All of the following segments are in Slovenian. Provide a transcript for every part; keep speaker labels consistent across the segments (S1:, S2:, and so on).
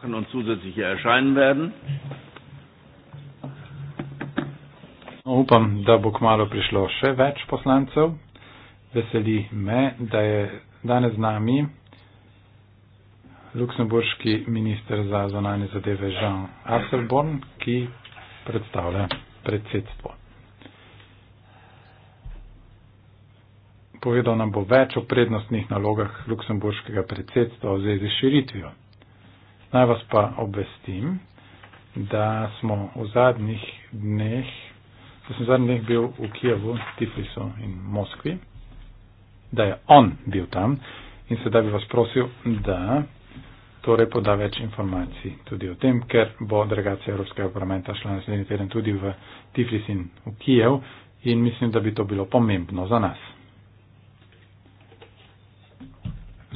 S1: machen und zusätzlich hier erscheinen werden.
S2: Upam, da bo kmalo prišlo še več poslancev. Veseli me, da je danes z nami luksemburški minister za zonanje zadeve Jean Asselborn, ki predstavlja predsedstvo. Povedal nam bo več o prednostnih nalogah luksemburškega predsedstva v zvezi s širitvijo. Naj vas pa obvestim, da smo v zadnjih dneh, da sem v zadnjih dneh bil v Kijevu, Tiflisu in Moskvi, da je on bil tam in sedaj bi vas prosil, da torej poda več informacij tudi o tem, ker bo delegacija Evropskega parlamenta šla naslednji teden tudi v Tiflis in v Kijev in mislim, da bi to bilo pomembno za nas.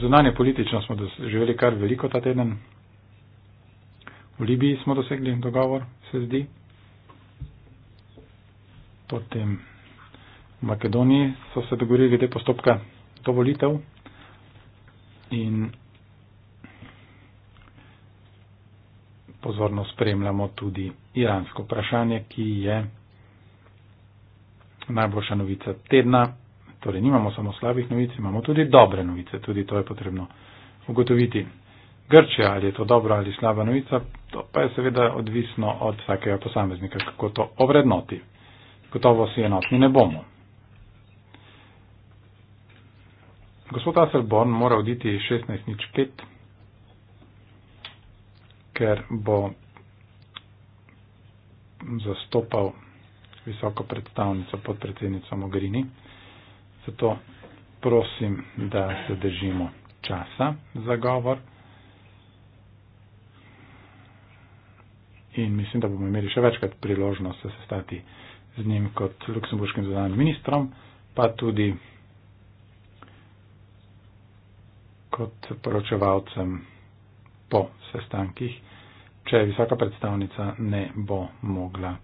S2: Zunanje politično smo doživeli kar veliko ta teden. V Libiji smo dosegli dogovor, se zdi. Potem v Makedoniji so se dogovorili glede postopka do volitev in pozorno spremljamo tudi iransko vprašanje, ki je najboljša novica tedna. Torej, nimamo samo slabih novic, imamo tudi dobre novice, tudi to je potrebno ugotoviti. Grčija, ali je to dobra ali slaba novica, to pa je seveda odvisno od vsakega posameznika, kako to ovrednoti. Gotovo si enotni ne bomo. Gospod Aselborn mora oditi 16.05, ker bo zastopal visoko predstavnico podpredsednico Mogrini. Zato prosim, da se držimo časa za govor. in mislim, da bomo imeli še večkrat priložnost se sestati z njim kot luksemburškim zadanjem ministrom, pa tudi kot poročevalcem po sestankih, če visoka predstavnica ne bo mogla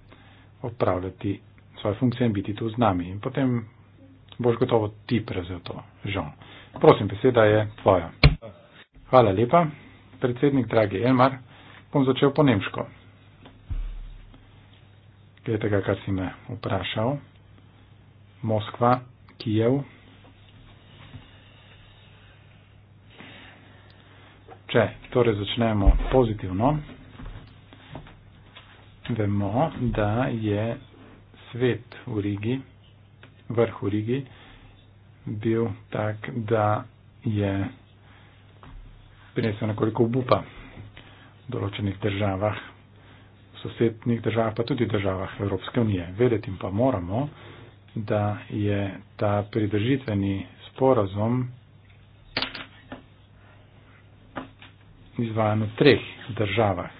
S2: opravljati svoje funkcije in biti tu z nami. In potem boš gotovo ti prevzel to, žal. Prosim, beseda je tvoja. Hvala lepa. Predsednik, dragi Elmar, bom začel po nemško glede tega, kar si me vprašal. Moskva, Kijev. Če torej začnemo pozitivno, vemo, da je svet v Rigi, vrh v Rigi, bil tak, da je prinesel nekoliko obupa v določenih državah, sosednih držav, pa tudi državah Evropske unije. Vedeti pa moramo, da je ta pridržitveni sporazum izvajan v treh državah.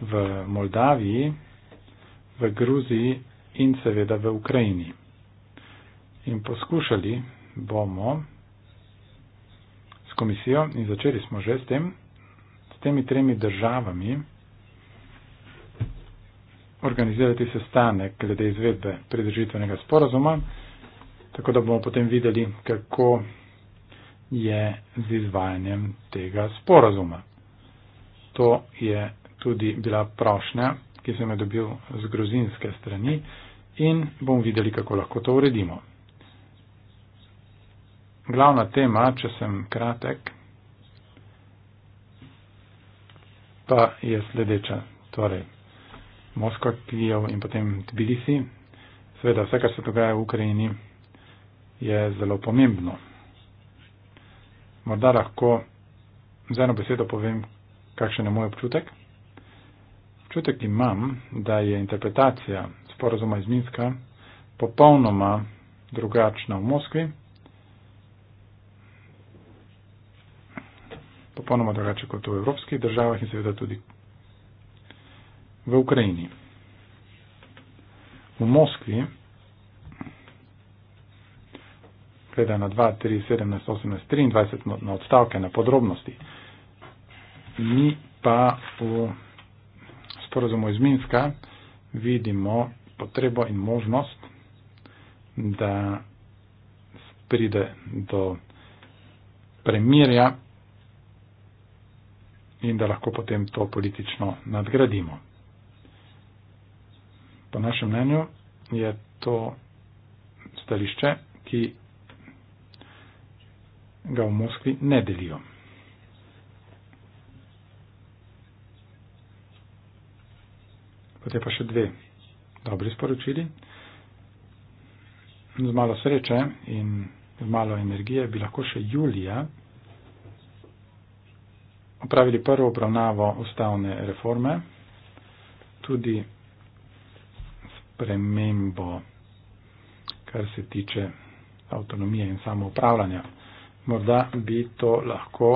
S2: V Moldaviji, v Gruziji in seveda v Ukrajini. In poskušali bomo s komisijo in začeli smo že s tem, s temi tremi državami, organizirati sestanek glede izvedbe pridržitvenega sporazuma, tako da bomo potem videli, kako je z izvajanjem tega sporazuma. To je tudi bila prošnja, ki sem jo dobil z grozinske strani in bomo videli, kako lahko to uredimo. Glavna tema, če sem kratek, pa je sledeča. Torej, Moskva, Kijev in potem Tbilisi. Seveda, vse, kar se dogaja v Ukrajini, je zelo pomembno. Morda lahko z eno besedo povem, kakšen je moj občutek. Občutek imam, da je interpretacija sporozuma iz Minska popolnoma drugačna v Moskvi. Popolnoma drugače kot v evropskih državah in seveda tudi v Ukrajini. V Moskvi, gleda na 2, 3, 17, 18, 23 na odstavke, na podrobnosti, mi pa v sporozumu iz Minska vidimo potrebo in možnost, da pride do premirja in da lahko potem to politično nadgradimo. Po našem mnenju je to stališče, ki ga v Moskvi ne delijo. Potem pa še dve dobri sporočili. Z malo sreče in z malo energije bi lahko še julija opravili prvo obravnavo ustavne reforme. Tudi spremembo, kar se tiče avtonomije in samoupravljanja. Morda bi to lahko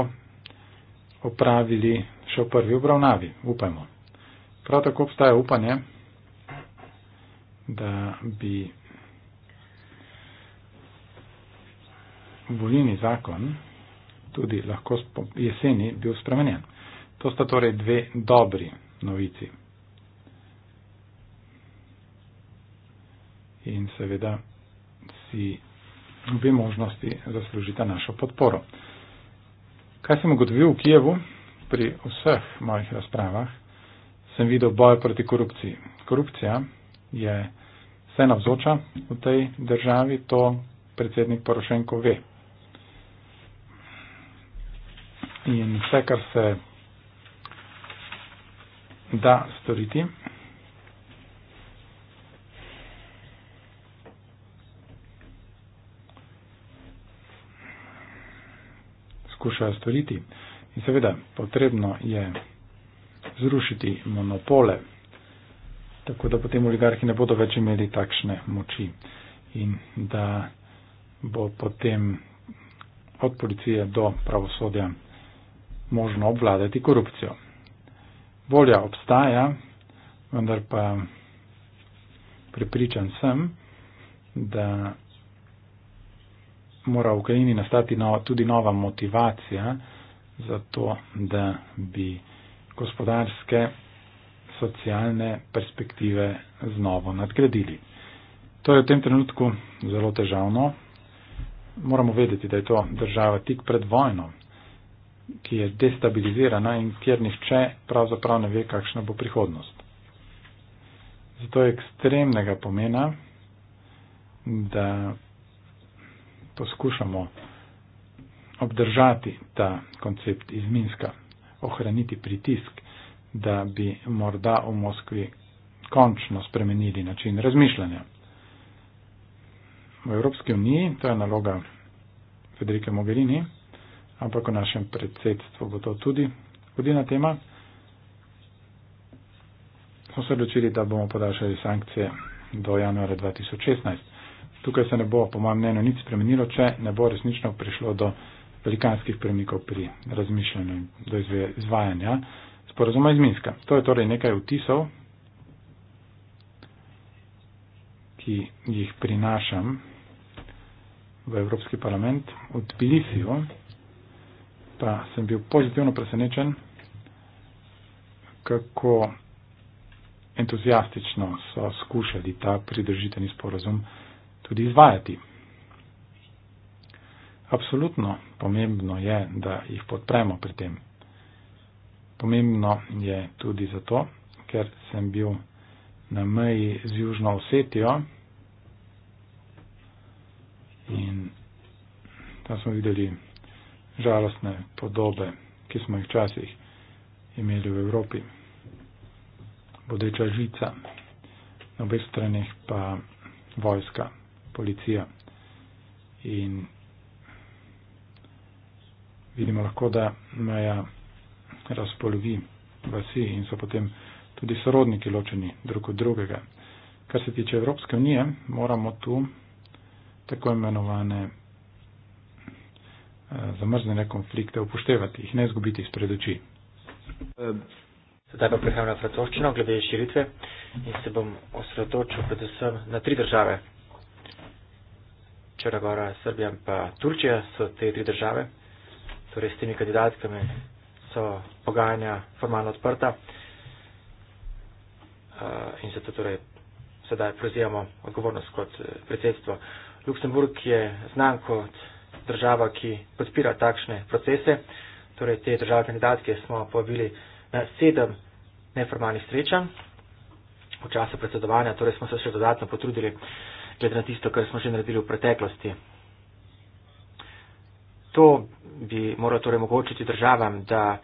S2: opravili še v prvi obravnavi, upajmo. Prav tako obstaja upanje, da bi volilni zakon tudi lahko jeseni bil spremenjen. To sta torej dve dobri novici. in seveda si obe možnosti zaslužita našo podporo. Kaj sem ugotovil v Kijevu pri vseh mojih razpravah, sem videl boj proti korupciji. Korupcija je vse navzoča v tej državi, to predsednik Porošenko ve. In vse, kar se da storiti, skušajo storiti. In seveda potrebno je zrušiti monopole, tako da potem oligarhi ne bodo več imeli takšne moči in da bo potem od policije do pravosodja možno obvladati korupcijo. Volja obstaja, vendar pa prepričan sem, da mora v Ukrajini nastati nova, tudi nova motivacija za to, da bi gospodarske, socialne perspektive znovo nadgradili. To je v tem trenutku zelo težavno. Moramo vedeti, da je to država tik pred vojno, ki je destabilizirana in kjer nihče pravzaprav ne ve, kakšna bo prihodnost. Zato je ekstremnega pomena, da poskušamo obdržati ta koncept iz Minska, ohraniti pritisk, da bi morda v Moskvi končno spremenili način razmišljanja. V Evropski uniji, to je naloga Federike Mogherini, ampak v našem predsedstvu bo to tudi vodilna tema, smo se odločili, da bomo podaljšali sankcije do januarja 2016. Tukaj se ne bo, po mojem mnenju, nič spremenilo, če ne bo resnično prišlo do velikanskih premikov pri razmišljanju in do izvajanja sporozuma iz Minska. To je torej nekaj vtisov, ki jih prinašam v Evropski parlament. Od Tbilisijo pa sem bil pozitivno presenečen, kako entuzijastično so skušali ta pridržiteni sporozum tudi izvajati. Absolutno pomembno je, da jih podpremo pri tem. Pomembno je tudi zato, ker sem bil na meji z Južno Osetijo in tam smo videli žalostne podobe, ki smo jih včasih imeli v Evropi. Bodeča žica, na obeh straneh pa vojska policija. In vidimo lahko, da meja razpolovi vasi in so potem tudi sorodniki ločeni drug od drugega. Kar se tiče Evropske unije, moramo tu tako imenovane eh, zamrznjene konflikte upoštevati, jih ne izgubiti iz pred oči.
S3: Sedaj pa prehajam na francoščino glede širitve in se bom osredotočil predvsem na tri države, Črna Gora, Srbija in pa Turčija so te tri države. Torej s temi kandidatkami so pogajanja formalno odprta. Uh, in zato torej sedaj prevzemamo odgovornost kot eh, predsedstvo. Luksemburg je znan kot država, ki podpira takšne procese. Torej te države kandidatke smo povabili na sedem neformalnih srečanj v času predsedovanja, torej smo se še dodatno potrudili. Uh, glede na tisto, kar smo že naredili v preteklosti. To bi moralo torej omogočiti državam, da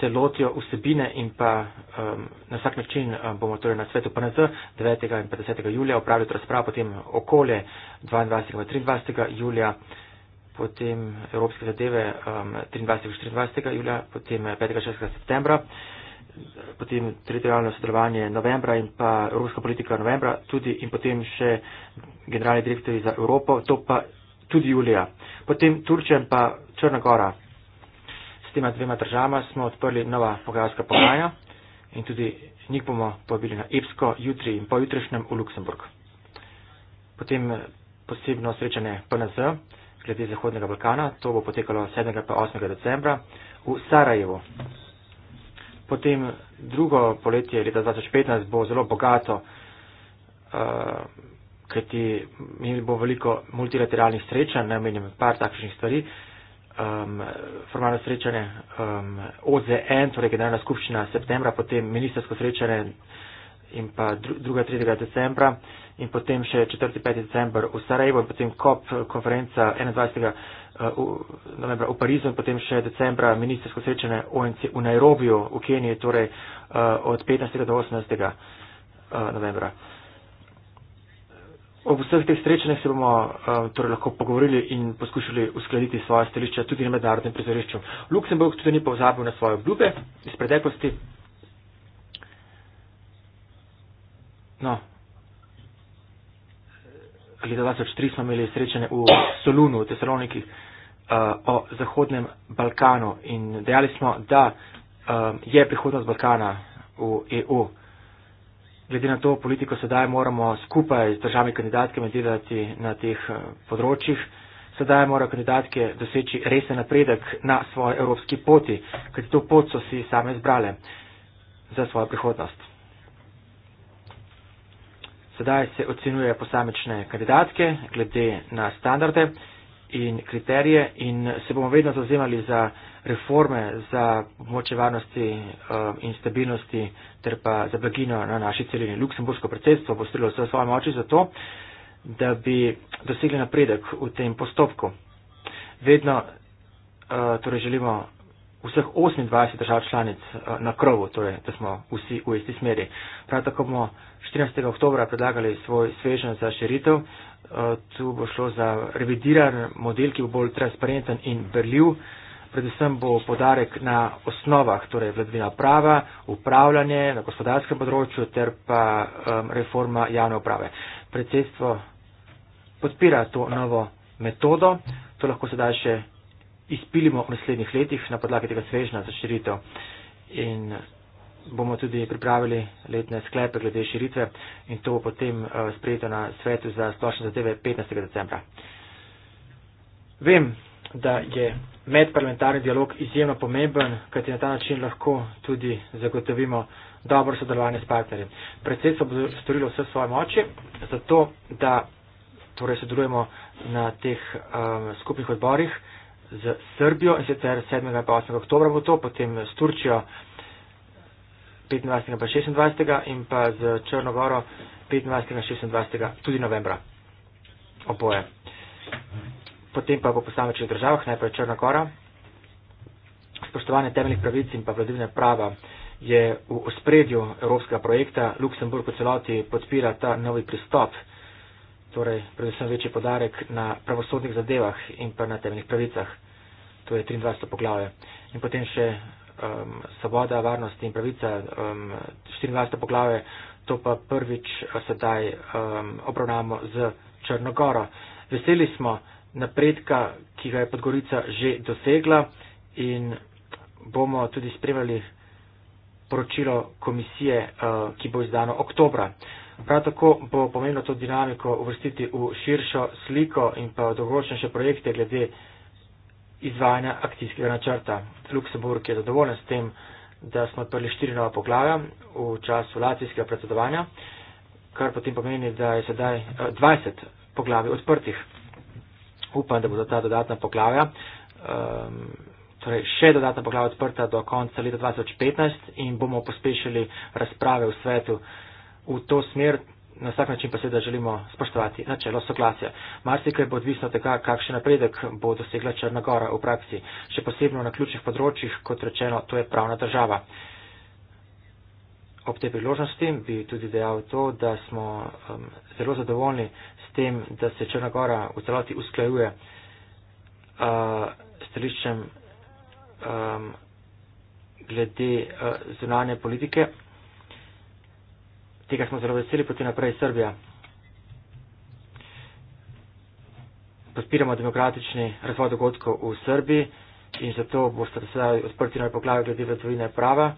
S3: se lotijo vsebine in pa um, na vsak način um, bomo torej na svetu PNZ 9. in 50. julija opravili razpravo, potem okolje 22. in 23. julija, potem evropske zadeve um, 23. in 24. julija, potem 5. in 6. septembra potem teritorijalno sodelovanje novembra in pa evropska politika novembra, tudi in potem še generalni direktori za Evropo, to pa tudi julija. Potem Turčija in pa Črna Gora. S tema dvema državama smo odprli nova pogajalska pogajanja in tudi njih bomo povabili na Epsko jutri in po jutrišnjem v Luksemburg. Potem eh, posebno srečanje PNZ glede Zahodnega Balkana, to bo potekalo 7. pa 8. decembra v Sarajevo. Potem drugo poletje leta 2015 bo zelo bogato, uh, kajti imeli bo veliko multilateralnih srečanj, namenjam par takšnih stvari, um, formalno srečanje um, OZN, torej generalna skupščina septembra, potem ministersko srečanje in pa 2.3. decembra in potem še 4.5. december v Sarajevo in potem COP konferenca 21. Eh, novembra v Parizu in potem še decembra ministersko srečanje ONC v Nairobiju v Keniji, torej eh, od 15. do 18. Eh, novembra. Ob vseh teh srečanjih se bomo torej, lahko pogovorili in poskušali uskladiti svoje stališče tudi na mednarodnem prizorišču. Luksemburg tudi ni pozabil na svoje obljube iz preteklosti. No. Leta 2003 smo imeli srečanje v Solunu, v Tesalonikih uh, o Zahodnem Balkanu in dejali smo, da uh, je prihodnost Balkana v EU. Glede na to politiko sedaj moramo skupaj z državami kandidatkami delati na teh uh, področjih. Sedaj morajo kandidatke doseči resen napredek na svoji evropski poti, kajti to pot so si same izbrale za svojo prihodnost. Sedaj se ocenjuje posamečne kandidatke glede na standarde in kriterije in se bomo vedno zauzemali za reforme, za pomoče varnosti uh, in stabilnosti ter pa za blagino na naši celini. Luksemburgsko predsedstvo bo strelo vse svoje moči za to, da bi dosegli napredek v tem postopku. Vedno uh, torej želimo vseh 28 držav članic uh, na krovu, torej, da smo vsi v isti smeri. Prav tako bomo 14. oktobra predlagali svoj svežen za širitev. Uh, Eh, tu bo šlo za revidiran model, ki bo bolj transparenten in berljiv. Predvsem bo podarek na osnovah, torej vladvina prava, upravljanje na gospodarskem področju ter pa um, reforma javne uprave. Predsedstvo podpira to novo metodo, to lahko sedaj še izpilimo v naslednjih letih na podlagi tega svežna za širitev bomo tudi pripravili letne sklepe glede širitve in to bo potem eh, sprejeto na svetu za splošne zadeve 15. decembra. Vem, da je medparlamentarni dialog izjemno pomemben, kajti na ta način lahko tudi zagotovimo dobro sodelovanje s partnerji. Predsedstvo bo storilo vse svoje moči, zato da torej sodelujemo na teh um, skupnih odborih z Srbijo in sicer 7. in 8. oktobra bo to, potem s Turčijo. 25. pa 26. in pa z Črnogoro 25. in 26. tudi novembra. Oboje. Potem pa po posamečnih državah, najprej Črnogora. Spoštovanje temeljnih pravic in pa vladivne prava je v ospredju evropskega projekta. Luksemburg v celoti podpira ta novi pristop, torej predvsem večji podarek na pravosodnih zadevah in pa na temeljnih pravicah. To je 23. poglavje. In potem še um, svoboda, varnost in pravica um, 24. poglave, to pa prvič sedaj um, obravnamo z Črnogoro. Veseli smo napredka, ki ga je Podgorica že dosegla in bomo tudi spremljali poročilo komisije, uh, ki bo izdano oktobra. Prav tako bo pomembno to dinamiko uvrstiti v širšo sliko in pa dolgoročnejše projekte glede izvajanja akcijskega načrta. Luksemburg je zadovoljen s tem, da smo odprli štiri nova poglavja v času latvijskega predsedovanja, kar potem pomeni, da je sedaj 20 eh, poglavi odprtih. Upam, da bodo ta dodatna poglavja, um, torej še dodatna poglavja odprta do konca leta 2015 in bomo pospešili razprave v svetu v to smer, na vsak način pa seveda želimo spoštovati načelo soglasja. Marsikaj bo odvisno od tega, kakšen napredek bo dosegla Črna Gora v praksi, še posebno na ključnih področjih, kot rečeno, to je pravna država. Ob tej priložnosti bi tudi dejal to, da smo um, zelo zadovoljni s tem, da se Črna Gora v celoti usklajuje uh, stališčem um, glede uh, zunanje politike tega smo zelo veseli, potem naprej Srbija. Podpiramo demokratični razvoj dogodkov v Srbiji in zato boste sedaj odprti na poglavje glede vladavine prava,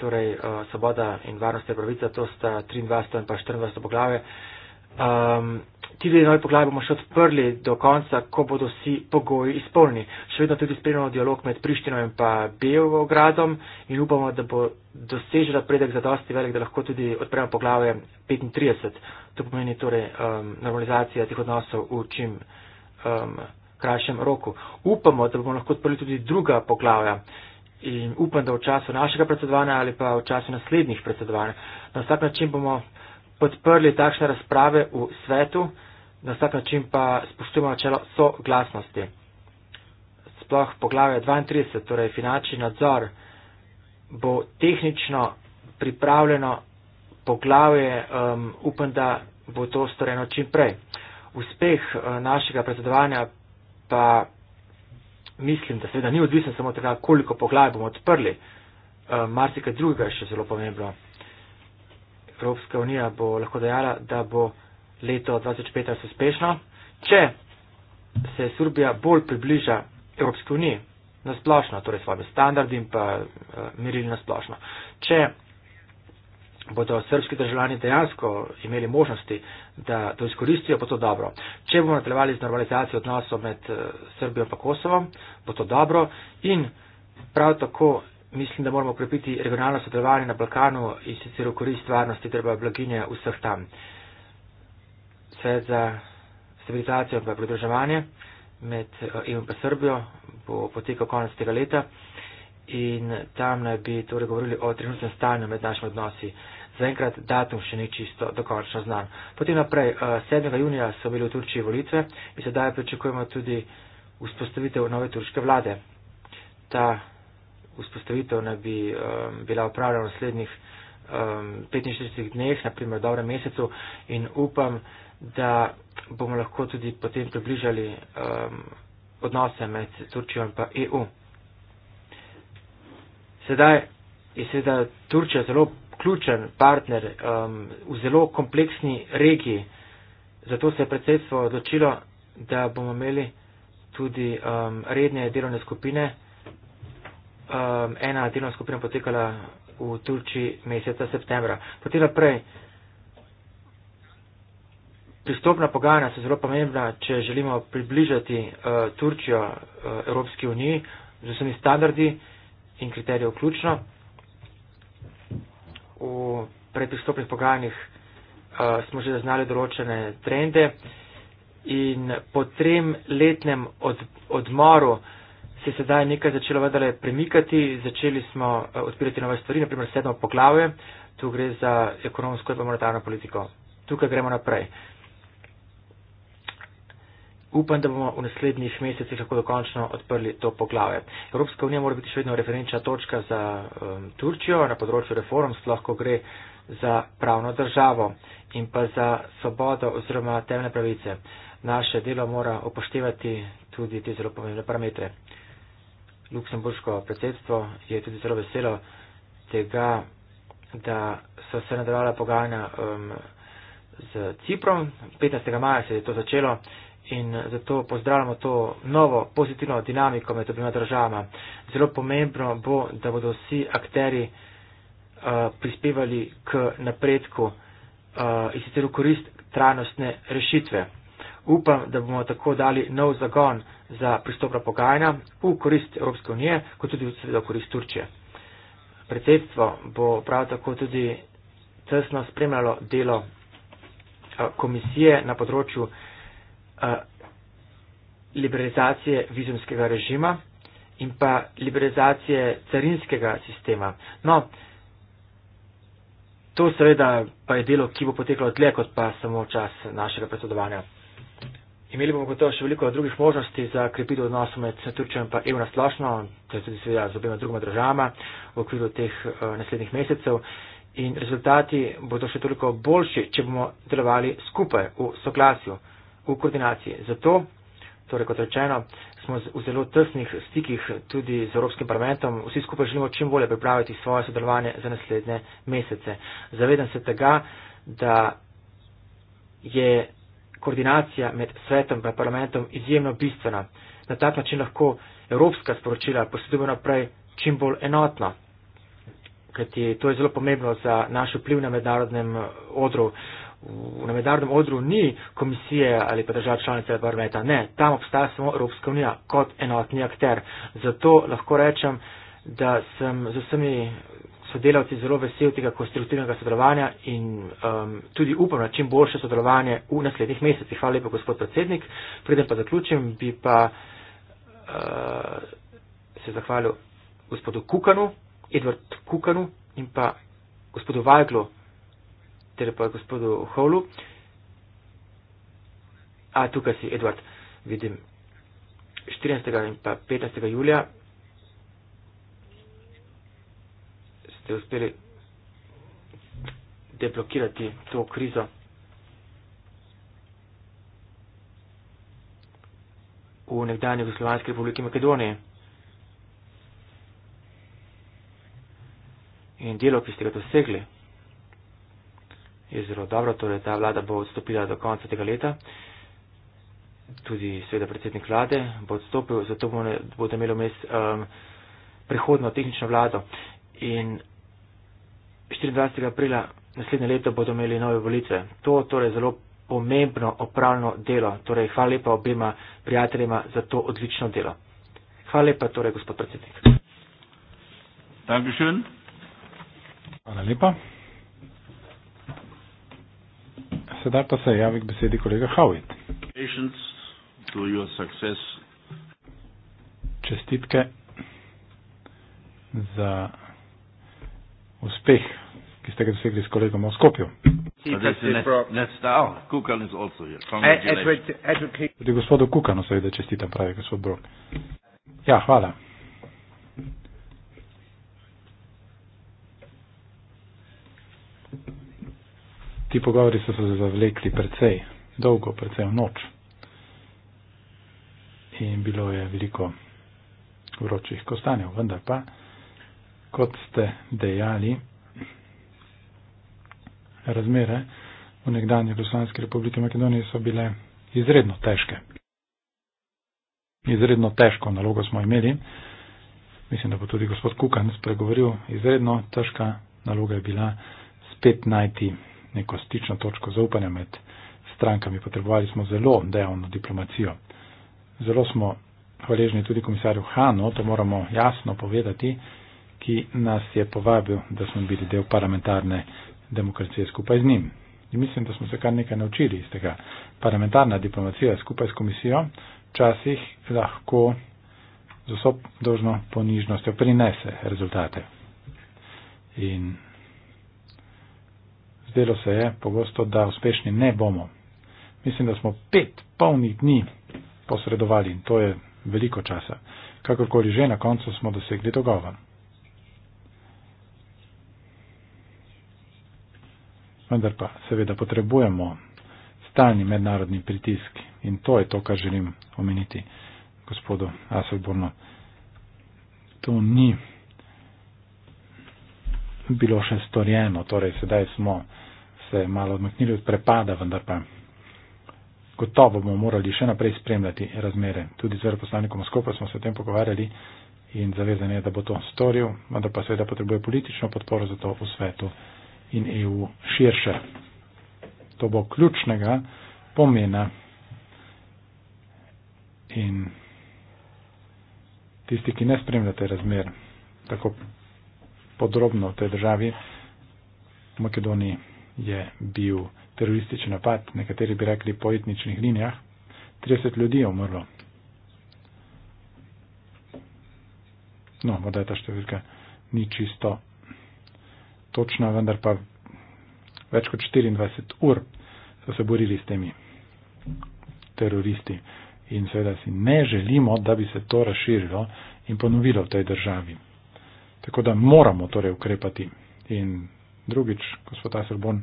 S3: torej uh, svoboda in varnost je pravica, to sta 23 in pa 24 poglavje. Um, Ti dve novi poglavi bomo še odprli do konca, ko bodo vsi pogoji izpolni. Še vedno tudi spremljamo dialog med Prištino in pa Belgogradom in upamo, da bo dosežen napredek za dosti velik, da lahko tudi odpremo poglave 35. To pomeni torej um, normalizacija teh odnosov v čim um, krajšem roku. Upamo, da bomo lahko odprli tudi druga poglavja. In upam, da v času našega predsedovanja ali pa v času naslednjih predsedovanj. Na vsak način bomo podprli takšne razprave v svetu, na vsak način pa spoštujemo načelo soglasnosti. Sploh poglavje 32, torej finančni nadzor, bo tehnično pripravljeno poglavje, um, upam, da bo to storjeno čim prej. Uspeh uh, našega predsedovanja pa mislim, da seveda ni odvisen samo od tega, koliko poglavij bomo odprli, um, marsikaj drugega je še zelo pomembno. Evropska unija bo lahko dejala, da bo leto 2015 uspešno, če se Srbija bolj približa Evropski uniji na splošno, torej svojim standardim pa uh, merili na splošno. Če bodo srbski državljani dejansko imeli možnosti, da to izkoristijo, bo to dobro. Če bomo nadaljevali z normalizacijo odnosov med uh, Srbijo in Kosovom, bo to dobro in prav tako mislim, da moramo ukrepiti regionalno sodelovanje na Balkanu in sicer v korist varnosti, treba blaginje vseh tam. Svet za stabilizacijo in pridruževanje med eh, EU in pa Srbijo bo potekal konec tega leta in tam naj bi torej govorili o trenutnem stanju med našimi odnosi. Zaenkrat datum še ni čisto dokončno znan. Potem naprej, 7. Eh, junija so bili v Turčiji volitve in sedaj pričakujemo tudi vzpostavitev nove turške vlade. Ta vzpostavitev naj bi um, bila upravljena v naslednjih um, 45 dneh, naprimer v dobrem mesecu in upam, da bomo lahko tudi potem približali um, odnose med Turčijo in pa EU. Sedaj je seveda Turčija zelo ključen partner um, v zelo kompleksni regiji, zato se je predsedstvo odločilo, da bomo imeli tudi um, redne delovne skupine, um, ena delovna skupina potekala v Turčiji meseca septembra. Potem naprej, pristopna pogajanja so zelo pomembna, če želimo približati uh, Turčijo uh, Evropski uniji z vsemi standardi in kriteriji vključno. V predpristopnih pogajanjih uh, smo že zaznali določene trende in po tremletnem od, odmoru, se je sedaj nekaj začelo vendarle premikati, začeli smo eh, odpirati nove stvari, naprimer sedmo poglavje, tu gre za ekonomsko in monetarno politiko. Tukaj gremo naprej. Upam, da bomo v naslednjih mesecih lahko dokončno odprli to poglavje. Evropska unija mora biti še vedno referenčna točka za um, Turčijo na področju reform, sploh ko gre za pravno državo in pa za svobodo oziroma temne pravice. Naše delo mora upoštevati tudi te zelo pomembne parametre. Luksemburško predsedstvo je tudi zelo veselo tega, da so se nadaljala pogajanja um, z Ciprom. 15. maja se je to začelo in zato pozdravljamo to novo pozitivno dinamiko med obima državama. Zelo pomembno bo, da bodo vsi akteri uh, prispevali k napredku uh, in sicer v korist trajnostne rešitve upam, da bomo tako dali nov zagon za pristopna pogajanja v korist Evropske unije, kot tudi v seveda korist Turčije. Predsedstvo bo prav tako tudi tesno spremljalo delo eh, komisije na področju eh, liberalizacije vizumskega režima in pa liberalizacije carinskega sistema. No, to seveda pa je delo, ki bo poteklo dlje kot pa samo čas našega predsedovanja. Imeli bomo gotovo še veliko drugih možnosti za krepitev odnosov med Turčjo in pa EU nasplošno, to je tudi seveda z obema drugima državama v okviru teh eh, naslednjih mesecev. In rezultati bodo še toliko boljši, če bomo delovali skupaj v soglasju, v koordinaciji. Zato, torej kot rečeno, smo v zelo tesnih stikih tudi z Evropskim parlamentom. Vsi skupaj želimo čim bolje pripraviti svoje sodelovanje za naslednje mesece. Zavedam se tega, da je koordinacija med svetom in parlamentom izjemno bistvena. Na ta način lahko evropska sporočila posedujemo naprej čim bolj enotno. Kajti to je zelo pomembno za naš vpliv na mednarodnem odru. V mednarodnem odru ni komisije ali pa država članice parlamenta. Ne, tam obstaja samo Evropska unija kot enotni akter. Zato lahko rečem, da sem z vsemi sodelavci zelo vesel tega konstruktivnega sodelovanja in um, tudi upam na čim boljše sodelovanje v naslednjih mesecih. Hvala lepa, gospod predsednik. Preden pa zaključim, bi pa uh, se zahvalil gospodu Kukanu, Edward Kukanu in pa gospodu Vajglu ter pa gospodu Hovlu. A tukaj si, Edward, vidim 14. in pa 15. julija. ste uspeli deblokirati to krizo. v nekdanji Jugoslovanski republiki Makedoniji. In delo, ki ste ga dosegli, je zelo dobro, torej ta vlada bo odstopila do konca tega leta, tudi sveda predsednik vlade bo odstopil, zato bodo imeli vmes um, prihodno tehnično vlado. In 24. aprila naslednje leto bodo imeli nove volitve. To torej zelo pomembno opravljeno delo. Torej, hvala lepa obima prijateljima za to odlično delo. Hvala lepa torej, gospod predsednik.
S2: Hvala lepa. Sedaj pa se javi k besedi kolega Howitt. Čestitke za uspeh ki ste ga dosegli s kolegom v Skopju. Tudi gospodu Kukanu seveda čestitam, pravi gospod Brok. Ja, hvala. Ti pogovori so se zavlekli precej dolgo, precej v noč. In bilo je veliko vročih kostanjev, vendar pa, kot ste dejali, razmere v nekdanje Jugoslavijske republike Makedonije so bile izredno težke. Izredno težko nalogo smo imeli, mislim, da bo tudi gospod Kukan spregovoril, izredno težka naloga je bila spet najti neko stično točko zaupanja med strankami. Potrebovali smo zelo dejavno diplomacijo. Zelo smo hvaležni tudi komisarju Hanu, to moramo jasno povedati, ki nas je povabil, da smo bili del parlamentarne demokracije skupaj z njim. In mislim, da smo se kar nekaj naučili iz tega. Parlamentarna diplomacija skupaj s komisijo včasih lahko z vso dožno ponižnostjo prinese rezultate. In zdelo se je pogosto, da uspešni ne bomo. Mislim, da smo pet polnih dni posredovali in to je veliko časa. Kakorkoli že, na koncu smo dosegli dogovor. vendar pa seveda potrebujemo stalni mednarodni pritisk in to je to, kar želim omeniti gospodu Aselborno. To ni bilo še storjeno, torej sedaj smo se malo odmaknili od prepada, vendar pa gotovo bomo morali še naprej spremljati razmere. Tudi z veleposlanikom skupaj smo se o tem pogovarjali in zavezan je, da bo to storil, vendar pa seveda potrebuje politično podporo za to v svetu in EU širše. To bo ključnega pomena in tisti, ki ne spremljate razmer tako podrobno v tej državi, v Makedoniji je bil teroristični napad, nekateri bi rekli po etničnih linijah, 30 ljudi je umrlo. No, voda je ta številka ni čisto točna, vendar pa več kot 24 ur so se borili s temi teroristi. In seveda si ne želimo, da bi se to razširilo in ponovilo v tej državi. Tako da moramo torej ukrepati. In drugič, gospod Aserbon,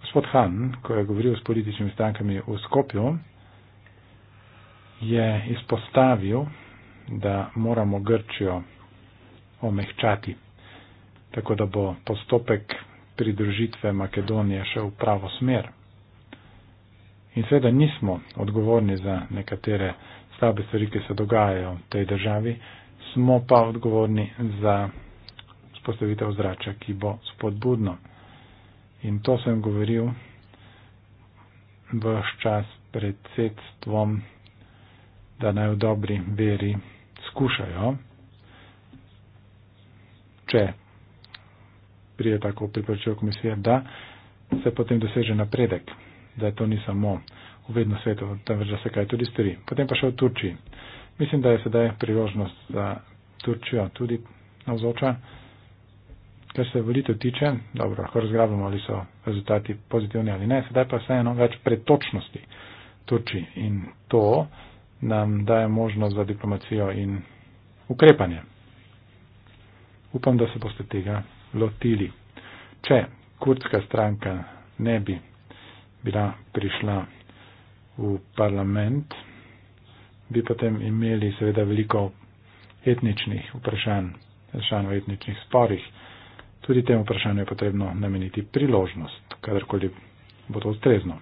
S2: gospod Han, ko je govoril s političnimi strankami v Skopju, je izpostavil, da moramo Grčijo omehčati tako da bo postopek pridružitve Makedonije še v pravo smer. In seveda nismo odgovorni za nekatere slabe stvari, ki se dogajajo v tej državi, smo pa odgovorni za spostavitev zrača, ki bo spodbudno. In to sem govoril vse čas predsedstvom, da naj v dobri veri skušajo, če pride tako v priporočilo komisije, da se potem doseže napredek, da to ni samo v vedno svetu, temveč da se kaj tudi stori. Potem pa še v Turčiji. Mislim, da je sedaj priložnost za Turčijo tudi navzoča. Kar se volitev tiče, dobro, lahko razgrabimo, ali so rezultati pozitivni ali ne, sedaj pa vseeno več pretočnosti Turčiji in to nam daje možnost za diplomacijo in ukrepanje. Upam, da se boste tega lotili. Če kurdska stranka ne bi bila prišla v parlament, bi potem imeli seveda veliko etničnih vprašanj, vprašanj o etničnih sporih. Tudi tem vprašanju je potrebno nameniti priložnost, kadarkoli bo to ustrezno.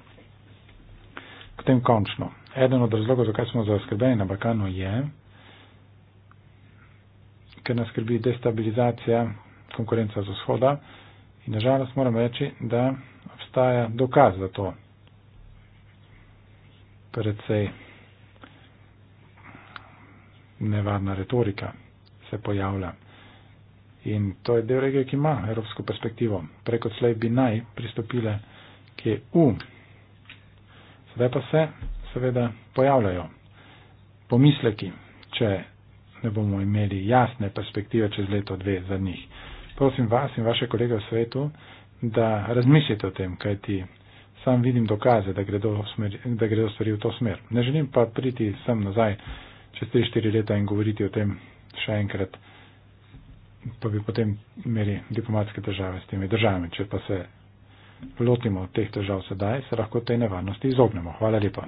S2: K tem končno. Eden od razlogov, zakaj smo zaskrbeni na Balkanu, je, ker nas skrbi destabilizacija konkurenca z vzhoda in nažalost moram reči, da obstaja dokaz za to. Predvsej nevarna retorika se pojavlja. In to je del regije, ki ima evropsko perspektivo. Preko slej bi naj pristopile k EU. Sedaj pa se seveda pojavljajo pomisleki, če ne bomo imeli jasne perspektive čez leto dve za njih prosim vas in vaše kolege v svetu, da razmislite o tem, kajti sam vidim dokaze, da gredo, smer, da gredo stvari v to smer. Ne želim pa priti sem nazaj čez 3-4 leta in govoriti o tem še enkrat, pa bi potem imeli diplomatske države s temi državami. Če pa se lotimo teh držav sedaj, se lahko tej nevarnosti izognemo. Hvala lepa.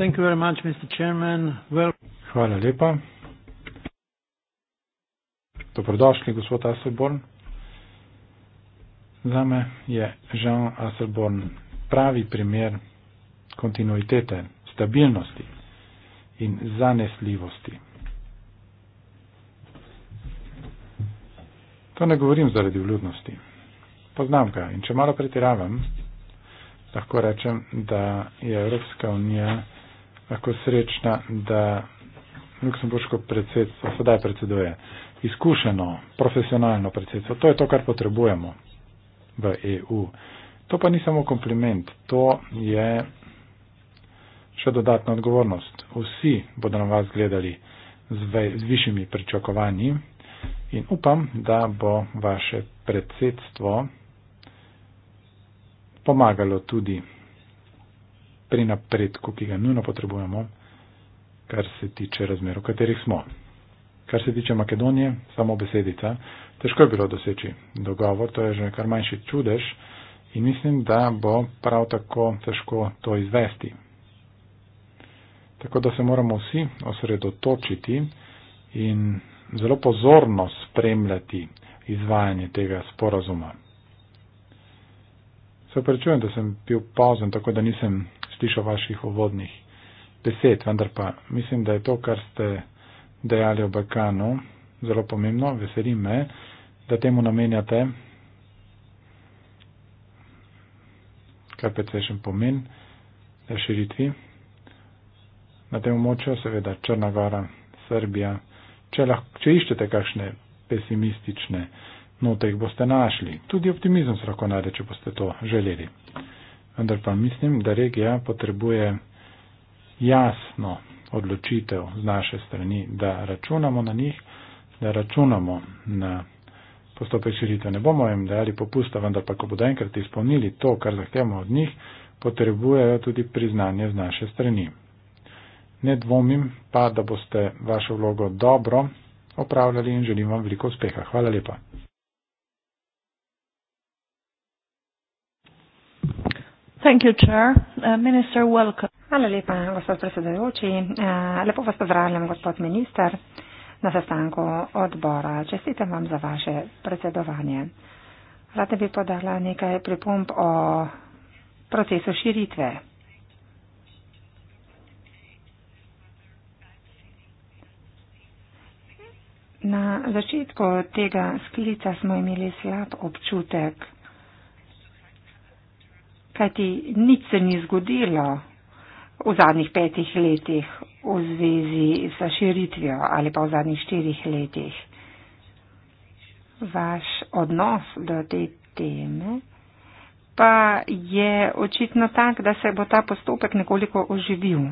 S3: Thank you very much, Mr. Chairman. Well
S2: Hvala lepa. Dobrodošli, gospod Asselborn. Za me je Jean Asselborn pravi primer kontinuitete, stabilnosti in zanesljivosti. To ne govorim zaradi vljudnosti. Poznam ga in če malo pretiravam, lahko rečem, da je Evropska unija lahko srečna, da Luksemburško predsedstvo sedaj predseduje. Izkušeno, profesionalno predsedstvo, to je to, kar potrebujemo v EU. To pa ni samo kompliment, to je še dodatna odgovornost. Vsi bodo na vas gledali z, ve, z višjimi pričakovanji in upam, da bo vaše predsedstvo pomagalo tudi pri napredku, ki ga nujno potrebujemo, kar se tiče razmer, v katerih smo. Kar se tiče Makedonije, samo besedica, težko je bilo doseči dogovor, to je že kar manjši čudež in mislim, da bo prav tako težko to izvesti. Tako da se moramo vsi osredotočiti in zelo pozorno spremljati izvajanje tega sporazuma. Se prečujem, da sem bil pozen, tako da nisem slišal vaših uvodnih besed, vendar pa mislim, da je to, kar ste dejali o Balkanu, zelo pomembno. Veseli me, da temu namenjate kar precejšen pomen za širitvi. Na tem območju seveda Črna Gora, Srbija. Če, lahko, če iščete kakšne pesimistične note, jih boste našli. Tudi optimizem se lahko najde, če boste to želeli vendar pa mislim, da regija potrebuje jasno odločitev z naše strani, da računamo na njih, da računamo na postopek širitve. Ne bomo jim dali popusta, vendar pa, ko bodo enkrat izpolnili to, kar zahtevamo od njih, potrebujejo tudi priznanje z naše strani. Ne dvomim pa, da boste vašo vlogo dobro opravljali in želim vam veliko uspeha. Hvala lepa.
S4: Thank you, Chair. Uh, minister, welcome. Hvala lepa, gospod predsedujoči. Uh, lepo vas pozdravljam, gospod minister, na sestanku odbora. Čestitam vam za vaše predsedovanje. Rada bi podala nekaj pripomp o procesu širitve. Na začetku tega sklica smo imeli slab občutek kajti nič se ni zgodilo v zadnjih petih letih v zvezi s širitvijo ali pa v zadnjih štirih letih. Vaš odnos do te teme pa je očitno tak, da se bo ta postopek nekoliko oživil.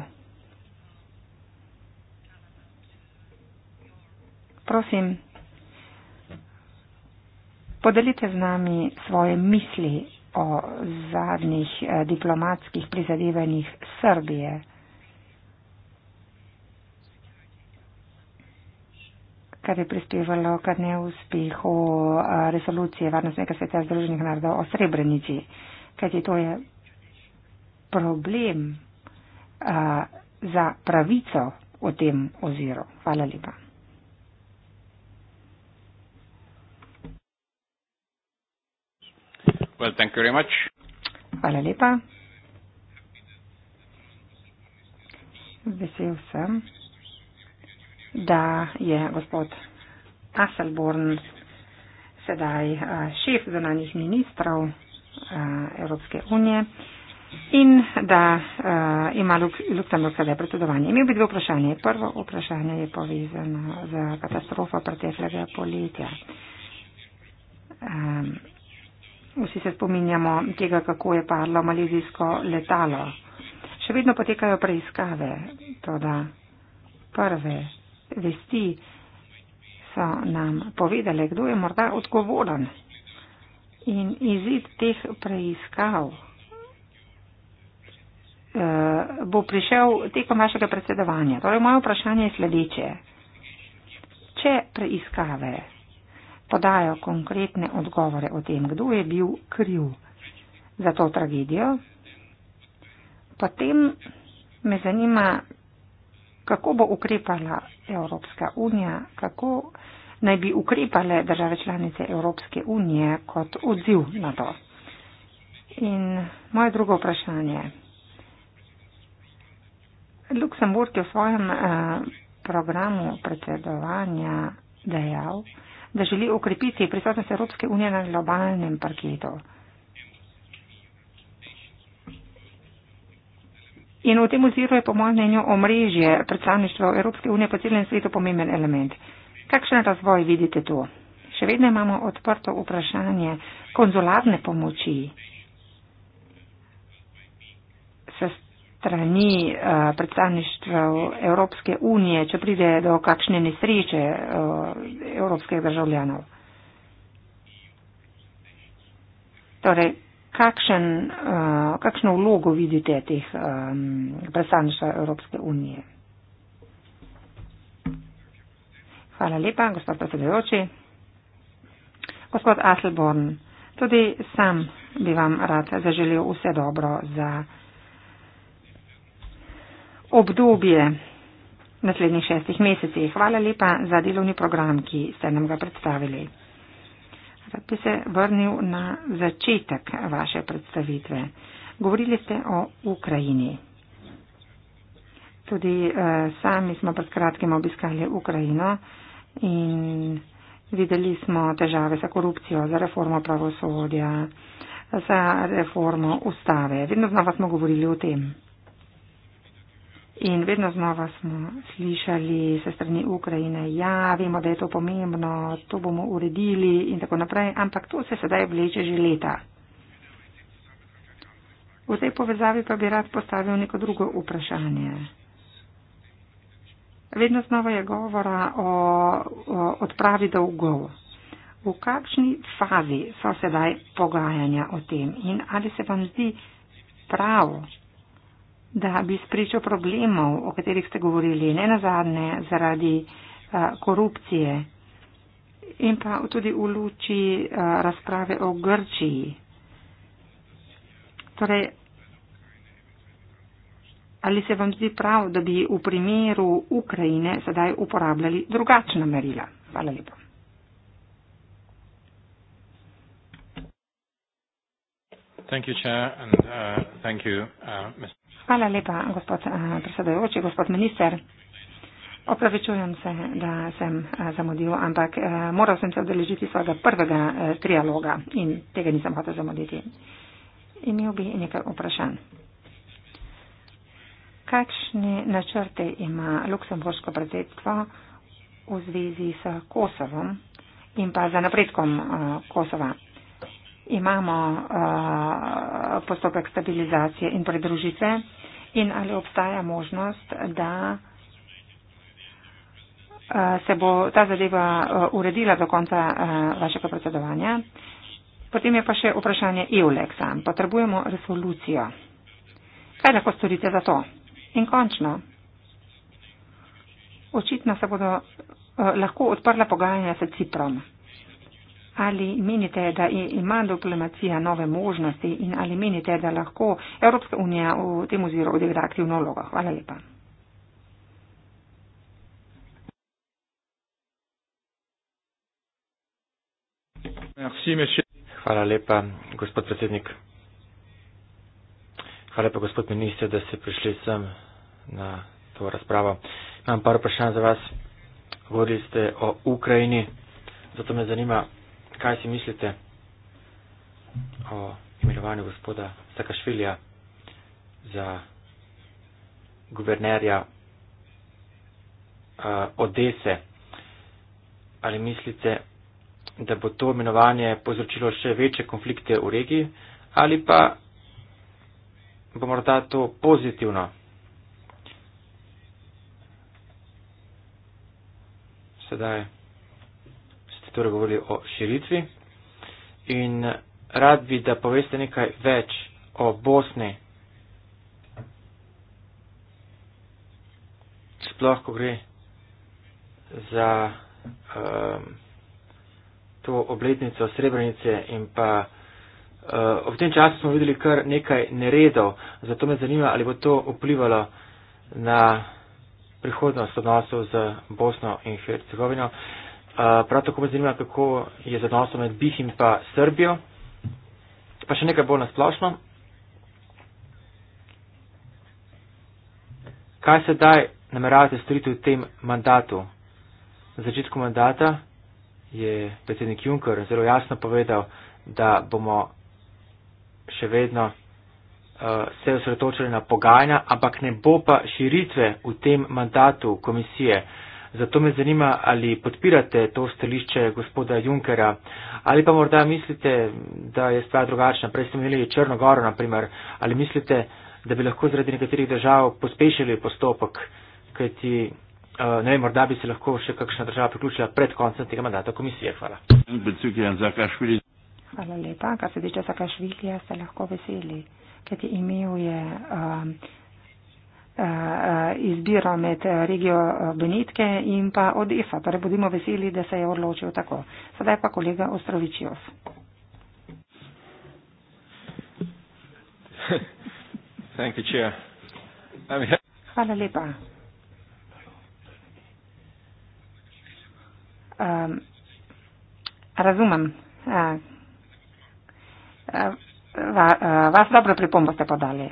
S4: Prosim, podelite z nami svoje misli o zadnjih eh, diplomatskih prizadevanjih Srbije. kar je prispevalo k neuspehu eh, resolucije Varnostnega sveta Združenih narodov o Srebrenici. Kajti to je problem eh, za pravico v tem oziru. Hvala lepa.
S2: Well, thank you very much.
S4: Hvala lepa. Vesel sem, da je gospod Asselborn sedaj eh, šef zunanjih ministrov eh, Evropske unije in da eh, ima Luksemburg sedaj predsedovanje. Imel bi dve vprašanje. Prvo vprašanje je povezano z katastrofo preteklega poletja. Ehm, Vsi se spominjamo tega, kako je padlo malizijsko letalo. Še vedno potekajo preiskave, tudi prve vesti so nam povedale, kdo je morda odgovoren. In izid teh preiskav eh, bo prišel tekom našega predsedovanja. Torej, moje vprašanje je sledeče. Če preiskave podajo konkretne odgovore o tem, kdo je bil kriv za to tragedijo, potem me zanima, kako bo ukrepala Evropska unija, kako naj bi ukrepale države članice Evropske unije kot odziv na to. In moje drugo vprašanje. Luksemburg je v svojem eh, programu predsedovanja dejal, da želi okrepiti prisotnost Evropske unije na globalnem parketu. In v tem oziru je po mojem mnenju omrežje predstavništva Evropske unije po celem svetu pomemben element. Kakšen razvoj vidite tu? Še vedno imamo odprto vprašanje konzularne pomoči. Sest strani eh, predstavništva Evropske unije, če pride do kakšne nesreče eh, evropskih državljanov. Torej, kakšen, eh, kakšno vlogo vidite teh predstavništva Evropske unije? Hvala lepa, gospod predsedujoči. Gospod Aselborn, tudi sam bi vam rad zaželil vse dobro za obdobje naslednjih šestih mesecev. Hvala lepa za delovni program, ki ste nam ga predstavili. Rad bi se vrnil na začetek vaše predstavitve. Govorili ste o Ukrajini. Tudi eh, sami smo pred kratkim obiskali Ukrajino in videli smo težave za korupcijo, za reformo pravosodja, za reformo ustave. Vedno znova smo govorili o tem. In vedno znova smo slišali se strani Ukrajine, ja, vemo, da je to pomembno, to bomo uredili in tako naprej, ampak to se sedaj vleče že leta. V tej povezavi pa bi rad postavil neko drugo vprašanje. Vedno znova je govora o, o odpravi dolgov. V kakšni fazi so sedaj pogajanja o tem in ali se vam zdi prav, da bi spričo problemov, o katerih ste govorili, ne nazadnje zaradi a, korupcije in pa tudi v luči a, razprave o Grčiji. Torej, ali se vam zdi prav, da bi v primeru Ukrajine sedaj uporabljali drugačna merila? Hvala lepa.
S2: Thank you, Chair, and uh, thank you, uh, Mr.
S4: Hvala lepa, gospod eh, predsedajoči, gospod minister. Opravičujem se, da sem eh, zamudil, ampak eh, moral sem se odeležiti svojega prvega trialoga in tega nisem hotel zamuditi. Imel bi nekaj vprašanj. Kakšne načrte ima luksemburško predsedstvo v zvezi s Kosovom in pa za napredkom Kosova? imamo uh, postopek stabilizacije in predružitve in ali obstaja možnost, da uh, se bo ta zadeva uh, uredila do konca vašega predsedovanja. Potem je pa še vprašanje EULEX-a. Potrebujemo resolucijo. Kaj lahko storite za to? In končno, očitno se bodo lahko odprla pogajanja s Ciprom. Ali menite, da ima diplomacija nove možnosti in ali menite, da lahko Evropska unija v tem oziru odigra aktivno vlogo? Hvala lepa.
S3: Hvala lepa, gospod predsednik. Hvala lepa, gospod minister, da ste prišli sem na to razpravo. Imam par vprašanj za vas. Govorili ste o Ukrajini. Zato me zanima, kaj si mislite o imenovanju gospoda Sakašvilja za guvernerja uh, Odese. Ali mislite, da bo to imenovanje povzročilo še večje konflikte v regiji ali pa bo morda to pozitivno? Sedaj. So torej govori o širitvi. In rad bi, da poveste nekaj več o Bosni. Sploh, ko gre za um, to obletnico Srebrenice in pa uh, ob tem času smo videli kar nekaj neredov, zato me zanima, ali bo to vplivalo na prihodnost odnosov z Bosno in Hercegovino. Uh, prav tako me zanima, kako je z odnosom med Bih in pa Srbijo. Pa še nekaj bolj nasplošno. Kaj sedaj nameravate storiti v tem mandatu? Na začetku mandata je predsednik Juncker zelo jasno povedal, da bomo še vedno uh, se osredotočili na pogajanja, ampak ne bo pa širitve v tem mandatu komisije. Uh, Zato me zanima, ali podpirate to stališče gospoda Junkera, ali pa morda mislite, da je stvar drugačna. Prej ste imeli Črnogoro, naprimer, ali mislite, da bi lahko zaradi nekaterih držav pospešili postopek, kajti eh, ne vem, morda bi se lahko še kakšna država priključila pred koncem tega mandata komisije. Hvala.
S4: Hvala lepa, kar se tiče Sakašvilija, ste lahko veseli, kajti imel je. Um, Eh, eh, izbiro med eh, regijo Benitke in pa Odesa. Torej, bodimo veseli, da se je odločil tako. Sedaj pa kolega Ostrovičjov. Hvala lepa. Um, razumem. Uh, va, uh, vas dobro pripombo ste podali.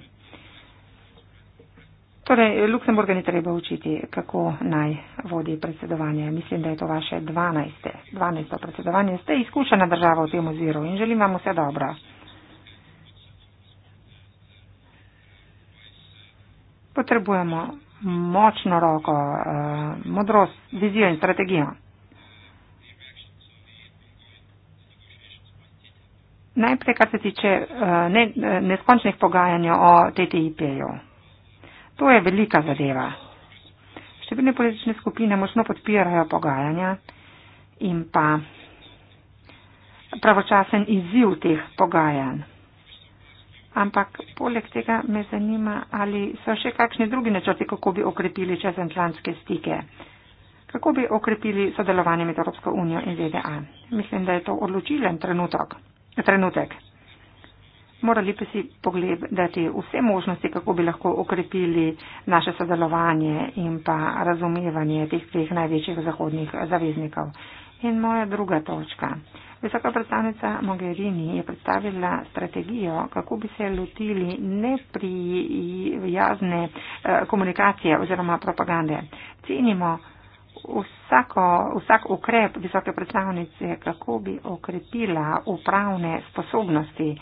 S4: Torej, Luksemburga ne treba učiti, kako naj vodi predsedovanje. Mislim, da je to vaše 12. 12. predsedovanje. Ste izkušena država v tem oziru in želim vam vse dobro. Potrebujemo močno roko, eh, modrost, vizijo in strategijo. Najprej, kar se tiče eh, ne, eh, neskončnih pogajanj o TTIP-ju. To je velika zadeva. Številne politične skupine močno podpirajo pogajanja in pa pravočasen izziv teh pogajanj. Ampak poleg tega me zanima, ali so še kakšni drugi načrti, kako bi okrepili čezantlantske stike, kako bi okrepili sodelovanje med Evropsko unijo in ZDA. Mislim, da je to odločilen trenutek morali pa si pogledati vse možnosti, kako bi lahko okrepili naše sodelovanje in pa razumevanje teh dveh največjih zahodnih zaveznikov. In moja druga točka. Visoka predstavnica Mogherini je predstavila strategijo, kako bi se lotili neprijazne eh, komunikacije oziroma propagande. Cenimo vsako, vsak ukrep visoke predstavnice, kako bi okrepila upravne sposobnosti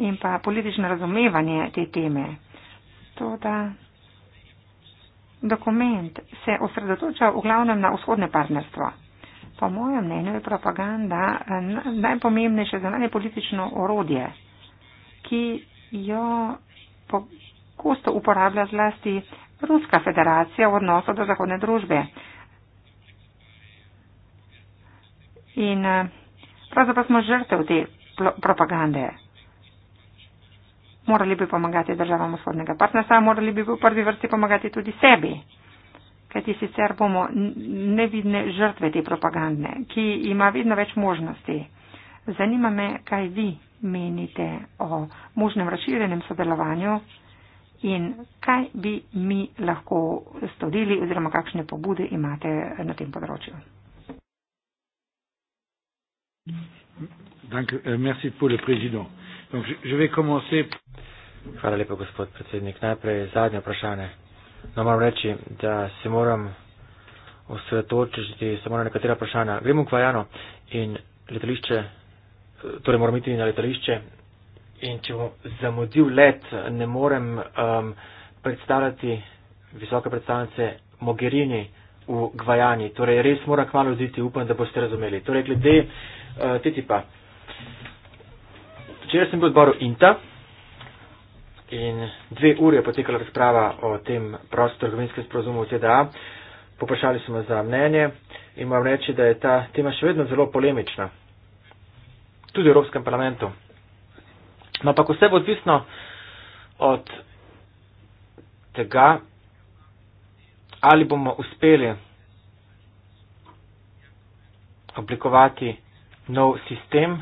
S4: in pa politično razumevanje te teme. To, da dokument se osredotoča v glavnem na vzhodne partnerstvo. Po mojem mnenju je propaganda eh, najpomembnejše zunanje politično orodje, ki jo pogosto uporablja zlasti Ruska federacija v odnosu do zahodne družbe. In eh, pravzaprav smo žrtev te propagande morali bi pomagati državam vzhodnega partnerstva, morali bi v prvi vrsti pomagati tudi sebi, kajti sicer bomo nevidne žrtve te propagandne, ki ima vedno več možnosti. Zanima me, kaj vi menite o možnem razširjenem sodelovanju in kaj bi mi lahko storili oziroma kakšne pobude imate na tem področju.
S2: Danke, euh, merci pour le président. Donc, je, je vais commencer.
S3: Hvala lepa, gospod predsednik. Najprej zadnje vprašanje. No, moram reči, da se moram osredotočiti samo na nekatera vprašanja. Gremo v Kvajano in letališče, torej moram iti na letališče in če bom zamudil let, ne morem um, predstavljati visoke predstavnice Mogherini v Gvajani. Torej, res moram kmalo oditi, upam, da boste razumeli. Torej, glede uh, TTIP-a. Včeraj sem bil v odboru INTA in dve uri je potekala razprava o tem prostorovinskem sporozumu v ZDA. Poprašali smo za mnenje in moram reči, da je ta tema še vedno zelo polemična. Tudi v Evropskem parlamentu. No, ampak vse bo odvisno od tega, ali bomo uspeli oblikovati nov sistem,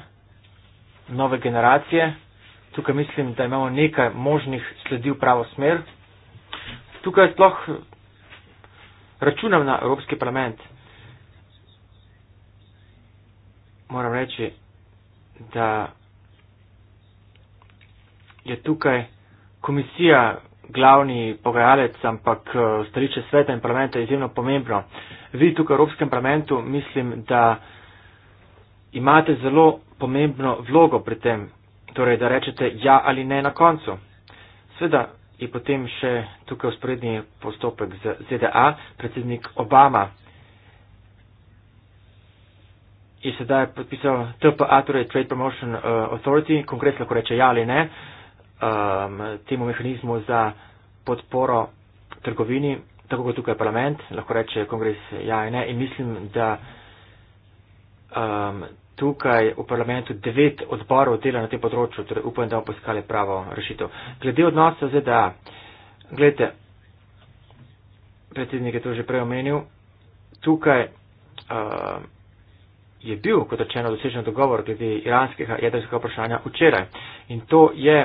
S3: nove generacije tukaj mislim, da imamo nekaj možnih sledi v pravo smer. Tukaj sploh računam na Evropski parlament. Moram reči, da je tukaj komisija glavni pogajalec, ampak eh, stališče sveta in parlamenta je izjemno pomembno. Vi tukaj v Evropskem parlamentu mislim, da imate zelo pomembno vlogo pri tem, torej da rečete ja ali ne na koncu. Sveda je potem še tukaj usporedni postopek z ZDA, predsednik Obama je sedaj podpisal TPA, torej Trade Promotion uh, Authority, konkretno lahko reče ja ali ne, um, temu mehanizmu za podporo trgovini, tako kot tukaj parlament, lahko reče kongres ja ali ne in mislim, da um, tukaj v parlamentu devet odborov dela na tem področju, torej upam, da bomo poskali pravo rešitev. Glede odnosa ZDA, gledajte, predsednik je to že prej omenil, tukaj uh, je bil, kot rečeno, dosežen dogovor glede iranskega jedrskega vprašanja včeraj. In to je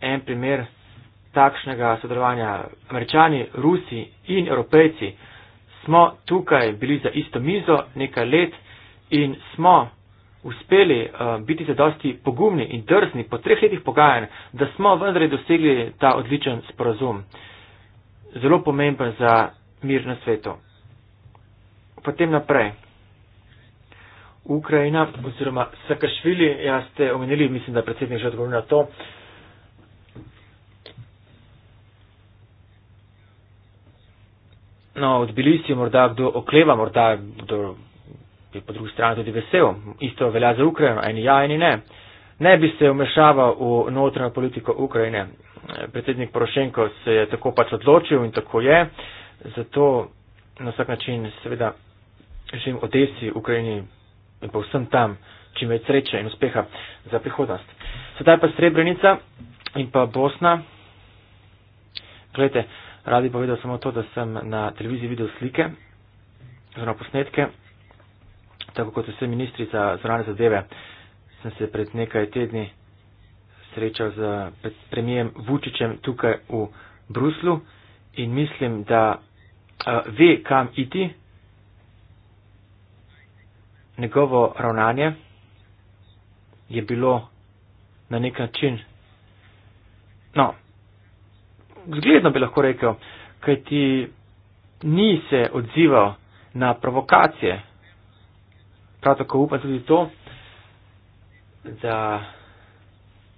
S3: en primer takšnega sodelovanja. Američani, Rusi in Evropejci smo tukaj bili za isto mizo nekaj let in smo uspeli uh, biti zadosti pogumni in drzni po treh letih pogajanj, da smo vendar dosegli ta odličen sporazum, zelo pomemben za mir na svetu. Potem naprej. Ukrajina oziroma Sakašvili, jaz ste omenili, mislim, da predsednik že odgovoril na to. No, odbili si morda kdo okleva, morda kdo bi po drugi strani tudi vesel. Isto velja za Ukrajino, eni ja, eni ne. Ne bi se vmešaval v notranjo politiko Ukrajine. Predsednik Porošenko se je tako pač odločil in tako je. Zato na vsak način seveda želim Odesi, Ukrajini in pa vsem tam čim več sreče in uspeha za prihodnost. Sedaj pa Srebrenica in pa Bosna. Gledajte, radi povedal samo to, da sem na televiziji videl slike, oziroma posnetke, tako kot vse ministrica zvrane zadeve, sem se pred nekaj tedni srečal z premijem Vučičem tukaj v Bruslu in mislim, da uh, ve, kam iti njegovo ravnanje je bilo na nek način, no, zgledno bi lahko rekel, kajti ni se odzival na provokacije prav tako upam tudi to, da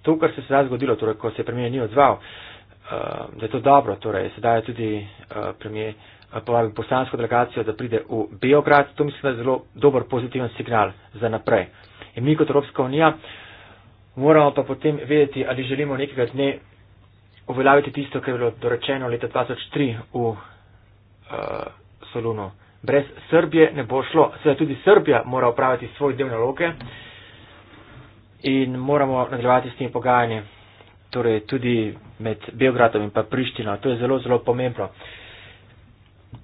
S3: to, kar se je sedaj zgodilo, torej, ko se je premijer ni odzval, eh, da je to dobro, torej, sedaj je tudi eh, premijer eh, povabil poslansko delegacijo, da pride v Beograd, to mislim, da je zelo dober pozitiven signal za naprej. In mi kot Evropska unija moramo pa potem vedeti, ali želimo nekega dne uveljaviti tisto, kar je bilo dorečeno leta 2003 v uh, Solunu brez Srbije ne bo šlo. Seveda tudi Srbija mora upraviti svoj del naloge in moramo nadaljevati s tem pogajanjem, torej tudi med Belgradom in pa Prištino. To je zelo, zelo pomembno.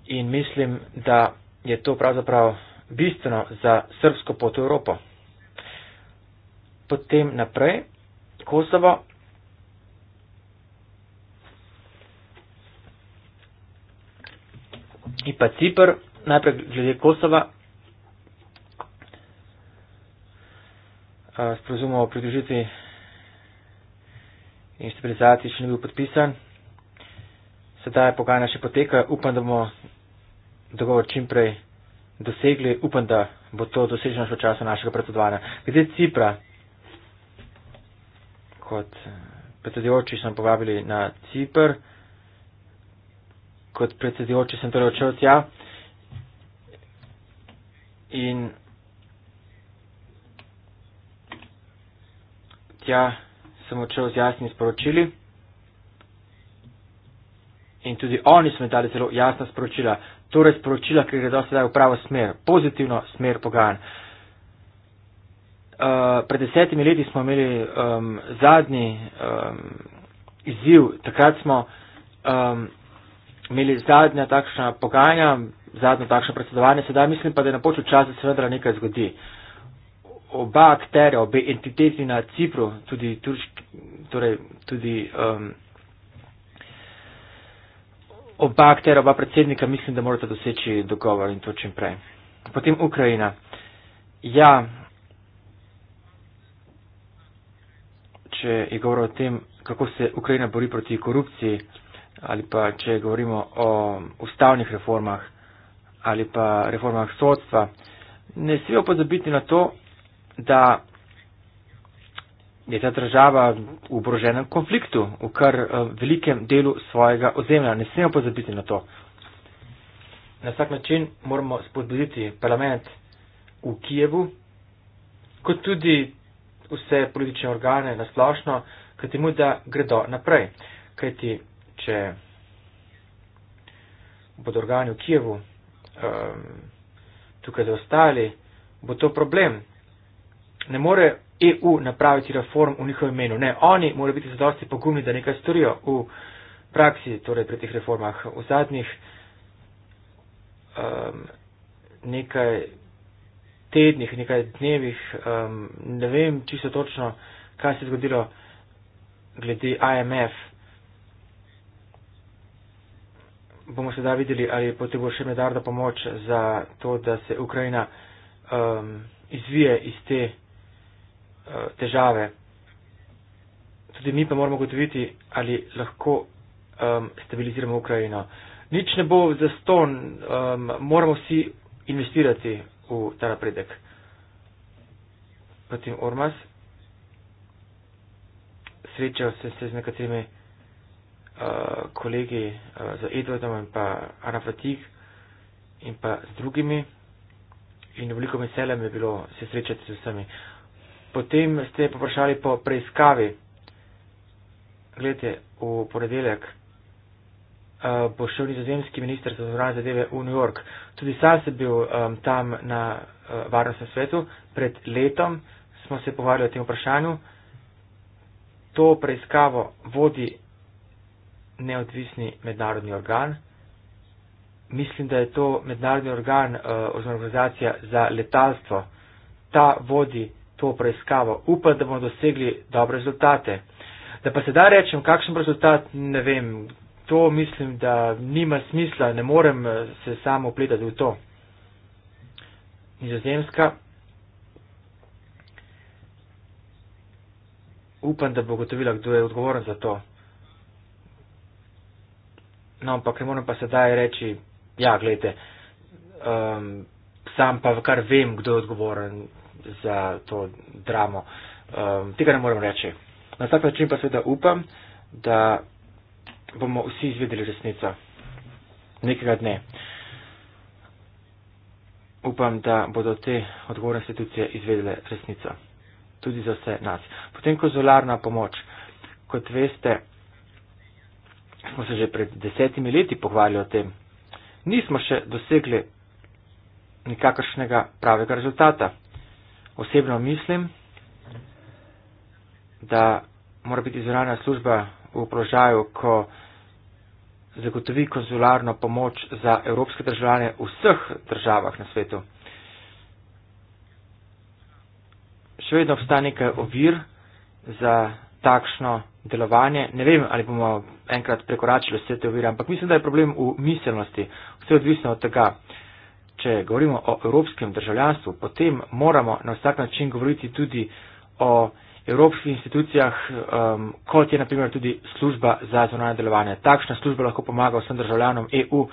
S3: In mislim, da je to pravzaprav bistveno za srbsko pot v Evropo. Potem naprej, Kosovo. In pa Cipr, najprej glede Kosova. Eh, Sprozum o pridružitvi in stabilizaciji še ni bil podpisan. Sedaj pogajanja še potekajo. Upam, da bomo dogovor čim prej dosegli. Upam, da bo to doseženo še v času našega predsedovanja. Glede Cipra, kot eh, predsedujoči smo povabili na Cipr, kot predsedujoči sem torej odšel tja in tja sem odšel z jasnimi sporočili. In tudi oni so mi dali zelo jasna sporočila. Torej sporočila, ki gre do sedaj v pravo smer, pozitivno smer pogajanj. Uh, pred desetimi leti smo imeli um, zadnji um, izziv, takrat smo um, imeli zadnja takšna pogajanja, zadnjo takšno predsedovanje, sedaj mislim pa, da je na počel čas, da se vendar nekaj zgodi. Oba akterja, obe entiteti na Cipru, tudi turški, torej tudi. Um, Oba aktera, oba predsednika, mislim, da morate doseči dogovor in to čim prej. Potem Ukrajina. Ja, če je govor o tem, kako se Ukrajina bori proti korupciji ali pa če govorimo o ustavnih reformah ali pa reformah sodstva, ne smemo pozabiti na to, da je ta država v obroženem konfliktu v kar eh, velikem delu svojega ozemlja. Ne smemo pozabiti na to. Na vsak način moramo spodbuditi parlament v Kijevu, kot tudi vse politične organe nasplošno, kajti mu da gredo naprej. Kajti, če bodo organi v Kijevu um, tukaj zaostajali, bo to problem. Ne more EU napraviti reform v njihovem imenu. Ne, oni morajo biti zadosti pogumni, da nekaj storijo v praksi, torej pri teh reformah. V zadnjih um, nekaj tednih, nekaj dnevih, um, ne vem čisto točno, kaj se je zgodilo glede IMF. bomo sedaj videli, ali potrebo še medarda pomoč za to, da se Ukrajina um, izvije iz te uh, težave. Tudi mi pa moramo gotoviti, ali lahko um, stabiliziramo Ukrajino. Nič ne bo za ston, um, moramo vsi investirati v ta napredek. Potem Ormas, srečal sem se z nekaterimi. Eh, kolegi uh, z Edwardom in pa Arafatih in pa z drugimi in veliko veseljem je bilo se srečati z vsemi. Potem ste poprašali po preiskavi. Gledajte, v ponedeljek uh, bo šel nizozemski minister za zvonanje zadeve v New York. Tudi sam sem bil um, tam na uh, varnostnem svetu. Pred letom smo se pogovarjali o tem vprašanju. To preiskavo vodi neodvisni mednarodni organ. Mislim, da je to mednarodni organ eh, oziroma organizacija za letalstvo. Ta vodi to preiskavo. Upam, da bomo dosegli dobre rezultate. Da pa sedaj rečem, kakšen rezultat, ne vem. To mislim, da nima smisla, ne morem eh, se samo upletati v to. Nizozemska. Upam, da bo gotovila, kdo je odgovoren za to. No, ampak ne morem pa sedaj reči, ja, gledajte, um, sam pa kar vem, kdo je odgovoren za to dramo. Um, tega ne morem reči. Na vsak način pa seveda upam, da bomo vsi izvedeli resnico nekega dne. Upam, da bodo te odgovorne institucije izvedele resnico. Tudi za vse nas. Potem kozolarna pomoč. Kot veste, smo se že pred desetimi leti pohvalili o tem, nismo še dosegli nikakršnega pravega rezultata. Osebno mislim, da mora biti zunanja služba v položaju, ko zagotovi konzularno pomoč za evropske državljane v vseh državah na svetu. Še vedno obstaja nekaj ovir za takšno delovanje. Ne vem, ali bomo enkrat prekoračili vse te ovire, ampak mislim, da je problem v miselnosti. Vse odvisno od tega. Če govorimo o evropskem državljanstvu, potem moramo na vsak način govoriti tudi o evropskih institucijah, um, kot je naprimer tudi služba za zunanje delovanje. Takšna služba lahko pomaga vsem državljanom EU uh,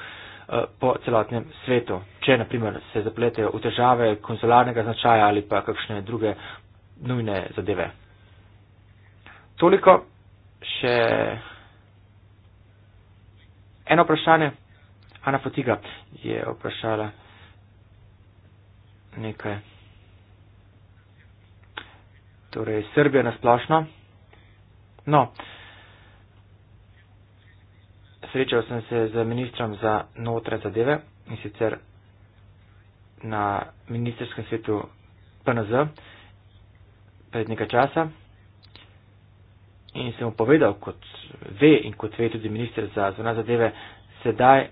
S3: po celotnem svetu. Če naprimer se zapletejo v težave konzularnega značaja ali pa kakšne druge nujne zadeve. Toliko še eno vprašanje. Ana Fotiga je vprašala nekaj. Torej, Srbija nasplošno. No, srečal sem se z ministrom za notranje zadeve in sicer na ministerskem svetu PNZ pred nekaj časa in sem mu povedal, kot ve in kot ve tudi minister za zvona zadeve, sedaj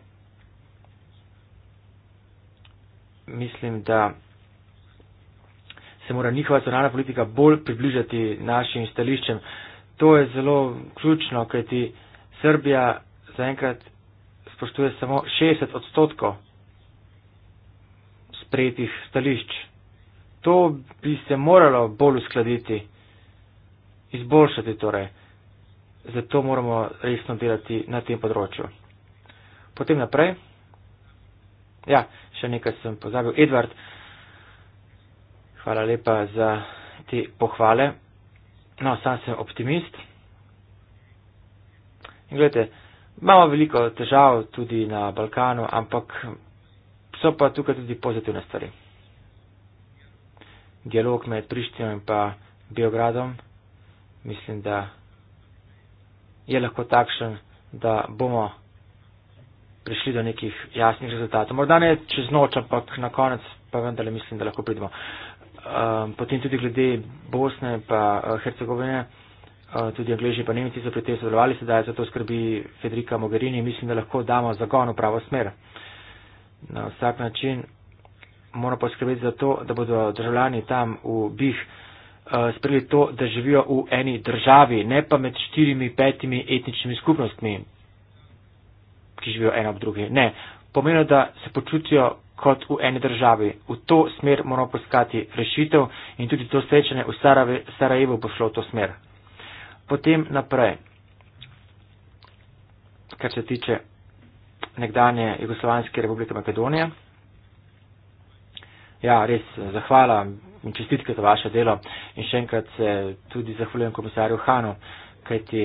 S3: mislim, da se mora njihova zvonana politika bolj približati našim stališčem. To je zelo ključno, kajti Srbija zaenkrat spoštuje samo 60 odstotkov sprejetih stališč. To bi se moralo bolj uskladiti izboljšati torej. Zato moramo resno delati na tem področju. Potem naprej. Ja, še nekaj sem pozabil. Edvard, hvala lepa za te pohvale. No, sam sem optimist. In gledajte, imamo veliko težav tudi na Balkanu, ampak so pa tukaj tudi pozitivne stvari. Dialog med Prištino in pa Beogradom mislim, da je lahko takšen, da bomo prišli do nekih jasnih rezultatov. Morda ne čez noč, ampak na konec pa vendarle mislim, da lahko pridemo. Ehm, potem tudi glede Bosne in eh, Hercegovine, eh, tudi Angleži in Nemci so pri tem sodelovali, sedaj zato skrbi Federika Mogherini in mislim, da lahko damo zagon v pravo smer. Na vsak način moramo poskrbeti za to, da bodo državljani tam v Bih Eh, sprejeli to, da živijo v eni državi, ne pa med štirimi, petimi etničnimi skupnostmi, ki živijo ena ob drugi. Ne, pomeni, da se počutijo kot v eni državi. V to smer moramo poskati rešitev in tudi to srečanje v Sarajevo bo šlo v to smer. Potem naprej, kar se tiče nekdanje Jugoslovanske republike Makedonije. Ja, res, zahvala in čestitke za vaše delo. In še enkrat se tudi zahvaljujem komisarju Hanu, kajti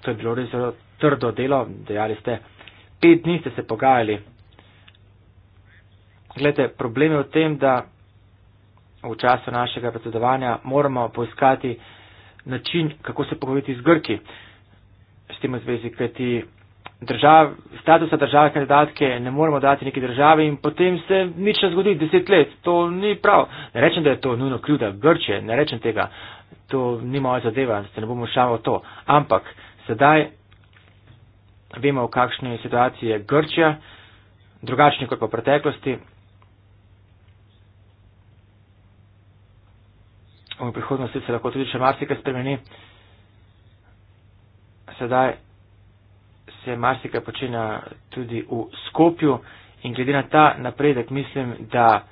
S3: to je bilo res zelo trdo delo, dejali ste. Pet dni ste se pogajali. Glede, problem je v tem, da v času našega predsedovanja moramo poiskati način, kako se pogovoriti z Grki. S tem v zvezi, kajti držav, statusa države kandidatke ne moremo dati neki državi in potem se nič ne zgodi deset let. To ni prav. Ne rečem, da je to nujno krivda Grče, ne rečem tega. To ni moja zadeva, se ne bomo šalo to. Ampak sedaj vemo, v kakšni situaciji je Grčija, drugačni kot po preteklosti. V prihodnosti se lahko tudi še marsikaj spremeni. Sedaj se marsikaj počenja tudi v Skopju in glede na ta napredek mislim, da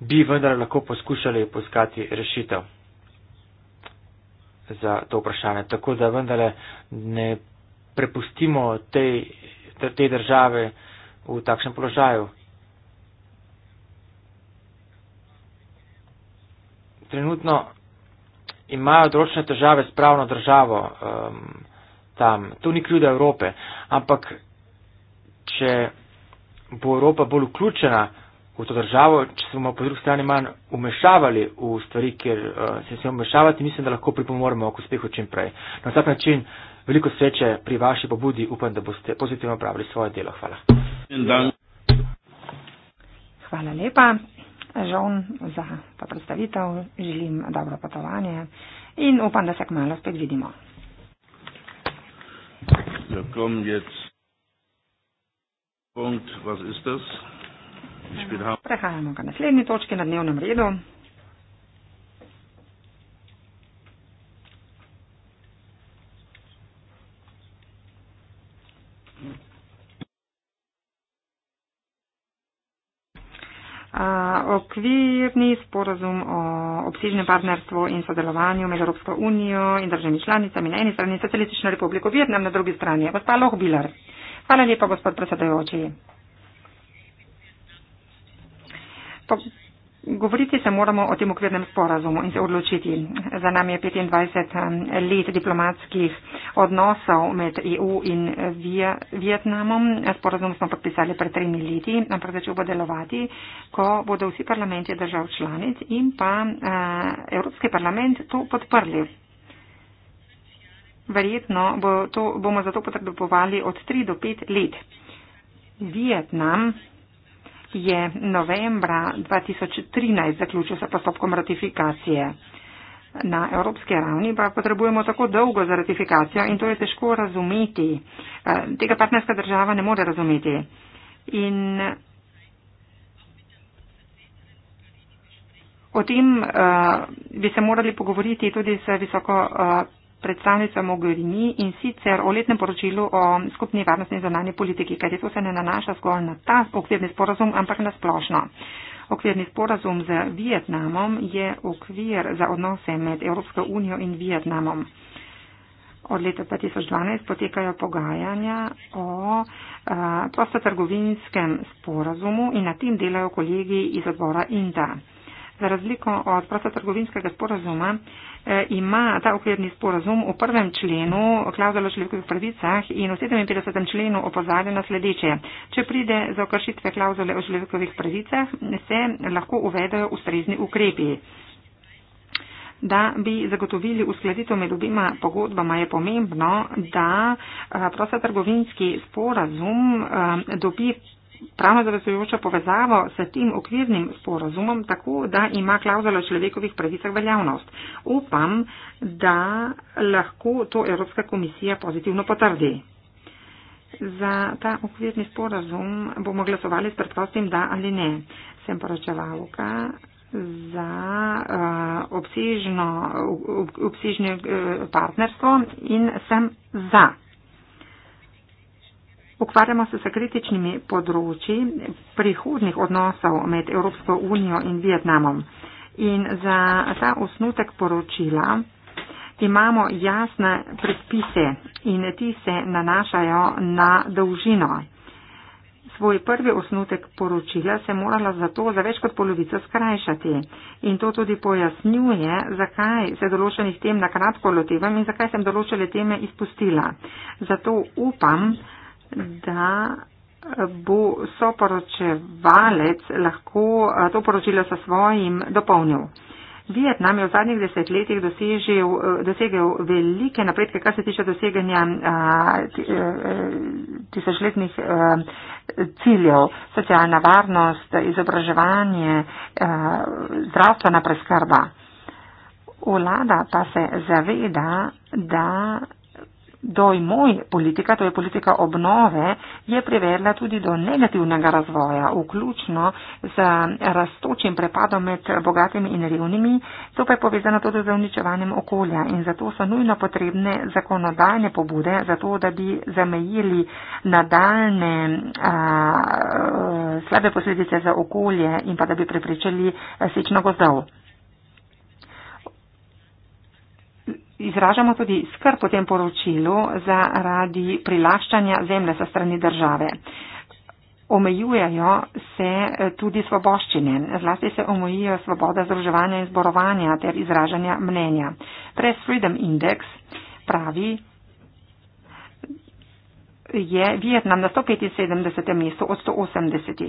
S3: bi vendar lahko poskušali poskati rešitev za to vprašanje. Tako da vendarle ne prepustimo te, te države v takšnem položaju. Trenutno imajo določene težave s pravno državo. Um, tam. To ni krivda Evrope, ampak če bo Evropa bolj vključena v to državo, če se bomo po drugi strani manj umešavali v stvari, ker uh, eh, se smemo umešavati, mislim, da lahko pripomoremo k uspehu čim prej. Na vsak način veliko sreče pri vaši pobudi, upam, da boste pozitivno pravili svoje delo. Hvala.
S4: Hvala lepa. Žon za predstavitev, želim dobro potovanje in upam, da se kmalo spet vidimo.
S1: Wir kommen jetzt Punkt, was ist das? Ich bin
S4: Prehajamo ga naslednji točki na dnevnem redu. okvirni sporazum o obsežnem partnerstvu in sodelovanju med Evropsko unijo in državi članicami na eni strani Socialistično republiko Vietnam na drugi strani. Gospa Loh Bilar. Hvala lepa, gospod predsedajoči. Govoriti se moramo o tem okvirnem sporazumu in se odločiti. Za nami je 25 um, let diplomatskih odnosov med EU in Vietnamom. Sporazum smo podpisali pred tremi leti, ampak začel bo delovati, ko bodo vsi parlamenti držav članic in pa uh, Evropski parlament to podprli. Verjetno bo to, bomo zato potrebovali od 3 do 5 let. Vietnam je novembra 2013 zaključil s postopkom ratifikacije. Na evropski ravni pa potrebujemo tako dolgo za ratifikacijo in to je težko razumeti. Eh, tega partnerska država ne more razumeti. In o tem uh, bi se morali pogovoriti tudi s visoko uh, predstavnica Mogherini in sicer o letnem poročilu o skupni varnostni in zonalni politiki, kajti to se ne nanaša zgolj na ta okvirni sporazum, ampak na splošno. Okvirni sporazum z Vietnamom je okvir za odnose med Evropsko unijo in Vietnamom. Od leta 2012 potekajo pogajanja o a, prostotrgovinskem sporazumu in na tem delajo kolegi iz odbora INDA za razliko od prostotrgovinskega sporazuma, eh, ima ta okvirni sporazum v prvem členu klauzulo o človekovih pravicah in v 57. členu opozarja na sledeče. Če pride za okršitve klauzule o človekovih pravicah, se lahko uvedajo ustrezni ukrepi. Da bi zagotovili uskladitev med obima pogodbama, je pomembno, da eh, prostotrgovinski sporazum eh, dobi pravno zavezujočo povezavo s tem okvirnim sporozumom, tako da ima klauzula človekovih pravicah veljavnost. Upam, da lahko to Evropska komisija pozitivno potrdi. Za ta okvirni sporozum bomo glasovali s predprostim da ali ne. Sem poročevalka za uh, obsežno, ob, obsežno uh, partnerstvo in sem za. Ukvarjamo se s kritičnimi področji prihodnih odnosov med Evropsko unijo in Vietnamom. In za ta osnutek poročila imamo jasne predpise in ti se nanašajo na dolžino. Svoj prvi osnutek poročila se morala zato za več kot polovico skrajšati. In to tudi pojasnjuje, zakaj se določenih tem na kratko lotevam in zakaj sem določene teme izpustila. Zato upam, da bo soporočevalec lahko eh, to poročilo sa svojim dopolnil. Vietnam je v zadnjih desetletjih dosežil, eh, dosegel velike napredke, kar se tiče doseganja eh, tisočletnih ciljev, socialna varnost, izobraževanje, zdravstvena preskrba. Vlada pa se zaveda, da Dojmoj politika, to je politika obnove, je privedla tudi do negativnega razvoja, vključno z rastočim prepadom med bogatimi in revnimi, to pa je povezano tudi z uničevanjem okolja in zato so nujno potrebne zakonodajne pobude, zato da bi zamejili nadaljne a, slabe posledice za okolje in pa da bi prepričali sečno gozdov. izražamo tudi skrb po tem poročilu zaradi prilaščanja zemlje sa strani države. Omejujejo se eh, tudi svoboščine, zlasti se omejijo svoboda združevanja in zborovanja ter izražanja mnenja. Press Freedom Index pravi, je Vietnam na 175. mestu od 180.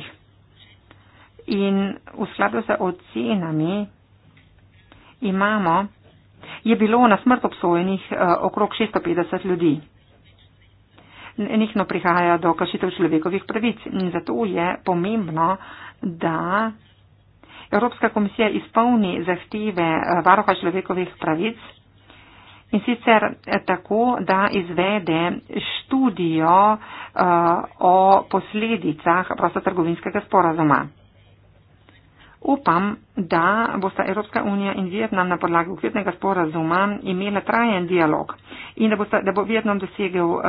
S4: In v skladu z ocenami imamo je bilo na smrt obsojenih eh, okrog 650 ljudi. Nihno prihaja do kršitev človekovih pravic in zato je pomembno, da Evropska komisija izpolni zahteve eh, varoha človekovih pravic in sicer eh, tako, da izvede študijo o posledicah prostotrgovinskega sporazuma. Upam, da bosta Evropska unija in Vietnam na podlagi okvirnega sporazuma imela trajen dialog in da, bosta, da bo Vietnam dosegel uh,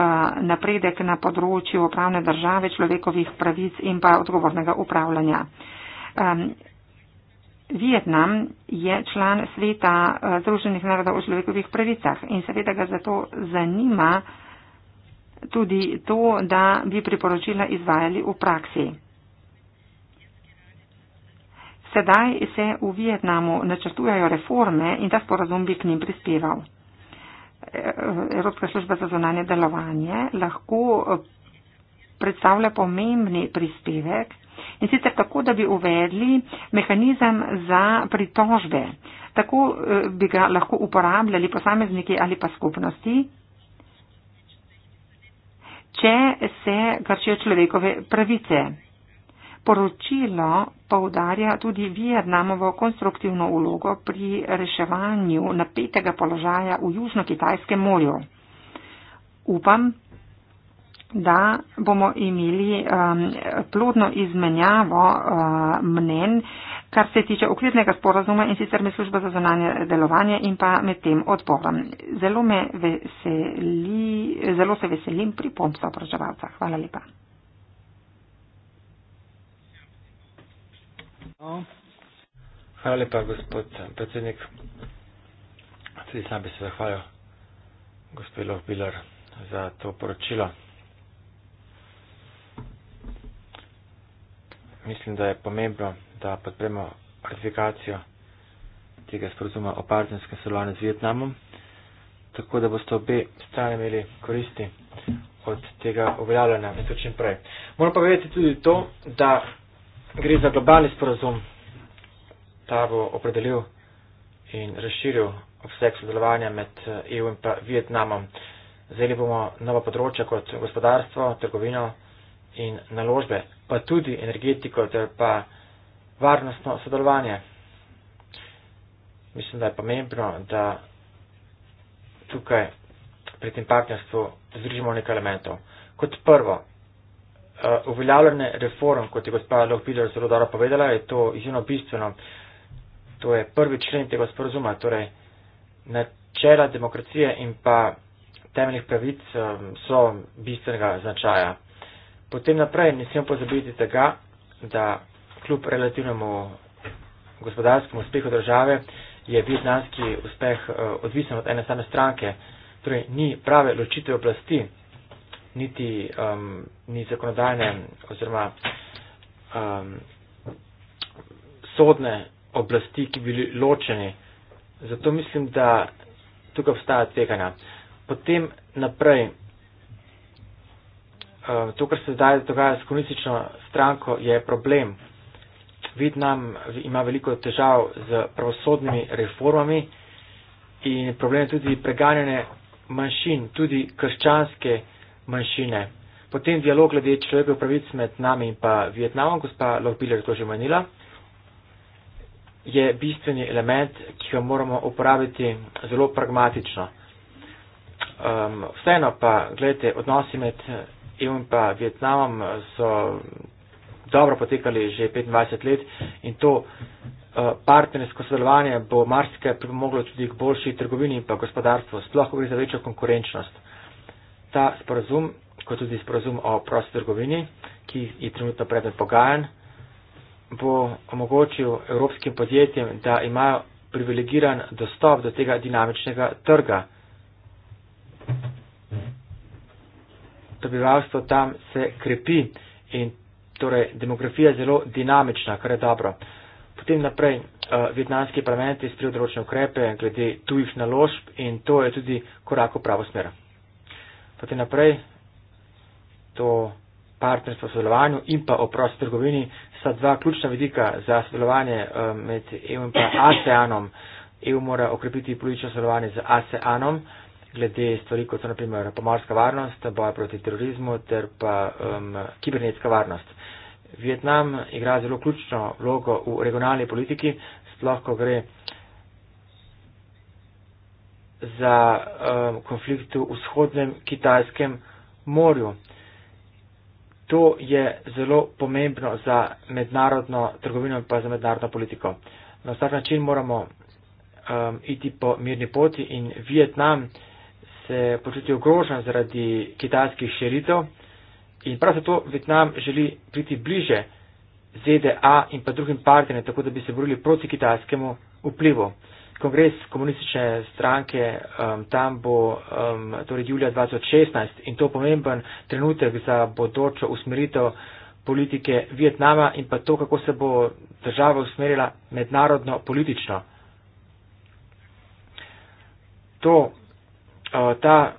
S4: napredek na področju pravne države, človekovih pravic in pa odgovornega upravljanja. Um, Vietnam je član sveta uh, Združenih narodov o človekovih pravicah in seveda ga zato zanima tudi to, da bi priporočila izvajali v praksi. Sedaj se v Vietnamu načrtujajo reforme in ta sporazum bi k njim prispeval. Evropska služba za zonanje delovanje lahko predstavlja pomembni prispevek in sicer tako, da bi uvedli mehanizem za pritožbe. Tako eh, bi ga lahko uporabljali posamezniki ali pa skupnosti, če se krčijo človekove pravice. Poročilo poudarja tudi Vietnamovo konstruktivno ulogo pri reševanju napetega položaja v Južno-Kitajskem morju. Upam, da bomo imeli um, plodno izmenjavo um, mnen, kar se tiče okvirnega sporazuma in sicer med službo za zonanje delovanje in pa med tem odborom. Zelo, me veseli, zelo se veselim pri pomstvu opraževalca. Hvala lepa.
S3: No. Hvala lepa, gospod predsednik. Tudi sam bi se zahvalil gospod Lov Bilar za to poročilo. Mislim, da je pomembno, da podpremo ratifikacijo tega sporozuma o partnerskem sodelovanju z Vietnamom, tako da boste obe strani imeli koristi od tega uveljavljanja in to čim prej. Moram pa povedati tudi to, da gre za globalni sporazum. Ta bo opredelil in razširil obseg sodelovanja med eh, EU in pa Vietnamom. Zeli bomo nova področja kot gospodarstvo, trgovino in naložbe, pa tudi energetiko ter pa varnostno sodelovanje. Mislim, da je pomembno, da tukaj pri tem partnerstvu združimo nekaj elementov. Kot prvo, uh, uveljavljanje reform, kot je gospa Lopider zelo dobro povedala, je to izjemno bistveno. To je prvi člen tega sporozuma, torej načela demokracije in pa temeljnih pravic um, so bistvenega značaja. Potem naprej ne smemo pozabiti tega, da kljub relativnemu gospodarskemu uspehu države je vietnamski uspeh uh, odvisen od ene same stranke, torej ni prave ločitve oblasti niti um, ni zakonodajne oziroma um, sodne oblasti, ki bi bili ločeni. Zato mislim, da tukaj obstaja tvegana. Potem naprej, um, to, kar se zdaj dogaja s komunistično stranko, je problem. Vietnam ima veliko težav z pravosodnimi reformami in problem je tudi preganjanje manjšin, tudi krščanske manjšine. Potem dialog glede človekov pravic med nami in pa Vietnamom, gospa Lovbiler to že omenila, je bistveni element, ki ga moramo uporabiti zelo pragmatično. Um, vseeno pa, gledajte, odnosi med EU in pa Vietnamom so dobro potekali že 25 let in to uh, partnersko sodelovanje bo marsikaj pripomoglo tudi k boljši trgovini in pa gospodarstvu, sploh ko gre za večjo konkurenčnost ta sporazum, kot tudi sporazum o prosti trgovini, ki je trenutno predmet pogajan, bo omogočil evropskim podjetjem, da imajo privilegiran dostop do tega dinamičnega trga. Prebivalstvo tam se krepi in torej demografija je zelo dinamična, kar je dobro. Potem naprej, uh, eh, vjetnamski parlament je sprijel določene ukrepe glede tujih naložb in to je tudi korak v pravo smer potem naprej to partnerstvo v sodelovanju in pa oprost trgovini sta dva ključna vidika za sodelovanje eh, med EU in pa ASEANom. EU mora okrepiti politično sodelovanje z ASEANom glede stvari, kot so naprimer pomorska varnost, boja proti terorizmu ter pa um, kibernetska varnost. Vietnam igra zelo ključno vlogo v regionalni politiki, sploh ko gre za um, konflikt v vzhodnem kitajskem morju. To je zelo pomembno za mednarodno trgovino in pa za mednarodno politiko. Na vsak način moramo um, iti po mirni poti in Vietnam se počuti ogrožen zaradi kitajskih širitev in prav zato Vietnam želi priti bliže ZDA in pa drugim partnerjem, tako da bi se borili proti kitajskemu vplivu kongres komunistične stranke um, tam bo um, torej julija 2016 in to pomemben trenutek za bodočo usmeritev politike Vietnama in pa to, kako se bo država usmerila mednarodno politično. To, uh, ta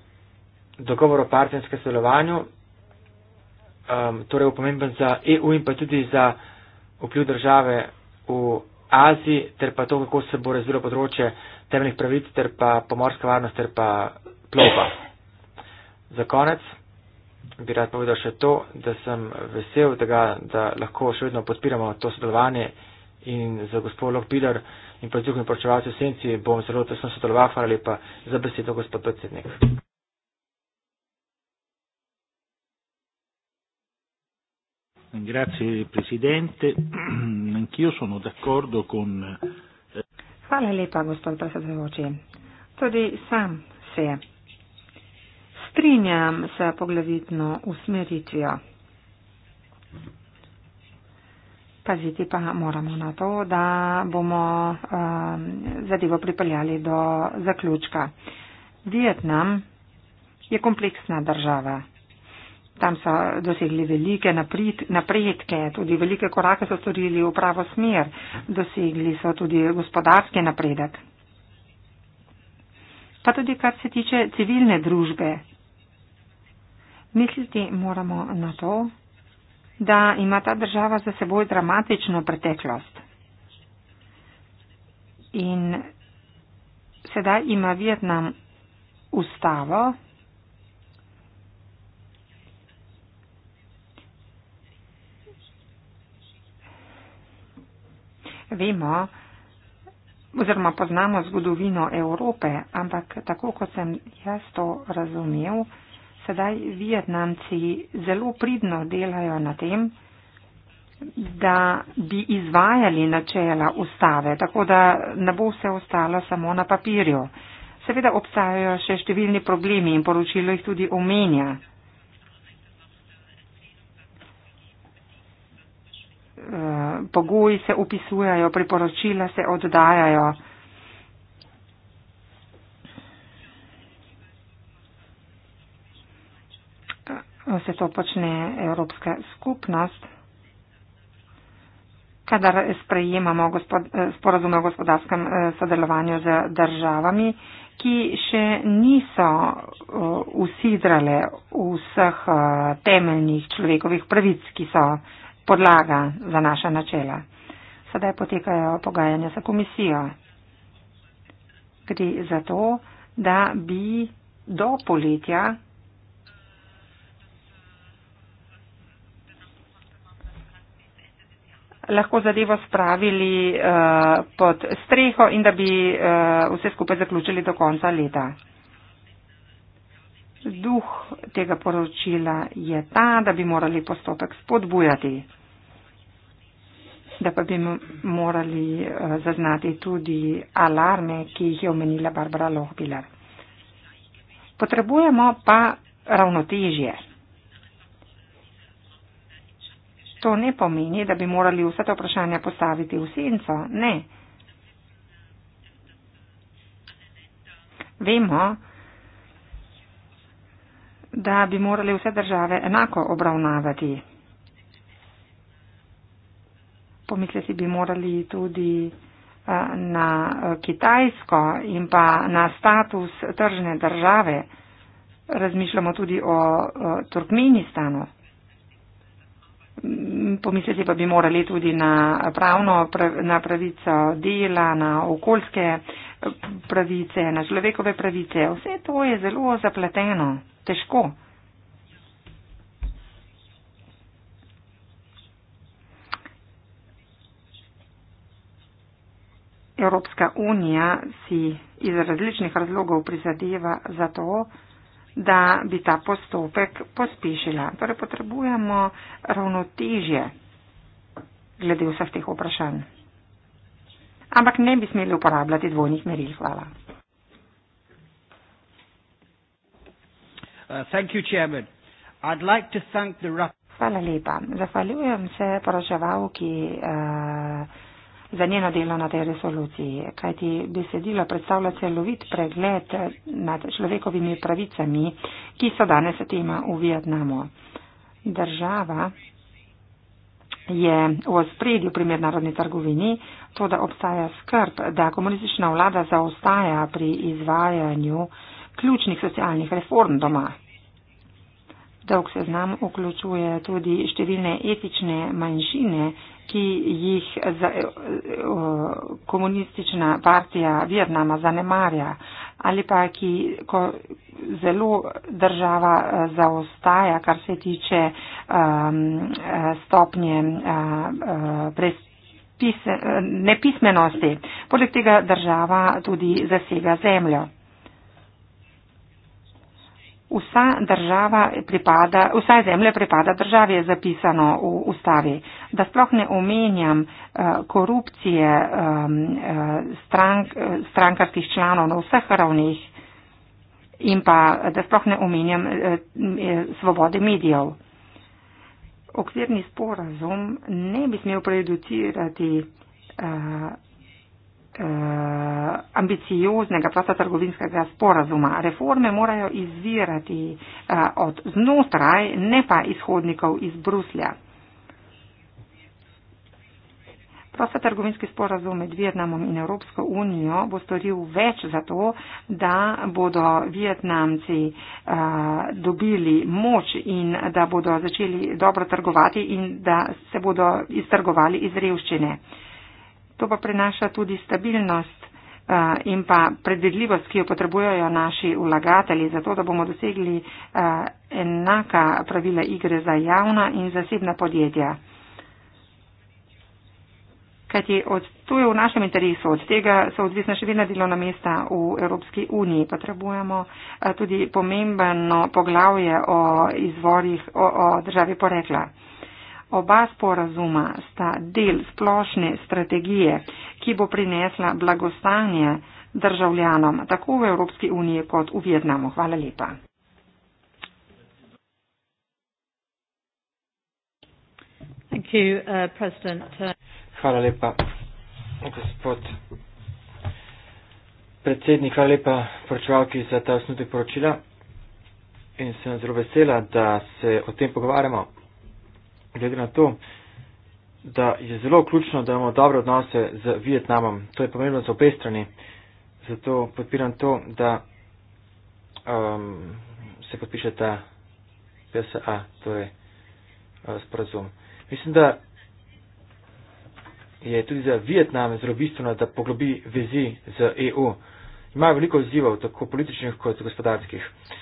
S3: dogovor o partnerskem sodelovanju, um, torej je pomemben za EU in pa tudi za vpliv države v Aziji, ter pa to, kako se bo razvilo področje temeljnih pravic, ter pa pomorska varnost, ter pa plova. Za konec bi rad povedal še to, da sem vesel tega, da lahko še vedno podpiramo to sodelovanje in za gospod Lokbiler in pa z drugim poročevalcem v Senci bom zelo tesno sodeloval. Hvala lepa za besedo, gospod predsednik.
S2: Grazie Presidente, anch'io sono d'accordo con. Eh,
S4: Hvala lepa, gospod predsedujoči. Tudi sam se strinjam s poglavitno usmeritvijo. Paziti pa moramo na to, da bomo um, zadevo pripeljali do zaključka. Vietnam je kompleksna država. Tam so dosegli velike napredke, tudi velike korake so storili v pravo smer, dosegli so tudi gospodarski napredek. Pa tudi kar se tiče civilne družbe. Misliti moramo na to, da ima ta država za seboj dramatično preteklost. In sedaj ima Vietnam ustavo vemo oziroma poznamo zgodovino Evrope, ampak tako kot sem jaz to razumev, sedaj Vietnamci zelo pridno delajo na tem, da bi izvajali načela ustave, tako da ne bo vse ostalo samo na papirju. Seveda obstajajo še številni problemi in poročilo jih tudi omenja. Eh, pogoji se upisujajo, priporočila se oddajajo. Vse eh, to počne Evropska skupnost. Kadar sprejemamo eh, sporozume o gospodarskem sodelovanju z državami, ki še niso usidrale vseh temeljnih človekovih pravic, ki so podlaga za naša načela. Sedaj potekajo pogajanja za komisijo. Gre za to, da bi do poletja lahko zadevo spravili uh, pod streho in da bi uh, vse skupaj zaključili do konca leta. Duh tega poročila je ta, da bi morali postopek spodbujati, da pa bi morali eh, zaznati tudi alarme, ki jih je omenila Barbara Lohbiler. Potrebujemo pa ravnotežje. To ne pomeni, da bi morali vse to vprašanje postaviti v senco. Ne. Vemo, da bi morali vse države enako obravnavati. Pomisliti bi morali tudi eh, na eh, Kitajsko in pa na status tržne države. Razmišljamo tudi o eh, Turkmenistanu. Pomisliti pa bi morali tudi na pravno, na pravico dela, na okoljske pravice, na človekove pravice. Vse to je zelo zapleteno težko. Evropska unija si iz različnih razlogov prizadeva za to, da bi ta postopek pospešila. Torej potrebujemo ravnotežje glede vseh teh vprašanj. Ampak ne bi smeli uporabljati dvojnih meril. Hvala. Uh, thank you, Chairman. I'd like to thank the Hvala lepa. Zahvaljujem se poročevalki uh, za njeno delo na tej resoluciji, kajti besedilo predstavlja celovit pregled nad človekovimi pravicami, ki so danes tema v Vietnamu. Država je v ospredju pri mednarodni trgovini, to, da obstaja skrb, da komunistična vlada zaostaja pri izvajanju uh, ključnih socialnih reform doma. Dolg seznam vključuje tudi številne etične manjšine, ki jih za, o, eh, eh, komunistična partija Vietnama zanemarja ali pa ki ko, zelo država eh, zaostaja, kar se tiče um, stopnje uh, pres, pise, nepismenosti. Poleg tega država tudi zasega zemljo vsa država pripada, vsa zemlja pripada državi, je zapisano v ustavi. Da sploh ne omenjam eh, korupcije eh, strank, eh, strankarskih članov na vseh ravneh in pa da sploh ne omenjam svobode medijev. Okvirni sporazum ne bi smel prejudicirati Eh, ambicioznega prostotrgovinskega sporazuma. Reforme morajo izvirati eh, od znotraj, ne pa izhodnikov iz Bruslja. Prostotrgovinski sporazum med Vietnamom in Evropsko unijo bo storil več za to, da bodo Vietnamci eh, dobili moč in da bodo začeli dobro trgovati in da se bodo iztrgovali iz revščine. To pa prinaša tudi stabilnost eh, in pa predvidljivost, ki jo potrebujejo naši vlagatelji, zato da bomo dosegli eh, enaka pravila igre za javna in zasebna podjetja. Kajti od tu je v našem interesu, od tega so odvisna še vedno delovna mesta v Evropski uniji. Potrebujemo eh, tudi pomembno poglavje o izvorih, o, o državi porekla. Oba sporazuma sta del splošne strategije, ki bo prinesla blagostanje državljanom tako v Evropski uniji kot v Vietnamu. Hvala lepa.
S2: You, uh,
S3: hvala lepa, gospod predsednik. Hvala lepa, poročevalki, za ta osnutek poročila. In sem zelo vesela, da se o tem pogovarjamo glede na to, da je zelo ključno, da imamo dobre odnose z Vietnamom. To je pomembno za obe strani. Zato podpiram to, da um, se podpiše ta PSA, torej uh, sporazum. Mislim, da je tudi za Vietnam zelo bistveno, da poglobi vezi z EU. Imajo veliko izzivov, tako političnih kot gospodarskih. Uh,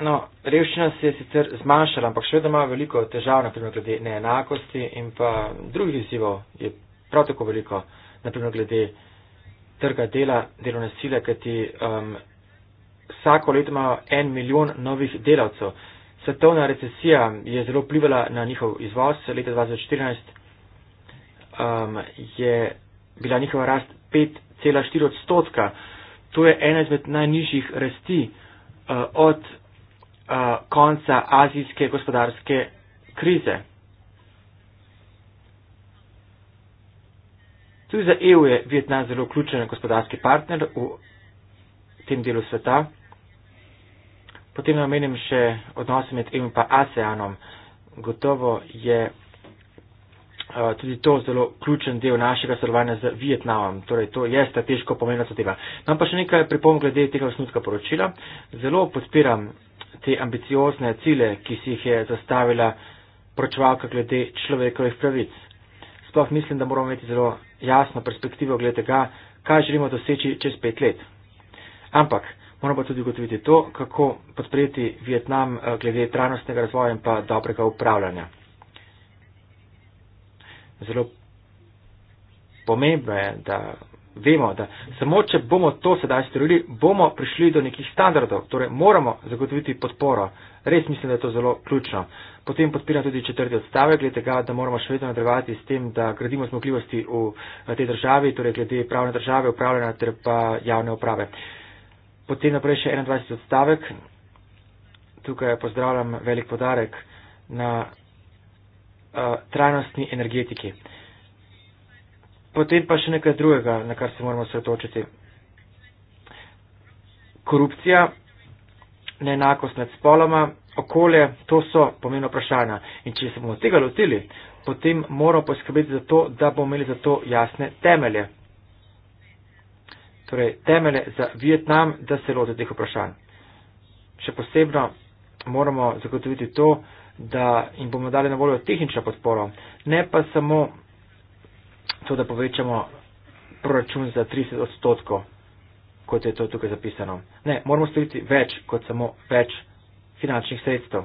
S3: No, revščina se je sicer zmanjšala, ampak še vedno ima veliko težav, naprimer glede neenakosti in pa drugih izzivov je prav tako veliko, naprimer glede trga dela, delovne sile, kajti um, vsako leto imajo en milijon novih delavcev. Svetovna recesija je zelo vplivala na njihov izvoz. Leta 2014 um, je bila njihova rast 5,4 odstotka. To je ena izmed najnižjih rasti uh, od konca azijske gospodarske krize. Tudi za EU je Vietnam zelo ključen gospodarski partner v tem delu sveta. Potem naj omenim še odnose med EU in pa ASEANom. Gotovo je uh, tudi to zelo ključen del našega sodelovanja z Vietnamom. Torej, to je strateško pomembna zadeva. Imam pa še nekaj pripomb glede tega osnutka poročila. Zelo podpiram te ambiciozne cilje, ki si jih je zastavila pročevalka glede človekovih pravic. Sploh mislim, da moramo imeti zelo jasno perspektivo glede tega, kaj želimo doseči čez pet let. Ampak moramo pa tudi ugotoviti to, kako podpreti Vietnam eh, glede trajnostnega razvoja in pa dobrega upravljanja. Zelo pomembno je, da Vemo, da samo če bomo to sedaj storili, bomo prišli do nekih standardov, torej moramo zagotoviti podporo. Res mislim, da je to zelo ključno. Potem podpira tudi četrti odstavek, glede tega, da moramo še vedno nadaljevati s tem, da gradimo zmogljivosti v eh, tej državi, torej glede pravne države, upravljanja ter pa javne uprave. Potem naprej še 21 odstavek. Tukaj pozdravljam velik podarek na uh, trajnostni energetiki. Uh, Potem pa še nekaj drugega, na kar se moramo sretočiti. Korupcija, neenakost med spoloma, okolje, to so pomembna vprašanja. In če se bomo tega lotili, potem moramo poskrbeti za to, da bomo imeli za to jasne temelje. Torej, temelje za Vietnam, da se lote teh vprašanj. Še posebno moramo zagotoviti to, da jim bomo dali na voljo tehnično podporo, ne pa samo to, da povečamo proračun za 30 odstotkov, kot je to tukaj zapisano. Ne, moramo storiti več kot samo več finančnih sredstev.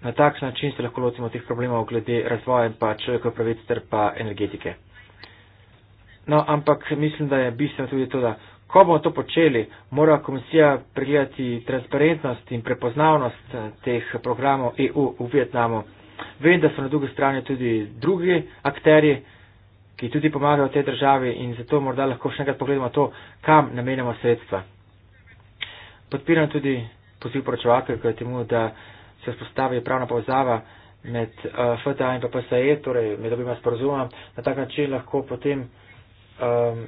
S3: Na tak način se lahko lotimo teh problemov glede razvoja in pa človekov pravic ter pa energetike. No, ampak mislim, da je bistveno tudi to, da ko bomo to počeli, mora komisija pregledati transparentnost in prepoznavnost eh, teh programov EU v Vietnamu. Vem, da so na drugi strani tudi drugi akteri, ki tudi pomagajo tej državi in zato morda lahko še enkrat pogledamo to, kam namenjamo sredstva. Podpiram tudi poziv poročevalke k temu, da se vzpostavi pravna povezava med uh, eh, FTA in PPSE, torej med obima sporozumom, na tak način lahko potem um,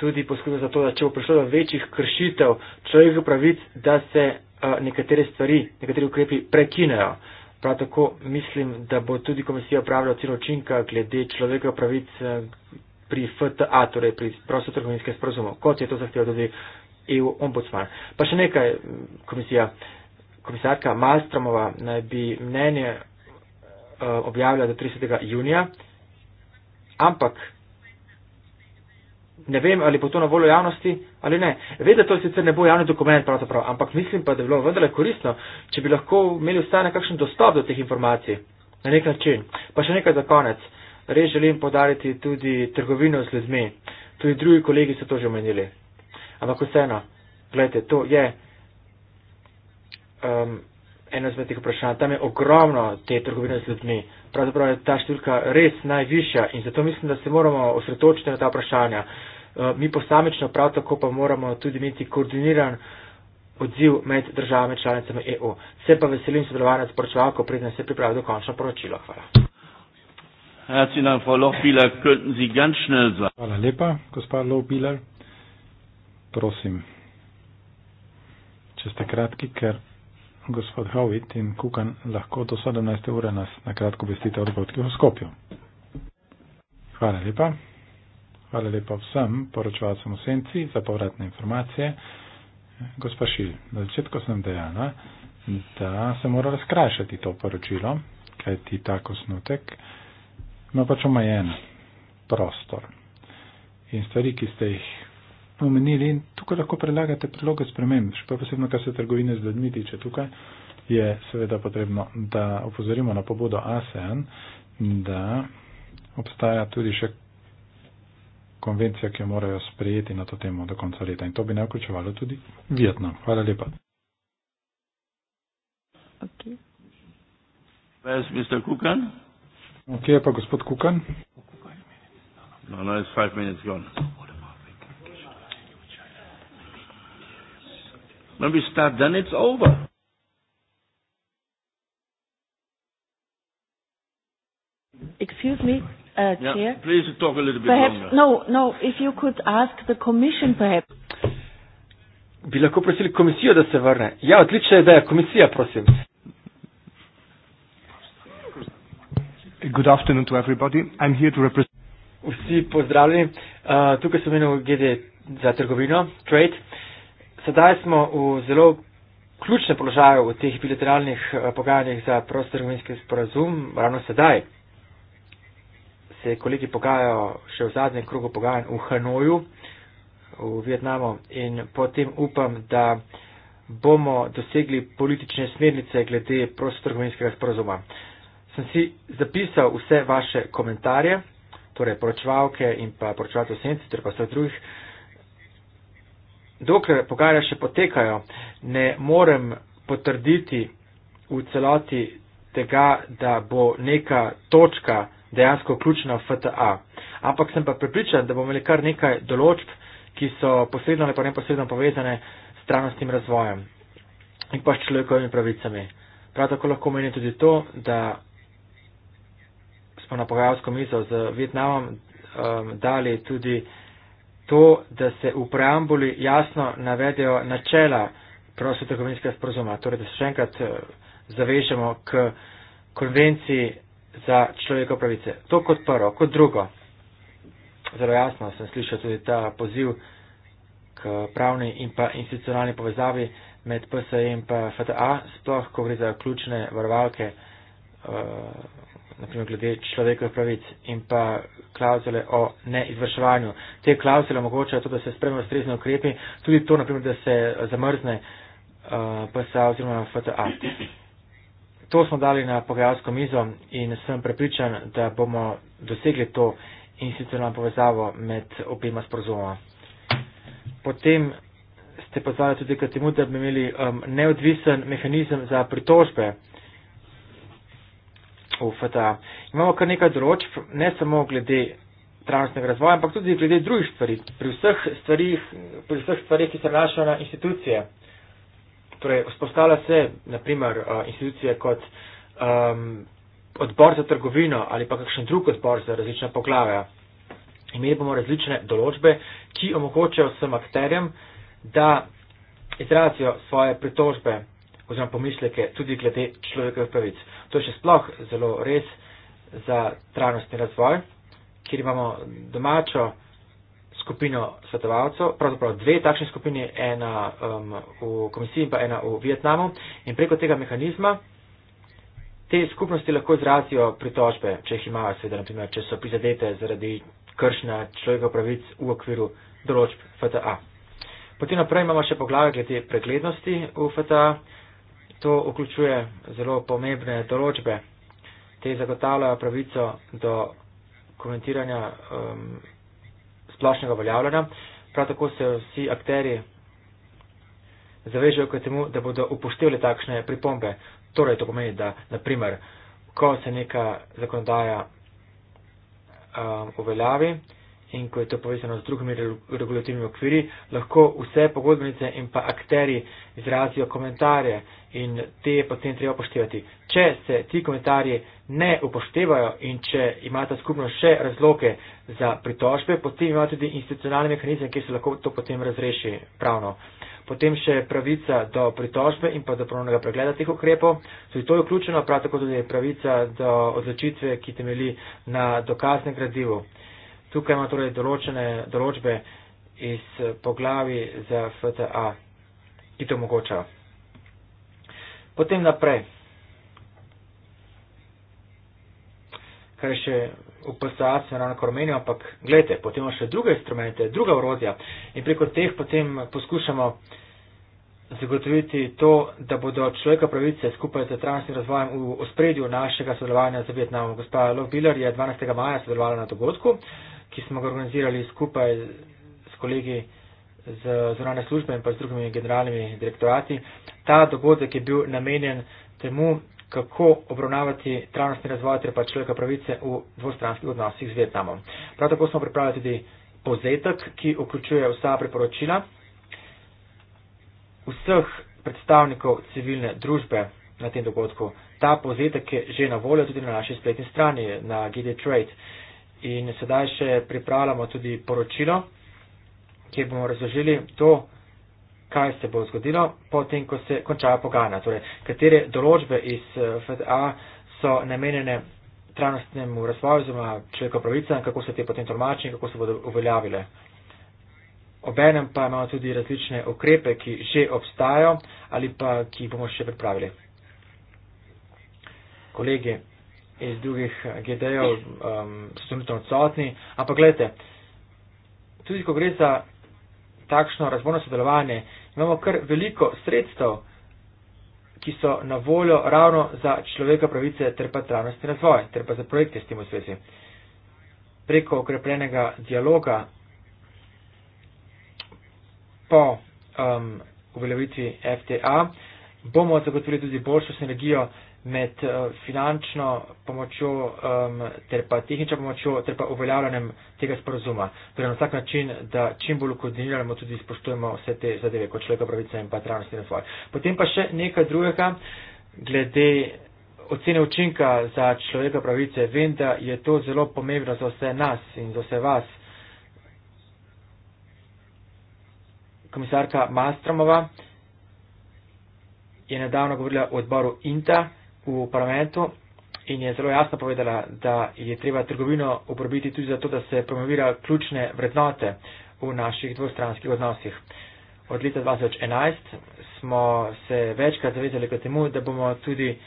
S3: tudi poskrbi za to, da če bo prišlo do večjih kršitev človekovih pravic, da se uh, nekatere stvari, nekateri ukrepi prekinejo. Uh, Prav tako mislim, da bo tudi komisija upravila ocen učinka glede človekovih pravic eh, pri FTA, torej pri prostotrgovinskem sporozumu, kot je to zahteval tudi EU ombudsman. Pa še nekaj, mm, komisija, komisarka Malstromova naj bi mnenje uh, objavila do 30. junija, ampak ne vem, ali bo to na voljo javnosti ali ne. Vedno to sicer ne bo javni dokument pravzaprav, ampak mislim pa, da bi bilo vendarle koristno, če bi lahko imeli vsaj nekakšen dostop do teh informacij na nek način. Pa še nekaj za konec. Res želim podariti tudi trgovino z ljudmi. Tudi drugi kolegi so to že omenili. Ampak vseeno, gledajte, to je um, eno izmed teh vprašanj. Tam je ogromno te trgovine z ljudmi. Pravzaprav je ta številka res najvišja in zato mislim, da se moramo osredotočiti na ta vprašanja. Uh, Eh, mi posamično prav tako pa moramo tudi imeti koordiniran odziv med državami članicami EU. Se pa veselim sodelovanja s poročevalko, preden se pripravi dokončno poročilo. Hvala.
S2: Hvala lepa, gospod Lovbiler. Prosim, če ste kratki, ker gospod Hovit in Kukan lahko do 17. ure nas na kratko obvestite o dogodkih v Skopju. Hvala lepa. Hvala lepa vsem poročevalcem v Senci za povratne informacije. Gospa Šil, na začetku sem dejala, da se mora razkrašati to poročilo, kajti tak osnutek ima pač omajen prostor. In stvari, ki ste jih omenili, tukaj lahko predlagate priloge sprememb, še pa posebno, kar se trgovine z ljudmi tiče tukaj, je seveda potrebno, da opozorimo na pobudo ASEAN, da obstaja tudi še konvencijo, ki jo morajo sprejeti na to temo do konca leta. In to bi naj vključevalo tudi Vietnam. Hvala lepa. Ok.
S1: Pa jaz, Mr. Kukan.
S2: Ok, pa gospod Kukan.
S1: No, no, it's five minutes gone. When we start, then it's over.
S4: Excuse me uh, yeah, Chair.
S3: Please talk a little
S1: bit perhaps, longer. No,
S4: no, if you could ask the Commission perhaps.
S3: Bi lahko prosili komisijo, da se vrne. Ja, odlična je, da je komisija, prosim.
S2: Good afternoon to everybody. I'm here to represent.
S3: Vsi pozdravljeni. Uh, tukaj sem imel GD za trgovino, trade. Sedaj smo v zelo ključnem položaju v teh bilateralnih uh, pogajanjih za prostorovinski sporazum, ravno sedaj se kolegi pogajajo še v zadnjem krogu pogajanj v Hanoju v Vietnamu in potem upam, da bomo dosegli politične smernice glede prostotrgovinskega sporozuma. Sem si zapisal vse vaše komentarje, torej poročevalke in pa poročevalce senci, torej pa vseh drugih. Dokler pogajanja še potekajo, ne morem potrditi v celoti tega, da bo neka točka dejansko vključena v FTA. Ampak sem pa pripričan, da bomo imeli kar nekaj določb, ki so posredno ali pa neposredno povezane s trajnostnim razvojem in pa s človekovimi pravicami. Prav tako lahko menim tudi to, da smo na pogajalsko mizo z Vietnamom um, dali tudi to, da se v preambuli jasno navedejo načela prostotekovinskega sporozuma, torej da se še enkrat eh, zavežemo k konvenciji za človekov pravice. To kot prvo. Kot drugo, zelo jasno sem slišal tudi ta poziv k pravni in pa institucionalni povezavi med PSE in pa FTA, sploh, ko gre za ključne varovalke, eh, naprimer glede človekovih pravic in pa klauzule o neizvrševanju. Te klauzule omogočajo tudi, da se spremljajo strezne ukrepi, tudi to, naprimer, da se zamrzne eh, PSA oziroma FTA to smo dali na pogajalsko mizo in sem prepričan, da bomo dosegli to institucionalno povezavo med obima sporozumoma. Potem ste pozvali tudi k temu, da bi imeli um, neodvisen mehanizem za pritožbe v FTA. Imamo kar nekaj določb, ne samo glede trajnostnega razvoja, ampak tudi glede drugih stvari, pri vseh stvarih, pri vseh stvarih ki se nanašajo na institucije torej vzpostavlja se naprimer institucije kot um, odbor za trgovino ali pa kakšen drug odbor za različna poglavja. Imeli bomo različne določbe, ki omogočajo vsem akterjem, da izrazijo svoje pritožbe oziroma pomisleke tudi glede človekovih pravic. To je še sploh zelo res za trajnostni razvoj, kjer imamo domačo skupino svetovalcev, pravzaprav dve takšne skupine, ena um, v komisiji in pa ena v Vietnamu. In preko tega mehanizma te skupnosti lahko izrazijo pritožbe, če jih imajo, seveda, naprimer, če so prizadete zaradi kršna človekov pravic v okviru določb FTA. Potem naprej imamo še poglavje glede preglednosti v FTA. To vključuje zelo pomembne določbe. Te zagotavljajo pravico do komentiranja um, splošnega uveljavljanja. Prav tako se vsi akteri zavežejo k temu, da bodo upoštevali takšne pripombe. Torej, to pomeni, da naprimer, ko se neka zakonodaja um, uveljavi, in ko je to povezano z drugimi regulativnimi okviri, lahko vse pogodbenice in pa akteri izrazijo komentarje in te potem treba upoštevati. Če se ti komentarji ne upoštevajo in če imata skupno še razloge za pritožbe, potem imate tudi institucionalne mehanizme, kjer se lahko to potem razreši pravno. Potem še pravica do pritožbe in pa do ponovnega pregleda teh ukrepov. Tudi to je vključeno, prav tako tudi pravica do odločitve, ki temeli na dokaznem gradivu. Tukaj imamo torej določene določbe iz poglavi za FTA, ki to omogoča. Potem naprej. kar je še v PSAC, smo ravno kar omenili, ampak gledajte, potem imamo še druge instrumente, druga orodja in preko teh potem poskušamo zagotoviti to, da bodo človeka pravice skupaj z trajnostnim razvojem v ospredju našega sodelovanja z Vietnamom. Gospa Lov Biller je 12. maja sodelovala na dogodku, uh, ki smo ga organizirali skupaj s kolegi z zvonane službe in pa z drugimi generalnimi direktorati. Ta dogodek je bil namenjen temu, kako obravnavati trajnostni razvoj ter pa človeka pravice v dvostranskih odnosih z Vietnamom. Prav tako smo pripravili tudi povzetek, ki vključuje vsa priporočila vseh predstavnikov civilne družbe na tem dogodku. Ta povzetek je že na voljo tudi na naši spletni strani, na GD Trade in sedaj še pripravljamo tudi poročilo, kjer bomo razložili to, kaj se bo zgodilo potem, ko se končajo pogajanja, torej katere določbe iz eh, FDA so namenjene trajnostnemu razvoju oziroma človekovim pravicam, kako se te potem tolmači in kako se bodo uveljavile. Obenem pa imamo tudi različne ukrepe, ki že obstajajo ali pa ki jih bomo še pripravili. Kolegi, iz drugih eh, GD-jev um, so trenutno odsotni. Ampak gledajte, tudi ko gre za takšno razvojno sodelovanje, imamo kar veliko sredstev, ki so na voljo ravno za človeka pravice ter pa trajnostni razvoj, ter pa za projekte s tem v svezi. Preko okrepljenega dialoga po um, uveljavitvi FTA bomo zagotovili tudi boljšo sinergijo med eh, finančno pomočjo um, ter pa tehnično pomočjo ter pa uveljavljanjem tega sporozuma. Torej na vsak način, da čim bolj koordiniramo, tudi spoštujemo vse te zadeve kot človeka pravice in pa trajnostni razvoj. Potem pa še nekaj drugega glede ocene učinka za človeka pravice. Vem, da je to zelo pomembno za vse nas in za vse vas. Komisarka Mastromova je nedavno govorila o odboru INTA, u parlamentu i je zelo jasno povedala, da je treba trgovino uporabiti tudi zato, da se promovira ključne vrednote v naših dvostranskih odnosih. Od leta 2011 smo se večkrat zavezali k temu, da bomo tudi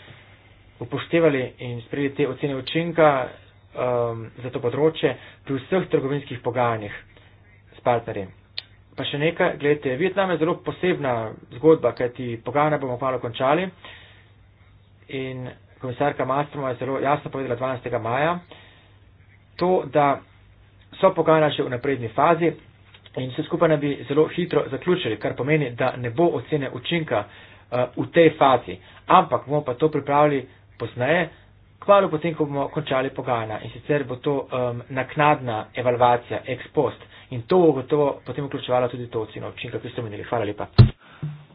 S3: upoštevali in sprejeli te ocene učinka um, za to področje pri vseh trgovinskih pogajanjih s partnerji. Pa še nekaj, gledajte, Vietnam je zelo posebna zgodba, kajti pogajanja bomo malo končali. Uh, in komisarka Mastroma je zelo jasno povedala 12. maja, to, da so pogajanja še v napredni fazi in vse skupaj ne bi zelo hitro zaključili, kar pomeni, da ne bo ocene učinka uh, v tej fazi, ampak bomo pa to pripravili poznaje, kvalo potem, ko bomo končali pogajanja in sicer bo to um, naknadna evalvacija ex post in to bo gotovo potem vključevalo tudi to oceno učinka, ki ste omenili. Hvala lepa.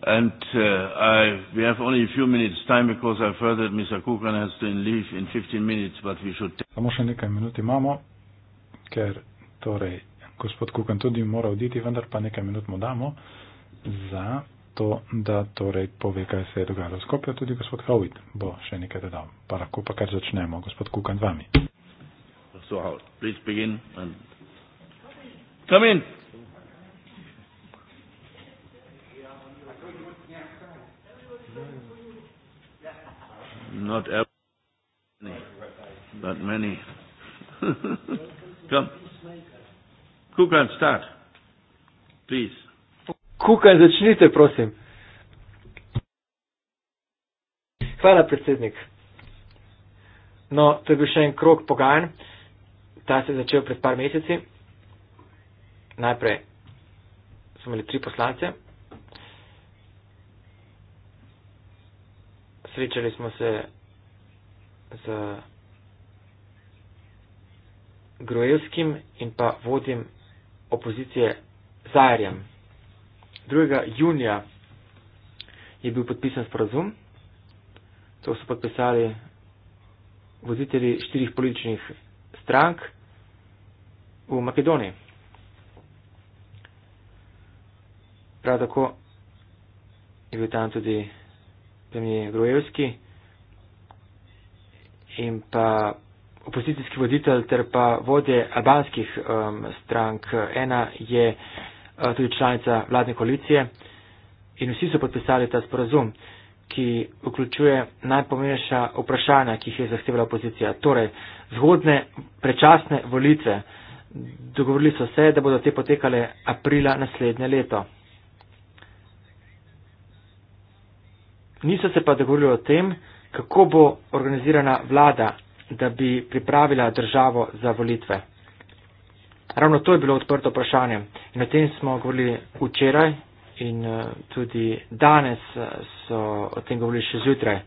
S1: And uh, I, we have only a few minutes time because I've heard that Mr. Kukan has to leave in 15 minutes, but we should...
S2: Samo še nekaj minut imamo, ker torej gospod Kukan tudi mora oditi, vendar pa nekaj minut mu damo za to, da torej pove, kaj se je dogajalo v Skopju. Tudi gospod Howitt bo še nekaj dodal. Pa lahko pa kar začnemo, gospod Kukan, z vami. So, Howitt,
S1: please begin and come in. not ever many, but many. Come. Kukan, start. Please.
S3: Kukan, začnite, prosim. Hvala, predsednik. No, to je bil še en krok pogajanj. Ta se je začel pred par meseci. Najprej smo imeli tri poslance. Srečali smo se z Grojevskim in pa vodim opozicije Zajerjem. 2. junija je bil podpisan sporazum, to so podpisali voditelji štirih političnih strank v Makedoniji. Prav tako je bil tam tudi premijer Grojevski in pa opozicijski voditelj ter pa vodje albanskih um, strank. Ena je uh, tudi članica vladne koalicije in vsi so podpisali ta sporazum, ki vključuje najpomembnejša vprašanja, ki jih je zahtevala opozicija. Torej, zgodne prečasne volitve. Dogovorili so se, da bodo te potekale aprila naslednje leto. Niso se pa dogovorili o tem, kako bo organizirana vlada, da bi pripravila državo za volitve. Ravno to je bilo odprto vprašanje in o tem smo govorili včeraj in eh, tudi danes eh, so o tem govorili še zjutraj.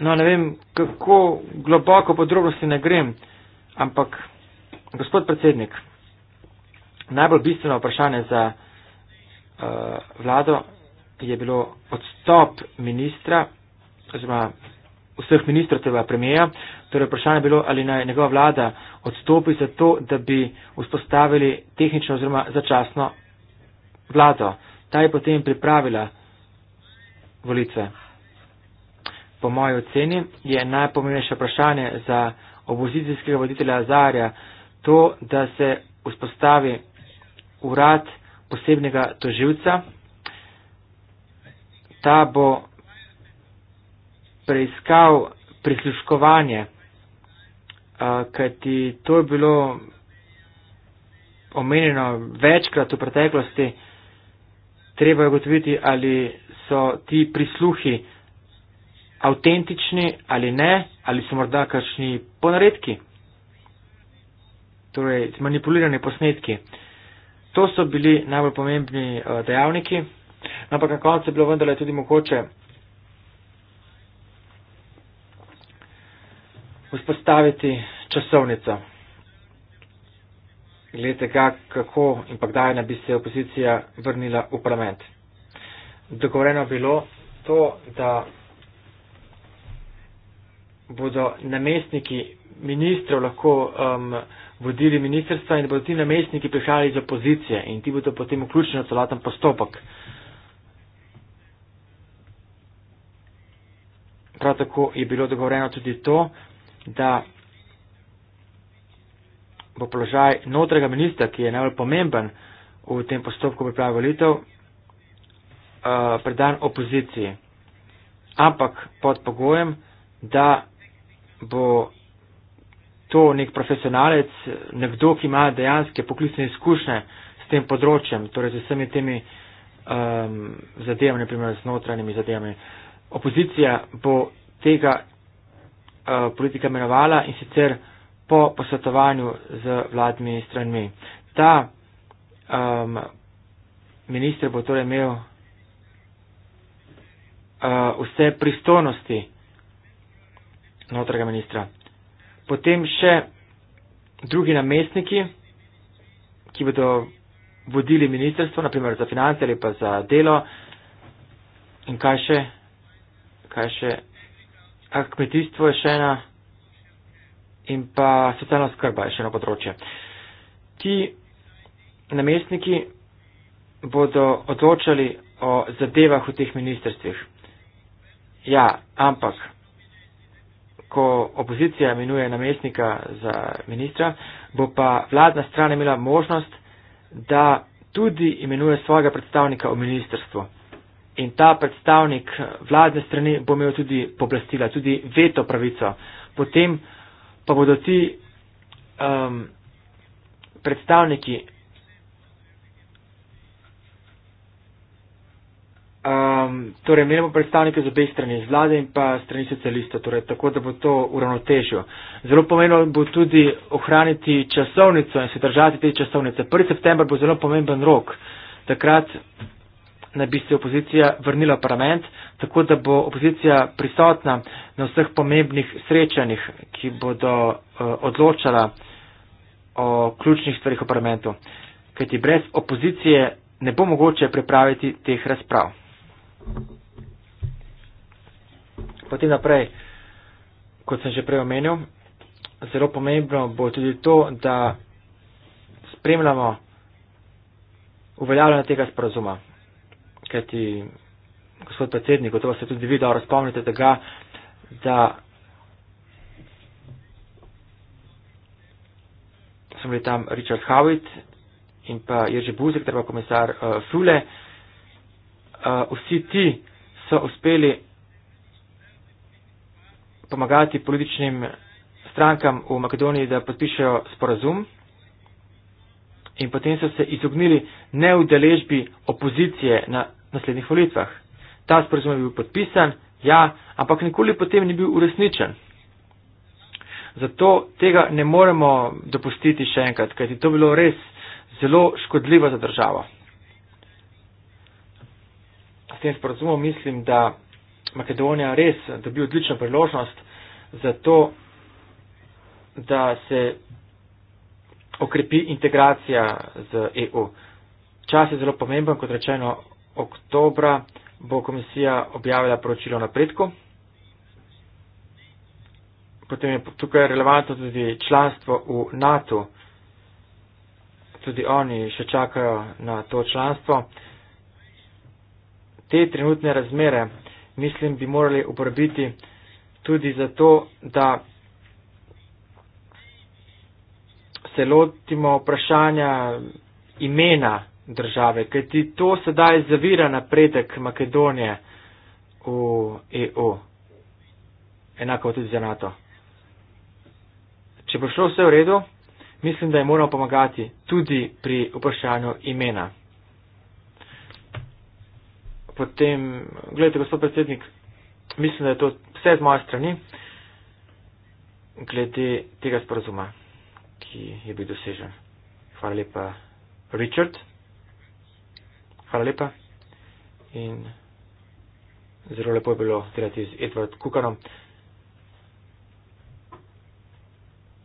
S3: No, ne vem, kako globoko podrobnosti ne grem, ampak gospod predsednik, najbolj bistveno vprašanje za uh, vlado je bilo odstop ministra, oziroma vseh ministrov tega premijeja, torej vprašanje je bilo, ali naj njegova vlada odstopi za to, da bi vzpostavili tehnično oziroma začasno vlado. Ta je potem pripravila volitve. Po moji oceni je najpomembnejše vprašanje za obozicijskega voditelja Azarja to, da se vzpostavi urad posebnega toživca ta bo preiskal prisluškovanje, kajti to je bilo omenjeno večkrat v preteklosti, treba je ugotoviti, ali so ti prisluhi avtentični ali ne, ali so morda kakšni ponaredki, torej zmanipulirani posnetki. To so bili najbolj pomembni dejavniki. Ampak na koncu je bilo vendarle tudi mogoče vzpostaviti časovnico. Glede tega, kako in pa kdaj naj bi se opozicija vrnila v parlament. Dogovoreno bilo to, da bodo namestniki ministrov lahko um, vodili ministrstva in da bodo ti namestniki prihajali iz opozicije in ti bodo potem vključeni v celoten postopek. Prav tako je bilo dogovoreno tudi to, da bo položaj notrega ministra, ki je najbolj pomemben v tem postopku priprave volitev, uh, predan opoziciji. Ampak pod pogojem, da bo to nek profesionalec, nekdo, ki ima dejanske poklicne izkušnje s tem področjem, torej z vsemi temi um, zadevami, naprimer z notranjimi zadevami. Uh, opozicija bo tega uh, politika imenovala in sicer po posvetovanju z vladmi stranmi. Ta um, minister bo torej imel uh, vse pristojnosti notrega ministra. Potem še drugi namestniki, ki bodo vodili ministrstvo, naprimer za finance ali pa za delo in kaj še kaj še, a kmetijstvo je še ena in pa socialna skrba je še eno področje. Ti namestniki bodo odločali o zadevah v teh ministrstvih. Ja, ampak, ko opozicija imenuje namestnika za ministra, bo pa vladna stran imela možnost, da tudi imenuje svojega predstavnika v ministrstvu in ta predstavnik vladne strani bo imel tudi poblastila, tudi veto pravico. Potem pa bodo ti um, predstavniki Um, torej, imeli bomo predstavnike z obeh strani, z vlade in pa strani socialistov, torej, tako da bo to uravnotežilo. Zelo pomembno bo tudi ohraniti časovnico in se držati te časovnice. 1. september bo zelo pomemben rok. Takrat naj bi se opozicija vrnila v parlament, tako da bo opozicija prisotna na vseh pomembnih srečanjih, ki bodo eh, odločala o ključnih stvarih v parlamentu. Kajti brez opozicije ne bo mogoče pripraviti teh razprav. Potem naprej, kot sem že prej omenil, zelo pomembno bo tudi to, da spremljamo uveljavljanje tega sporazuma kajti gospod predsednik, gotovo se tudi vi dobro spomnite tega, da so bili tam Richard Howitt in pa Jerzy Buzek, treba komisar uh, Fule. Uh, vsi ti so uspeli pomagati političnim strankam v Makedoniji, da podpišejo sporazum in potem so se izognili neudeležbi opozicije na naslednjih volitvah. Ta sporozum je bil podpisan, ja, ampak nikoli potem ni bil uresničen. Zato tega ne moremo dopustiti še enkrat, kajti to bilo res zelo škodljivo za državo. S tem sporozumom mislim, da Makedonija res dobi odlično priložnost za to, da se okrepi integracija z EU. Čas je zelo pomemben, kot rečeno, oktobra bo komisija objavila poročilo o napredku. Potem je tukaj relevantno tudi članstvo v NATO. Tudi oni še čakajo na to članstvo. Te trenutne razmere, mislim, bi morali uporabiti tudi zato, da se lotimo vprašanja imena države, kajti to sedaj zavira napredek Makedonije v EU. Enako tudi za NATO. Če bo šlo vse v redu, mislim, da je moramo pomagati tudi pri vprašanju imena. Potem, gledajte, gospod predsednik, mislim, da je to vse z moje strani glede tega sporazuma, ki je bil dosežen. Hvala lepa, Richard. Hvala lepa in zelo lepo je bilo delati z Edward Kukanom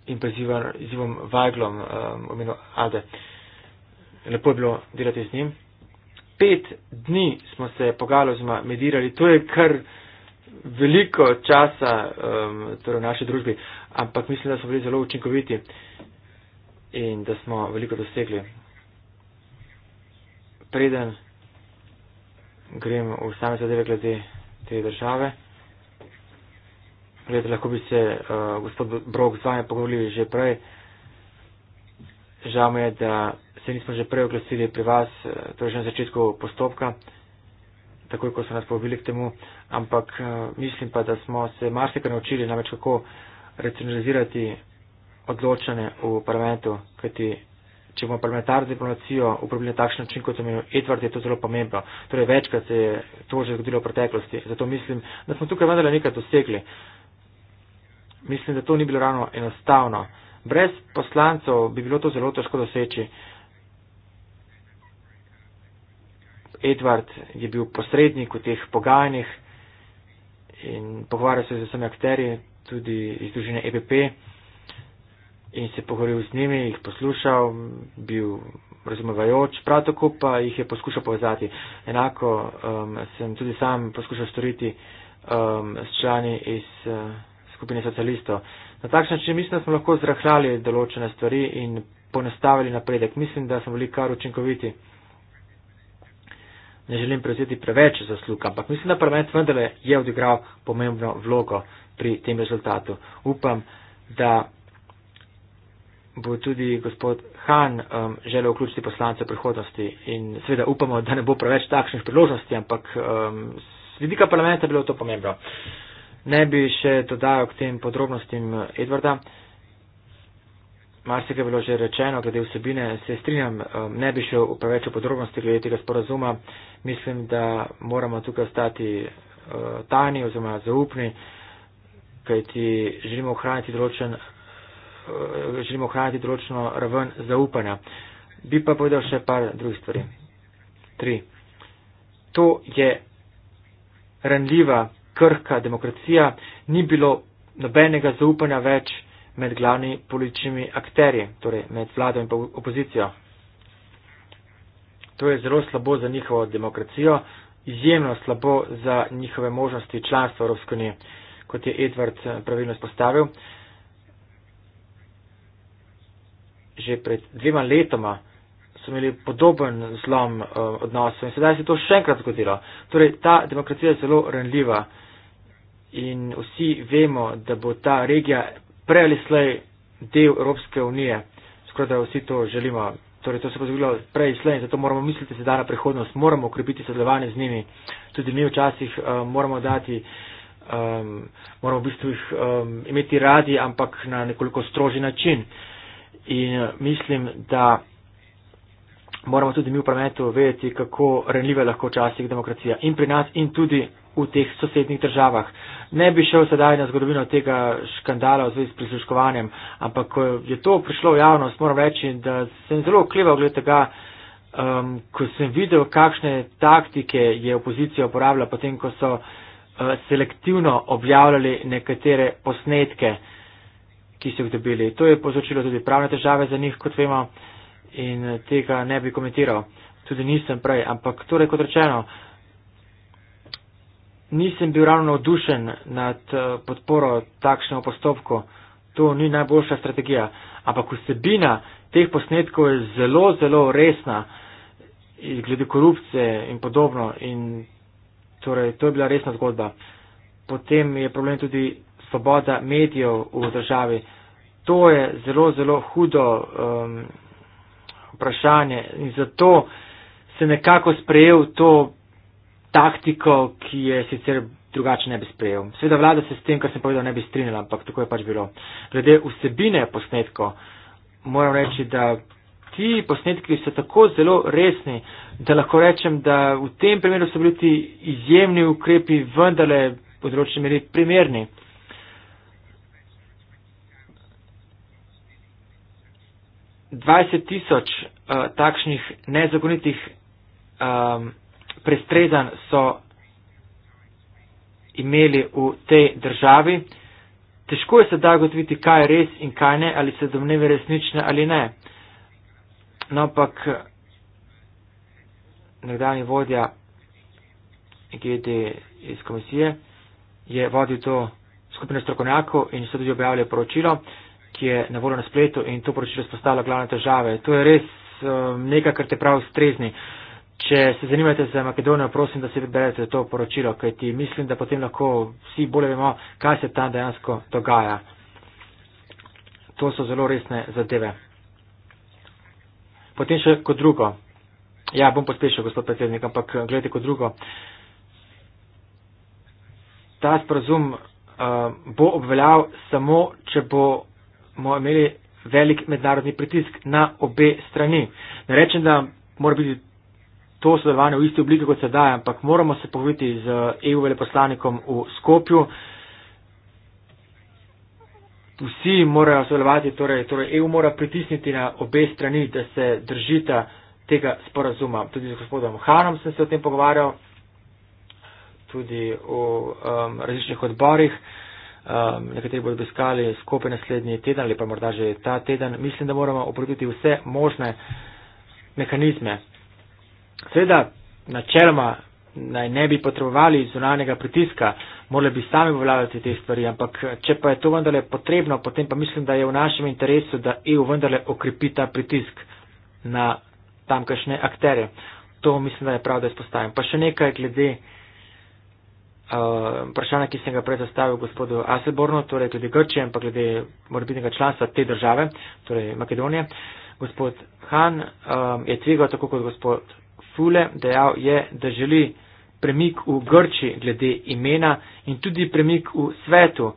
S3: in pa z Ivom Vajglom um, v um, imenu Ade. Lepo je bilo delati z njim. Pet dni smo se pogalo zma medirali, to je kar veliko časa um, torej v naši družbi, ampak mislim, da smo bili zelo učinkoviti in da smo veliko dosegli preden grem v same zadeve glede te države, glede, lahko bi se uh, gospod Brok z vami pogovorili že prej. Žal mi je, da se nismo že prej oglasili pri vas, uh, to torej je že na začetku postopka, takoj, ko so nas povabili k temu, ampak uh, mislim pa, da smo se marsikaj naučili, namreč kako racionalizirati odločene v parlamentu, kajti če bomo parlamentarno diplomacijo uporabili na takšen način, kot je imel Edward, je to zelo pomembno. Torej, večkrat se je to že zgodilo v preteklosti. Zato mislim, da smo tukaj vendarle nekaj dosegli. Mislim, da to ni bilo ravno enostavno. Brez poslancev bi bilo to zelo težko doseči. Edward je bil posrednik v teh pogajanjih in pogovarjal se z vsemi akterji, tudi iz družine EPP in se pogovoril z njimi, jih poslušal, bil razumevajoč, prav tako pa jih je poskušal povezati. Enako um, sem tudi sam poskušal storiti um, s člani iz uh, skupine socialistov. Na takšen način mislim, da smo lahko zrahljali določene stvari in ponestavili napredek. Mislim, da smo bili kar učinkoviti. Ne želim prevzeti preveč zaslug, ampak mislim, da parlament vendarle je odigral pomembno vlogo pri tem rezultatu. Upam, da bo tudi gospod Han um, želel vključiti poslance v prihodnosti in seveda upamo, da ne bo preveč takšnih priložnosti, ampak um, z vidika parlamenta je bilo to pomembno. Ne bi še dodajal k tem podrobnostim Edvarda. Mar se je bilo že rečeno, glede vsebine se strinjam, um, ne bi šel v preveč v podrobnosti glede tega sporazuma. Mislim, da moramo tukaj ostati uh, tajni oziroma zaupni, kajti želimo ohraniti določen Eh, želimo ohraniti določeno raven zaupanja. Bi pa povedal še par drugih stvari. Tri. To je ranljiva, krhka demokracija, ni bilo nobenega zaupanja več med glavnimi političnimi akterji, torej med vlado in opozicijo. To je zelo slabo za njihovo demokracijo, izjemno slabo za njihove možnosti članstva v Evropski uniji, kot je Edward eh, pravilno spostavil. Uh, že pred dvema letoma so imeli podoben zlom uh, odnosov in sedaj se to še enkrat zgodilo. Torej, ta demokracija je zelo renljiva in vsi vemo, da bo ta regija prej ali slej del Evropske unije. Skoraj da vsi to želimo. Torej, to se bo zgodilo prej ali slej in zato moramo misliti sedaj na prihodnost, moramo ukrepiti sodelovanje z njimi. Tudi mi včasih uh, moramo dati. Um, moramo v bistvu jih um, imeti radi, ampak na nekoliko strožji način. Uh, In eh, mislim, da moramo tudi mi v parlamentu vedeti, kako renljiva je lahko včasih demokracija in pri nas in tudi v teh sosednjih državah. Ne bi šel sedaj na zgodovino tega škandala v zvezi s prisluškovanjem, ampak ko je to prišlo v javnost, moram reči, da sem zelo okleval glede tega, um, ko sem videl, kakšne taktike je opozicija uporabljala, potem ko so uh, selektivno objavljali nekatere posnetke ki so jih dobili. To je povzročilo tudi pravne težave za njih, kot vemo, in tega ne bi komentiral. Tudi nisem prej, ampak torej kot rečeno, nisem bil ravno odušen nad eh, podporo takšnemu postopku. To ni najboljša strategija. Ampak vsebina teh posnetkov je zelo, zelo resna eh, glede korupcije in podobno. In torej, to je bila resna zgodba. Potem je problem tudi svoboda medijev v državi. To je zelo, zelo hudo um, vprašanje in zato se nekako sprejel to taktiko, ki je sicer drugače ne bi sprejel. Sveda vlada se s tem, kar sem povedal, ne bi strinjala, ampak tako je pač bilo. Glede vsebine posnetko, moram reči, da ti posnetki so tako zelo resni, da lahko rečem, da v tem primeru so bili ti izjemni ukrepi vendarle področje meri primerni. 20 tisoč uh, takšnih nezakonitih um, prestrezan so imeli v tej državi. Težko je sedaj gotoviti, kaj je res in kaj ne, ali se domneve resnične ali ne. No, ampak nekdani vodja GD iz komisije je vodil to skupino strokovnjakov in so tudi objavili poročilo. Uh, ki je na voljo na spletu in to poročilo spostavlja glavne težave. To je res um, nekaj, kar te prav strezni. Če se zanimate za Makedonijo, prosim, da si preberete to poročilo, kajti mislim, da potem lahko vsi bolje vemo, kaj se tam dejansko dogaja. To so zelo resne zadeve. Potem še kot drugo. Ja, bom pospešil, gospod predsednik, ampak eh, gledajte kot drugo. Ta sporazum uh, bo obveljal samo, če bo bomo imeli velik mednarodni pritisk na obe strani. Ne rečem, da mora biti to sodelovanje v isti obliki, kot se daje, ampak moramo se poviti z EU veleposlanikom v Skopju. Vsi morajo sodelovati, torej, torej EU mora pritisniti na obe strani, da se držita tega sporazuma. Tudi z gospodom Hanom sem se o tem pogovarjal, tudi v um, različnih odborih um, nekateri bodo obiskali skupaj naslednji teden ali pa morda že ta teden. Mislim, da moramo uporabiti vse možne mehanizme. Seveda, načeloma naj ne bi potrebovali zunanjega pritiska, morali bi sami vladati te stvari, ampak če pa je to vendarle potrebno, potem pa mislim, da je v našem interesu, da EU vendarle okrepi ta pritisk na tamkajšnje akterje. To mislim, da je prav, da izpostavim. Pa še nekaj glede uh, Eh, vprašanja, ki sem ga prej zastavil gospodu Aseborno, torej glede Grčije, ampak glede morbitnega članstva te države, torej Makedonije. Gospod Han um, je tvegal, tako kot gospod Fule, dejal je, da želi premik v Grči glede imena in tudi premik v svetu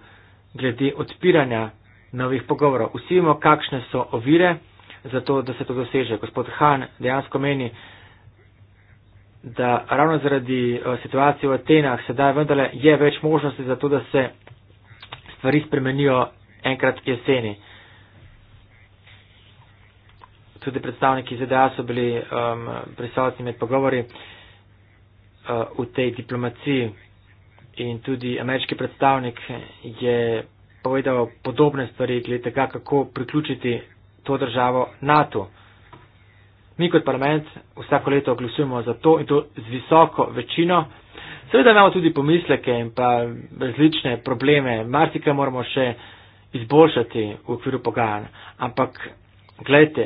S3: glede odpiranja novih pogovorov. Vsi vemo, kakšne so ovire za to, da se to doseže. Gospod Han dejansko meni, da ravno zaradi eh, situacije v Atenah sedaj vendarle je več možnosti za to, da se stvari spremenijo enkrat jeseni. Tudi predstavniki ZDA so bili um, prisotni med pogovori uh, v tej diplomaciji in tudi ameriški predstavnik je povedal podobne stvari glede tega, kako priključiti to državo NATO. Mi kot parlament vsako leto glasujemo za to in to z visoko večino. Seveda imamo tudi pomisleke in pa različne probleme, marsikaj moramo še izboljšati v okviru pogajanj. Ampak, gledajte,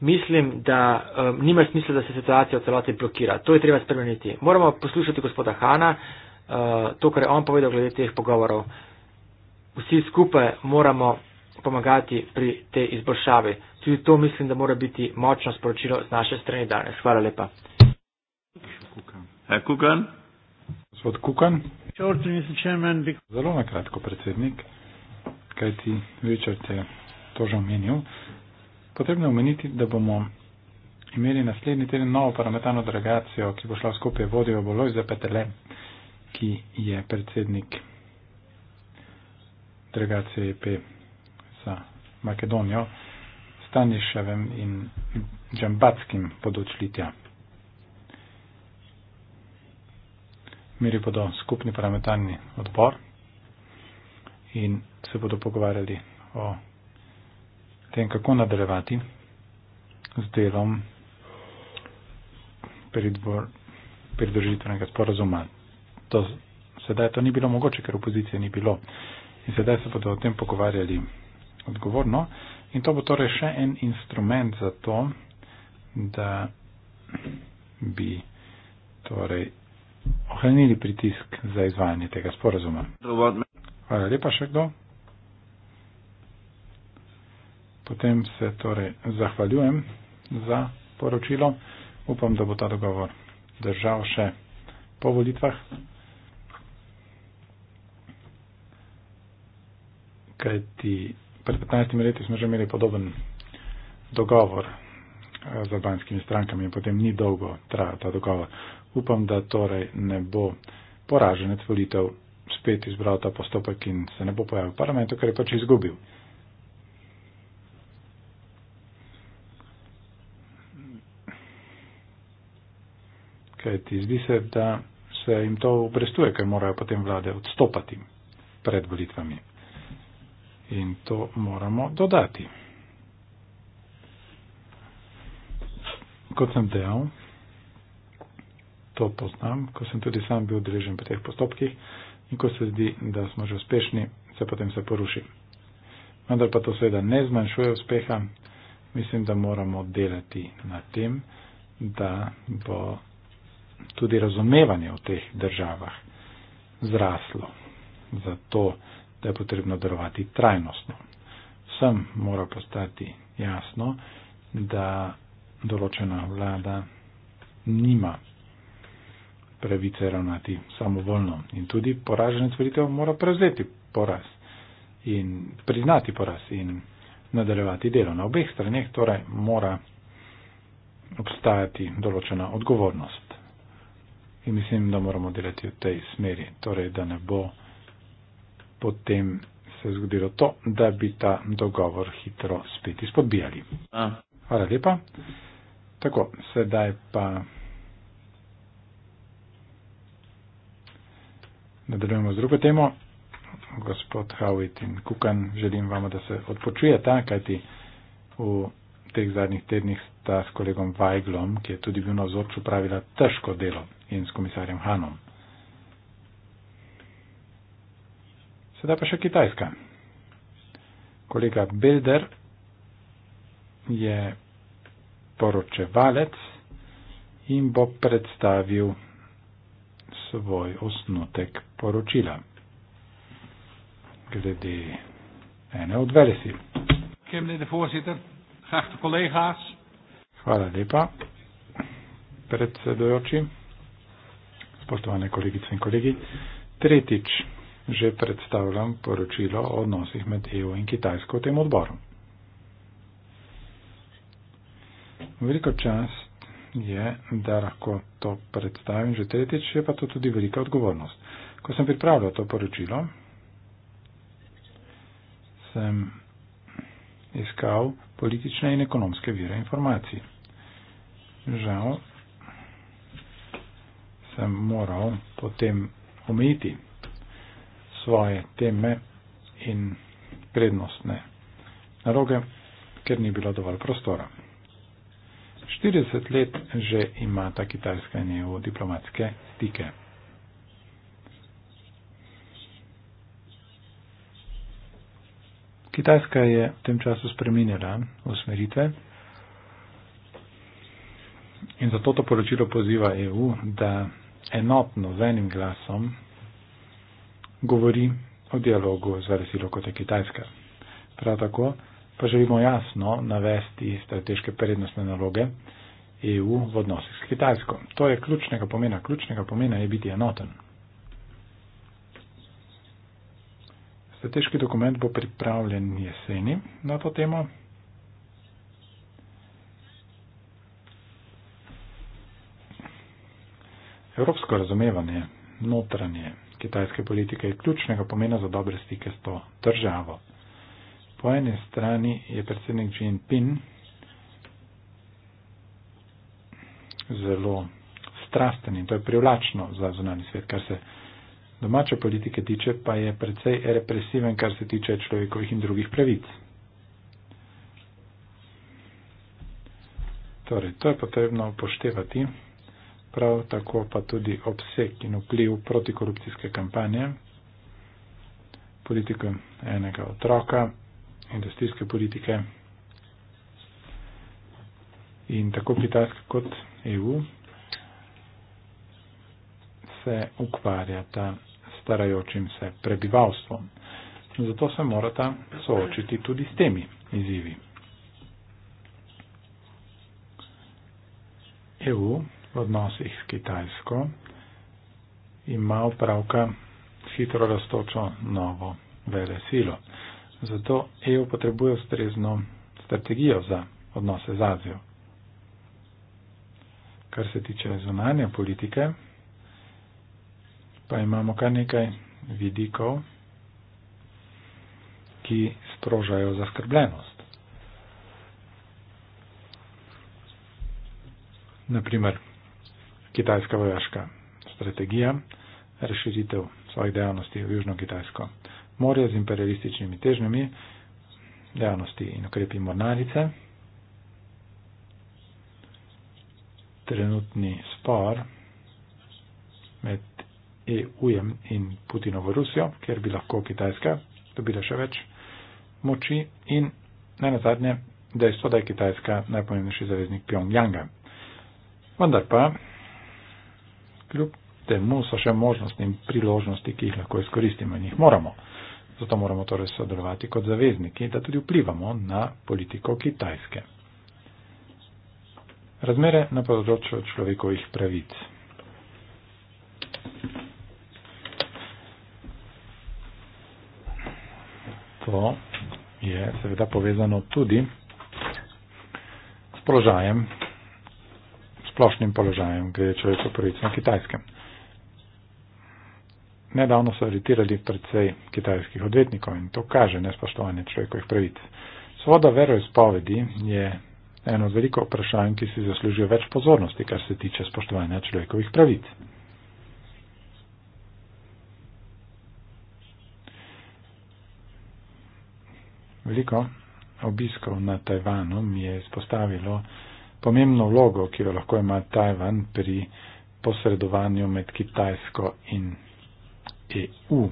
S3: mislim, da um, nima smisla, da se situacija v celoti blokira. To je treba spremeniti. Moramo poslušati gospoda Hana, uh, to, kar je on povedal glede teh pogovorov. Vsi skupaj moramo pomagati pri tej izboljšavi. Tudi to mislim, da mora biti
S2: močno sporočilo z naše strani danes. Hvala lepa. Kukan. Gospod Kukan. Zelo na kratko, predsednik, kaj ti večer te to že omenil. Potrebno je omeniti, da bomo imeli naslednji teden novo parametano delegacijo, ki bo šla skupaj vodijo Boloj za Petele, ki je predsednik delegacije EP za Makedonijo. Staniševem in Džambatskim podočili tja. Miri bodo skupni parlamentarni odbor in se bodo pogovarjali o tem, kako nadaljevati z delom pridružitvenega sporazuma. To, sedaj to ni bilo mogoče, ker opozicije ni bilo. In sedaj se bodo o tem pogovarjali odgovorno. In to bo torej še en instrument za to, da bi torej ohranili pritisk za izvajanje tega sporazuma.
S1: Hvala
S2: lepa še kdo. Potem se torej zahvaljujem za poročilo. Upam, da bo ta dogovor držal še po volitvah. Kajti pred 15 leti smo že imeli podoben dogovor eh, z albanskimi strankami in potem ni dolgo trajal ta dogovor. Upam, da torej ne bo poraženec volitev spet izbral ta postopek in se ne bo pojavil v parlamentu, ker je pač izgubil. Kaj ti zdi se, da se jim to obrestuje, ker morajo potem vlade odstopati pred volitvami in to moramo dodati. Kot sem dejal, to poznam, ko sem tudi sam bil odrežen pri teh postopkih in ko se zdi, da smo že uspešni, se potem se poruši. Vendar pa to seveda ne zmanjšuje uspeha. Mislim, da moramo delati na tem, da bo tudi razumevanje v teh državah zraslo. Zato da je potrebno delovati trajnostno. Vsem mora postati jasno, da določena vlada nima pravice ravnati samovoljno in tudi poraženec volitev mora prevzeti poraz in priznati poraz in nadaljevati delo. Na obeh straneh torej mora obstajati določena odgovornost. In mislim, da moramo delati v tej smeri, torej da ne bo potem se je zgodilo to, da bi ta dogovor hitro spet izpodbijali. Hvala lepa. Tako, sedaj pa nadaljujemo z drugo temo. Gospod Howitt in Kukan, želim vam, da se odpočujete, kajti v teh zadnjih tednih sta s kolegom Vajglom, ki je tudi bil na vzorču, pravila težko delo in s komisarjem Hanom. Sedaj pa še Kitajska. Kolega Bilder je poročevalec in bo predstavil svoj osnutek poročila glede ene od velesi. Hvala lepa, predsedujoči, spoštovane kolegice in kolegi. Tretjič že predstavljam poročilo o odnosih med EU in Kitajsko v tem odboru. Veliko čast je, da lahko to predstavim že tretjič, je pa to tudi velika odgovornost. Ko sem pripravljal to poročilo, sem iskal politične in ekonomske vire informacij. Žal sem moral potem omejiti svoje teme in prednostne naloge, ker ni bilo dovolj prostora. 40 let že ima ta kitajska in EU diplomatske stike. Kitajska je v tem času spremenila usmeritve in zato to poročilo poziva EU, da enotno z enim glasom govori o dialogu z Varsilo kot je Kitajska. Prav tako pa želimo jasno navesti strateške prednostne naloge EU v odnosih s Kitajsko. To je ključnega pomena. Ključnega pomena je biti enoten. Strateški dokument bo pripravljen jeseni na to temo. Evropsko razumevanje, notranje kitajske politike je ključnega pomena za dobre stike s to državo. Po eni strani je predsednik Xi Jinping zelo strasten in to je privlačno za zunani svet, kar se domače politike tiče, pa je precej represiven, kar se tiče človekovih in drugih pravic. Torej, to je potrebno upoštevati prav tako pa tudi obseg in vpliv protikorupcijske kampanje, politiko enega otroka, industrijske politike in tako Kitajska kot EU se ukvarjata starajočim se prebivalstvom. Zato se morata soočiti tudi s temi izzivi. EU v odnosih s Kitajsko, ima upravka hitro raztočo novo vele silo. Zato EU potrebuje ustrezno strategijo za odnose z Azijo. Kar se tiče zunanje politike, pa imamo kar nekaj vidikov, ki sprožajo zaskrbljenost. Naprimer, kitajska vojaška strategija, razširitev svojih dejavnosti v južno kitajsko morje z imperialističnimi težnjami, dejavnosti in ukrepi mornarice. Trenutni spor med EU-jem in Putinovo Rusijo, kjer bi lahko Kitajska dobila še več moči in ne na zadnje dejstvo, da je Kitajska najpomembnejši zaveznik Pjongjanga. Vendar pa kljub temu so še možnosti in priložnosti, ki jih lahko izkoristimo in jih moramo. Zato moramo torej sodelovati kot zavezniki, da tudi vplivamo na politiko Kitajske. Razmere na področju človekovih pravic. To je seveda povezano tudi s položajem splošnim položajem, glede človekov pravic na kitajskem. Nedavno so aretirali predvsej kitajskih odvetnikov in to kaže nespoštovanje človekovih pravic. Svoboda veroizpovedi je eno od veliko vprašanj, ki si zaslužijo več pozornosti, kar se tiče spoštovanja človekovih pravic. Veliko obiskov na Tajvanu mi je izpostavilo, pomembno vlogo, ki jo lahko ima Tajvan pri posredovanju med Kitajsko in EU.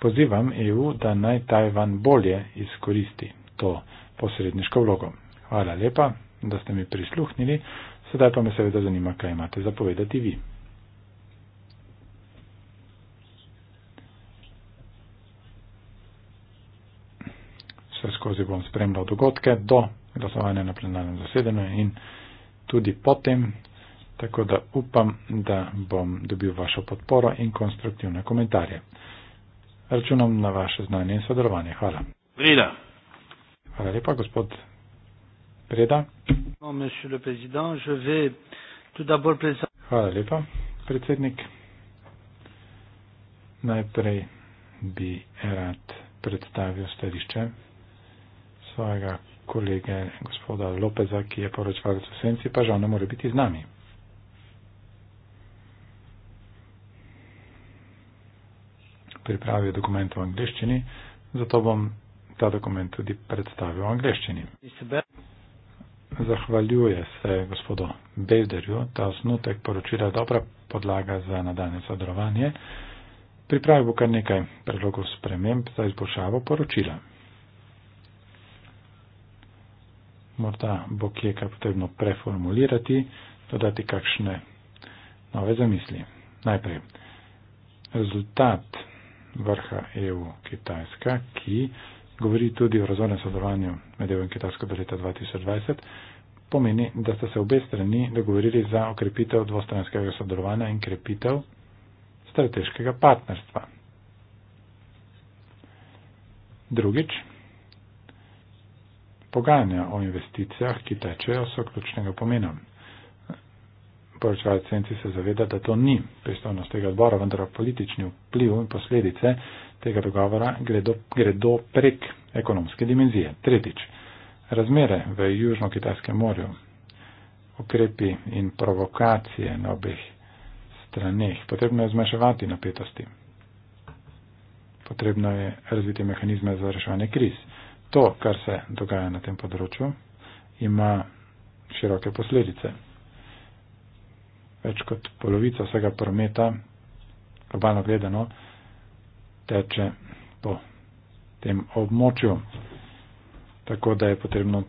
S2: Pozivam EU, da naj Tajvan bolje izkoristi to posredniško vlogo. Hvala lepa, da ste mi prisluhnili. Sedaj pa me seveda zanima, kaj imate zapovedati vi. Vse skozi bom spremljal dogodke do glasovanja na plenarnem zasedanju in tudi potem, tako da upam, da bom dobil vašo podporo in konstruktivne komentarje. Računam na vaše znanje in sodelovanje. Hvala. Breda. Hvala lepa, gospod Breda. Hvala lepa, predsednik. Najprej bi rad predstavil stališče svojega kolege gospoda Lopeza, ki je poročal v senci, pa žal ne more biti z nami. Pripravil dokument v angliščini, zato bom ta dokument tudi predstavil v angliščini. Zahvaljuje se gospodu Bevderju, ta osnutek poročila je dobra podlaga za nadaljne sodelovanje. Pripravil bo kar nekaj predlogov sprememb za izboljšavo poročila. morda bo kje kaj potrebno preformulirati, dodati kakšne nove zamisli. Najprej, rezultat vrha EU-Kitajska, ki govori tudi o razvojnem sodelovanju med EU in Kitajsko do leta 2020, pomeni, da sta se obe strani dogovorili za okrepitev dvostranskega sodelovanja in krepitev strateškega partnerstva. Drugič, pogajanja o investicijah, ki tečejo, so ključnega pomena. Poročevalec Senci se zaveda, da to ni pristojnost tega odbora, vendar politični vpliv in posledice tega dogovora gredo, gredo prek ekonomske dimenzije. Tretjič, razmere v Južno-Kitajskem morju, ukrepi in provokacije na obeh straneh. Potrebno je zmanjševati napetosti. Potrebno je razviti mehanizme za reševanje kriz to, kar se dogaja na tem področju, ima široke posledice. Več kot polovica vsega prometa, globalno gledano, teče po tem območju, tako da je potrebno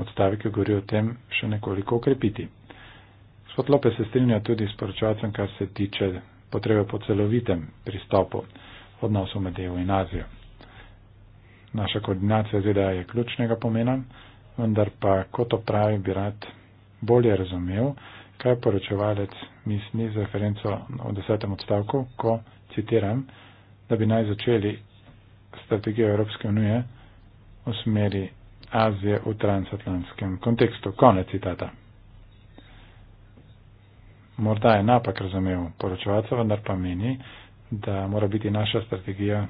S2: odstavek, ki govori o tem, še nekoliko ukrepiti. Gospod Lope se strinja tudi s poročevalcem, kar se tiče potrebe po celovitem pristopu odnosu med EU in Azijo naša koordinacija zveda je ključnega pomena, vendar pa, kot to pravi, bi rad bolje razumel, kaj poročevalec misli z referenco v desetem odstavku, ko citiram, da bi naj začeli strategijo Evropske unije v smeri Azije v transatlantskem kontekstu. Konec citata. Morda je napak razumev poročevalca, vendar pa meni, da mora biti naša strategija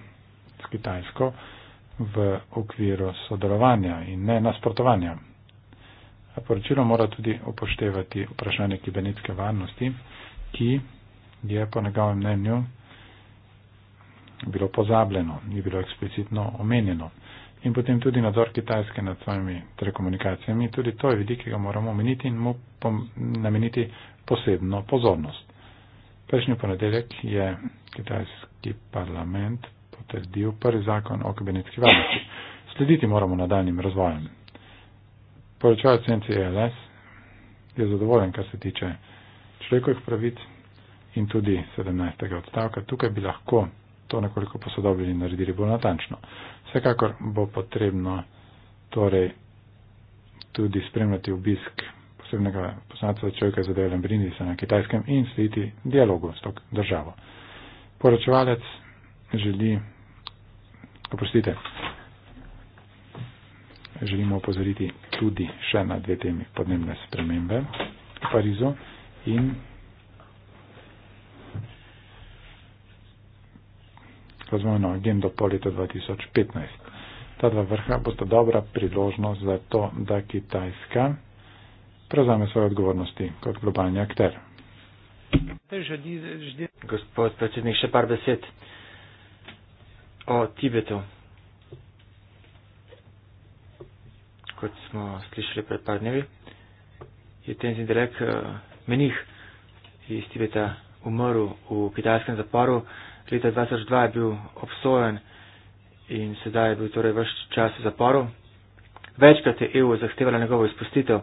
S2: s Kitajsko v okviru sodelovanja in ne nasprotovanja. Poročilo mora tudi upoštevati vprašanje kibernetske varnosti, ki je po njegovem mnenju bilo pozabljeno, ni bilo eksplicitno omenjeno. In potem tudi nadzor Kitajske nad svojimi telekomunikacijami, tudi to je vidik, ki ga moramo omeniti in mu pom, nameniti posebno pozornost. Prejšnji ponedeljek je kitajski parlament potrdil prvi zakon o kabinetski varnosti. Slediti moramo nadaljnim razvojem. Poročajo centri ELS je zadovoljen, kar se tiče človekovih pravic in tudi 17. odstavka. Tukaj bi lahko to nekoliko posodobili in naredili bolj natančno. Vsekakor bo potrebno torej tudi spremljati obisk posebnega poslanca človeka za delo Brindisa na kitajskem in slediti dialogu s to državo. Poročevalec želi, oprostite, želimo opozoriti tudi še na dve temi podnebne spremembe v Parizu in razvojno agendo po leta 2015. Ta dva vrha bo sta dobra priložnost za to, da Kitajska prevzame svoje odgovornosti kot globalni akter.
S3: Gospod predsednik, še par besed o Tibetu. Kot smo slišali pred par dnevi, je ten zindelek eh, menih iz Tibeta umrl v kitajskem zaporu. Leta 2002 je bil obsojen in sedaj je bil torej vrš čas v zaporu. Večkrat je EU zahtevala njegovo izpustitev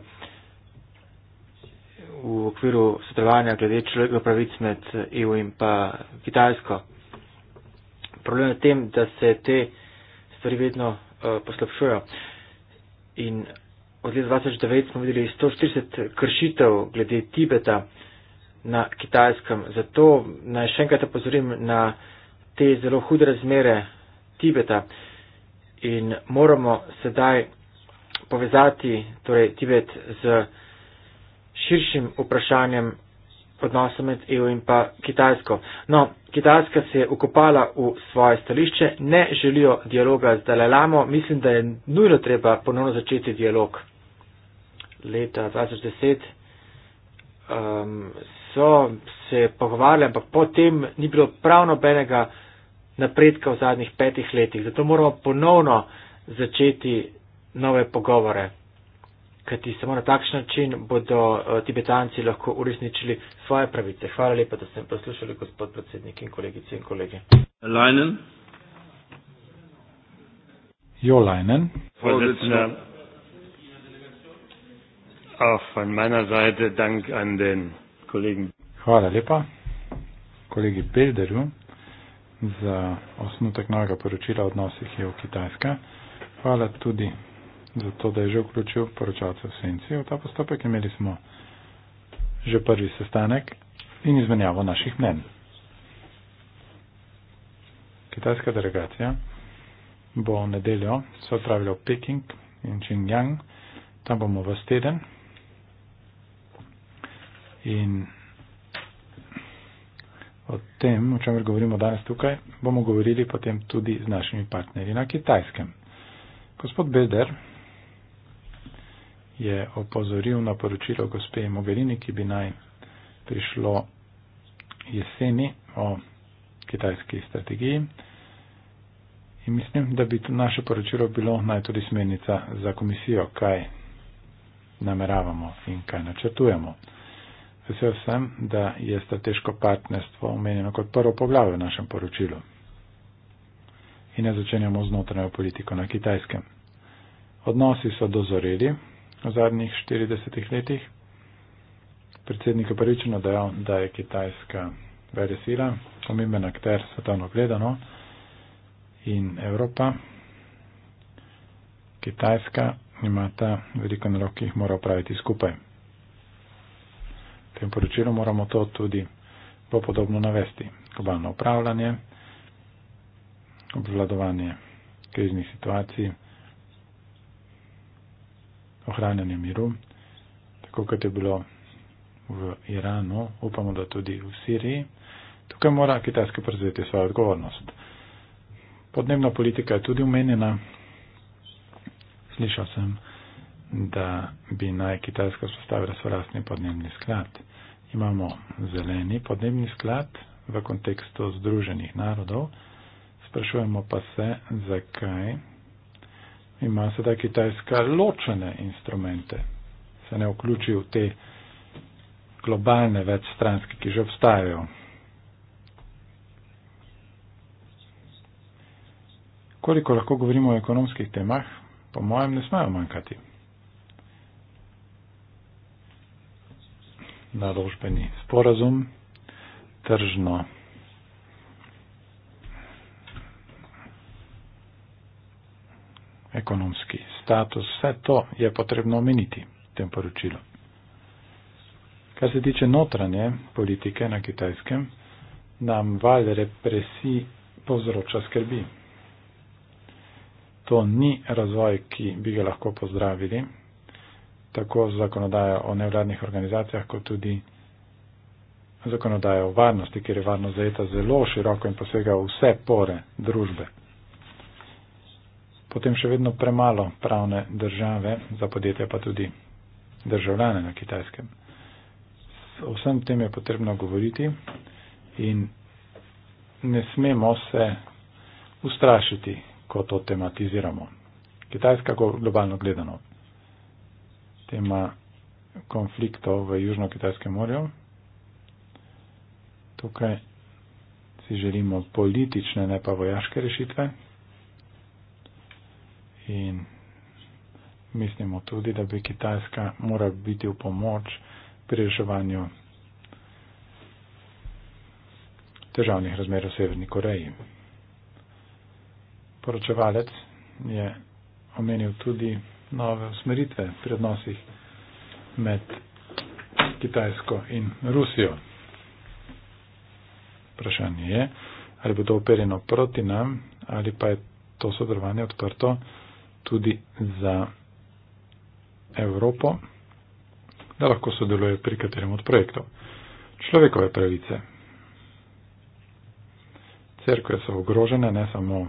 S3: v okviru sodelovanja glede človekovih pravic med EU in pa Kitajsko problem je v tem, da se te stvari vedno uh, poslabšujejo. In od leta 2009 smo videli 140 kršitev glede Tibeta na kitajskem. Zato naj še enkrat opozorim na te zelo hude razmere Tibeta in moramo sedaj povezati torej, Tibet z širšim vprašanjem odnosa med EU in pa Kitajsko. No, Kitajska se je ukopala v svoje stališče, ne želijo dialoga z Dalajlamo, mislim, da je nujno treba ponovno začeti dialog. Leta 2010 um, so se pogovarjali, ampak potem ni bilo pravno benega napredka v zadnjih petih letih. Zato moramo ponovno začeti nove pogovore kajti samo na takšen način bodo eh, Tibetanci lahko uresničili svoje pravice. Hvala lepa, da ste me poslušali, gospod predsednik in kolegice in kolege. Leinen.
S2: Jo Leinen. Vorsitzender.
S1: Auch von meiner Seite Dank an den Kollegen.
S2: Hvala lepa, kolegi Belderju, za osnutek novega poročila odnosih je v Kitajska. Hvala tudi zato da je že vključil poročalce v senci v ta postopek. Imeli smo že prvi sestanek in izmenjavo naših mnen. Kitajska delegacija bo v nedeljo se odpravila v Peking in Xinjiang. Tam bomo v steden. In o tem, o čemer govorimo danes tukaj, bomo govorili potem tudi z našimi partnerji na kitajskem. Gospod Beder, je opozoril na poročilo gospe Mogherini, ki bi naj prišlo jeseni o kitajski strategiji. In mislim, da bi naše poročilo bilo naj tudi smernica za komisijo, kaj nameravamo in kaj načrtujemo. Vesel sem, da je strateško partnerstvo omenjeno kot prvo poglavje v našem poročilu. In ne začenjamo z notranjo politiko na kitajskem. Odnosi so dozoreli, v zadnjih 40 letih. Predsednik je pravično dejal, da je Kitajska veresila, pomemben akter svetovno gledano in Evropa. Kitajska ima ta veliko nalog, ki jih mora opraviti skupaj. V tem poročilu moramo to tudi bo podobno navesti. Globalno upravljanje, obvladovanje kriznih situacij, ohranjanje miru, tako kot je bilo v Iranu, upamo, da tudi v Siriji. Tukaj mora Kitajska prevzeti svojo odgovornost. Podnebna politika je tudi umenjena. Slišal sem, da bi naj Kitajska spostavila svoj lastni podnebni sklad. Imamo zeleni podnebni sklad v kontekstu Združenih narodov. Sprašujemo pa se, zakaj ima sedaj Kitajska ločene instrumente, se ne vključi v te globalne večstranske, ki že obstajajo. Koliko lahko govorimo o ekonomskih temah, po mojem, ne smajo manjkati. Naložbeni sporazum, tržno. ekonomski status, vse to je potrebno omeniti v tem poročilu. Kar se tiče notranje politike na kitajskem, nam val represij povzroča skrbi. To ni razvoj, ki bi ga lahko pozdravili, tako zakonodajo o nevladnih organizacijah, kot tudi zakonodajo o varnosti, ker je varnost zajeta zelo široko in posega vse pore družbe potem še vedno premalo pravne države, za podjetja pa tudi državljane na kitajskem. O vsem tem je potrebno govoriti in ne smemo se ustrašiti, ko to tematiziramo. Kitajska, kako globalno gledano, tema konfliktov v Južno-Kitajskem morju. Tukaj si želimo politične, ne pa vojaške rešitve, in mislimo tudi, da bi Kitajska mora biti v pomoč pri reševanju težavnih razmer v Severni Koreji. Poročevalec je omenil tudi nove usmeritve pri odnosih med Kitajsko in Rusijo. Vprašanje je, ali bo to operjeno proti nam ali pa je to sodelovanje odprto tudi za Evropo, da lahko sodeluje pri katerem od projektov. Človekove pravice. Cerkve so ogrožene, ne samo